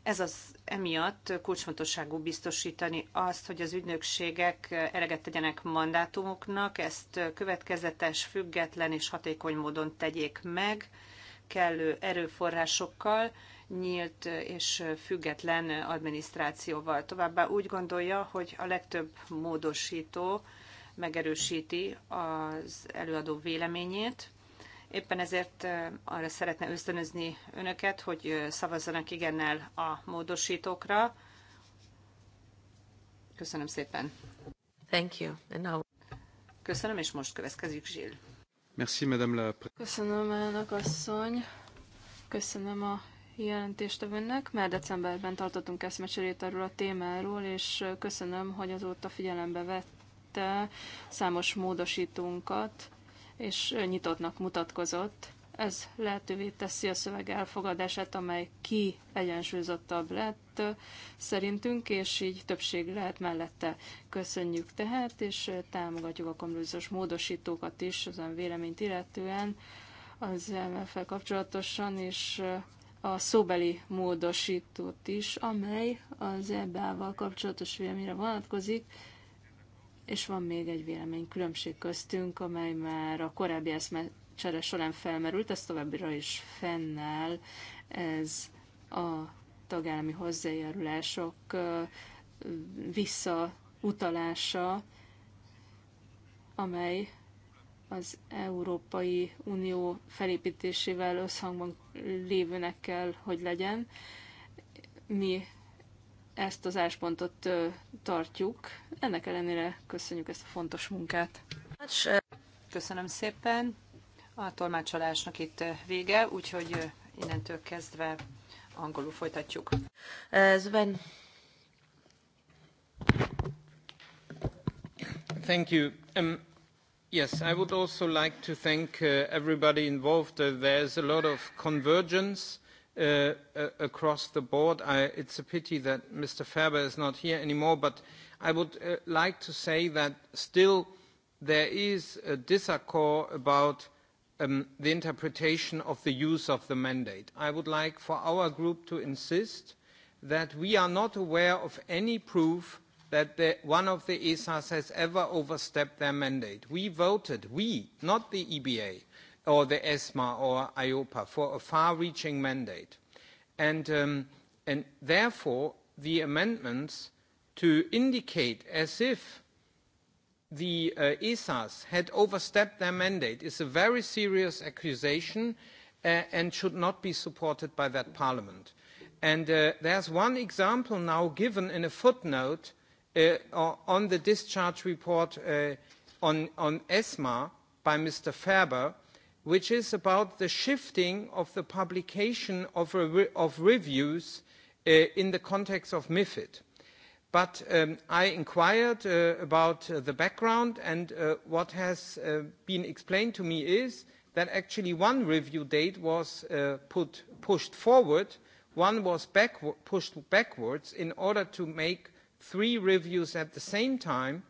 Ez az emiatt kulcsfontosságú biztosítani azt, hogy az ügynökségek eleget tegyenek mandátumoknak, ezt következetes, független és hatékony módon tegyék meg, kellő erőforrásokkal, nyílt és független adminisztrációval. Továbbá úgy gondolja, hogy a legtöbb módosító megerősíti az előadó véleményét, Éppen ezért arra szeretne ösztönözni önöket, hogy szavazzanak igennel a módosítókra. Köszönöm szépen. Thank you. And now... Köszönöm, és most következik Zsill. Merci, Madame la... Köszönöm, elnök asszony. Köszönöm a jelentéstevőnek, mert decemberben tartottunk eszmecserét erről a témáról, és köszönöm, hogy azóta figyelembe vette számos módosítunkat, és nyitottnak mutatkozott. Ez lehetővé teszi a szöveg elfogadását, amely ki egyensúlyozottabb lett szerintünk, és így többség lehet mellette. Köszönjük tehát, és támogatjuk a kompromisszós módosítókat is, ön véleményt illetően az mf kapcsolatosan, és a szóbeli módosítót is, amely az EBA-val kapcsolatos véleményre vonatkozik, és van még egy különbség köztünk, amely már a korábbi eszmecsere során felmerült, ez továbbra is fennáll, ez a tagállami hozzájárulások visszautalása, amely az Európai Unió felépítésével összhangban lévőnek kell, hogy legyen. Mi ezt az áspontot tartjuk. Ennek ellenére köszönjük ezt a fontos munkát. Köszönöm szépen. A tolmácsolásnak itt vége, úgyhogy innentől kezdve angolul folytatjuk. Sven. Thank you. Um, yes, I would also like to thank uh, everybody involved. Uh, there's a lot of convergence Uh, uh, across the board. I, it's a pity that Mr. Ferber is not here anymore, but I would uh, like to say that still there is a disaccord about um, the interpretation of the use of the mandate. I would like for our group to insist that we are not aware of any proof that the, one of the ESAs has ever overstepped their mandate. We voted, we, not the EBA, or the ESMA or IOPA for a far-reaching mandate. And, um, and therefore, the amendments to indicate as if the uh, ESAs had overstepped their mandate is a very serious accusation uh, and should not be supported by that parliament. And uh, there's one example now given in a footnote uh, on the discharge report uh, on, on ESMA by Mr. Ferber, uh, which is about the shifting of the publication of, re of reviews uh, in the context of MIFID. But um, I inquired uh, about uh, the background and uh, what has uh, been explained to me is that actually one review date was uh, put, pushed forward, one was back, pushed backwards in order to make three reviews at the same time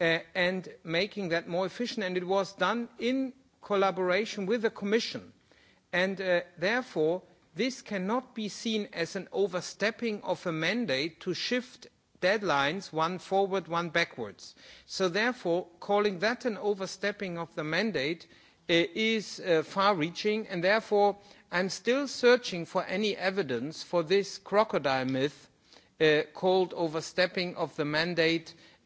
uh, and making that more efficient. And it was done in collaboration with the Commission. And uh, therefore, this cannot be seen as an overstepping of a mandate to shift deadlines, one forward, one backwards. So therefore, calling that an overstepping of the mandate uh, is uh, far-reaching, and therefore I'm still searching for any evidence for this crocodile myth uh, called overstepping of the mandate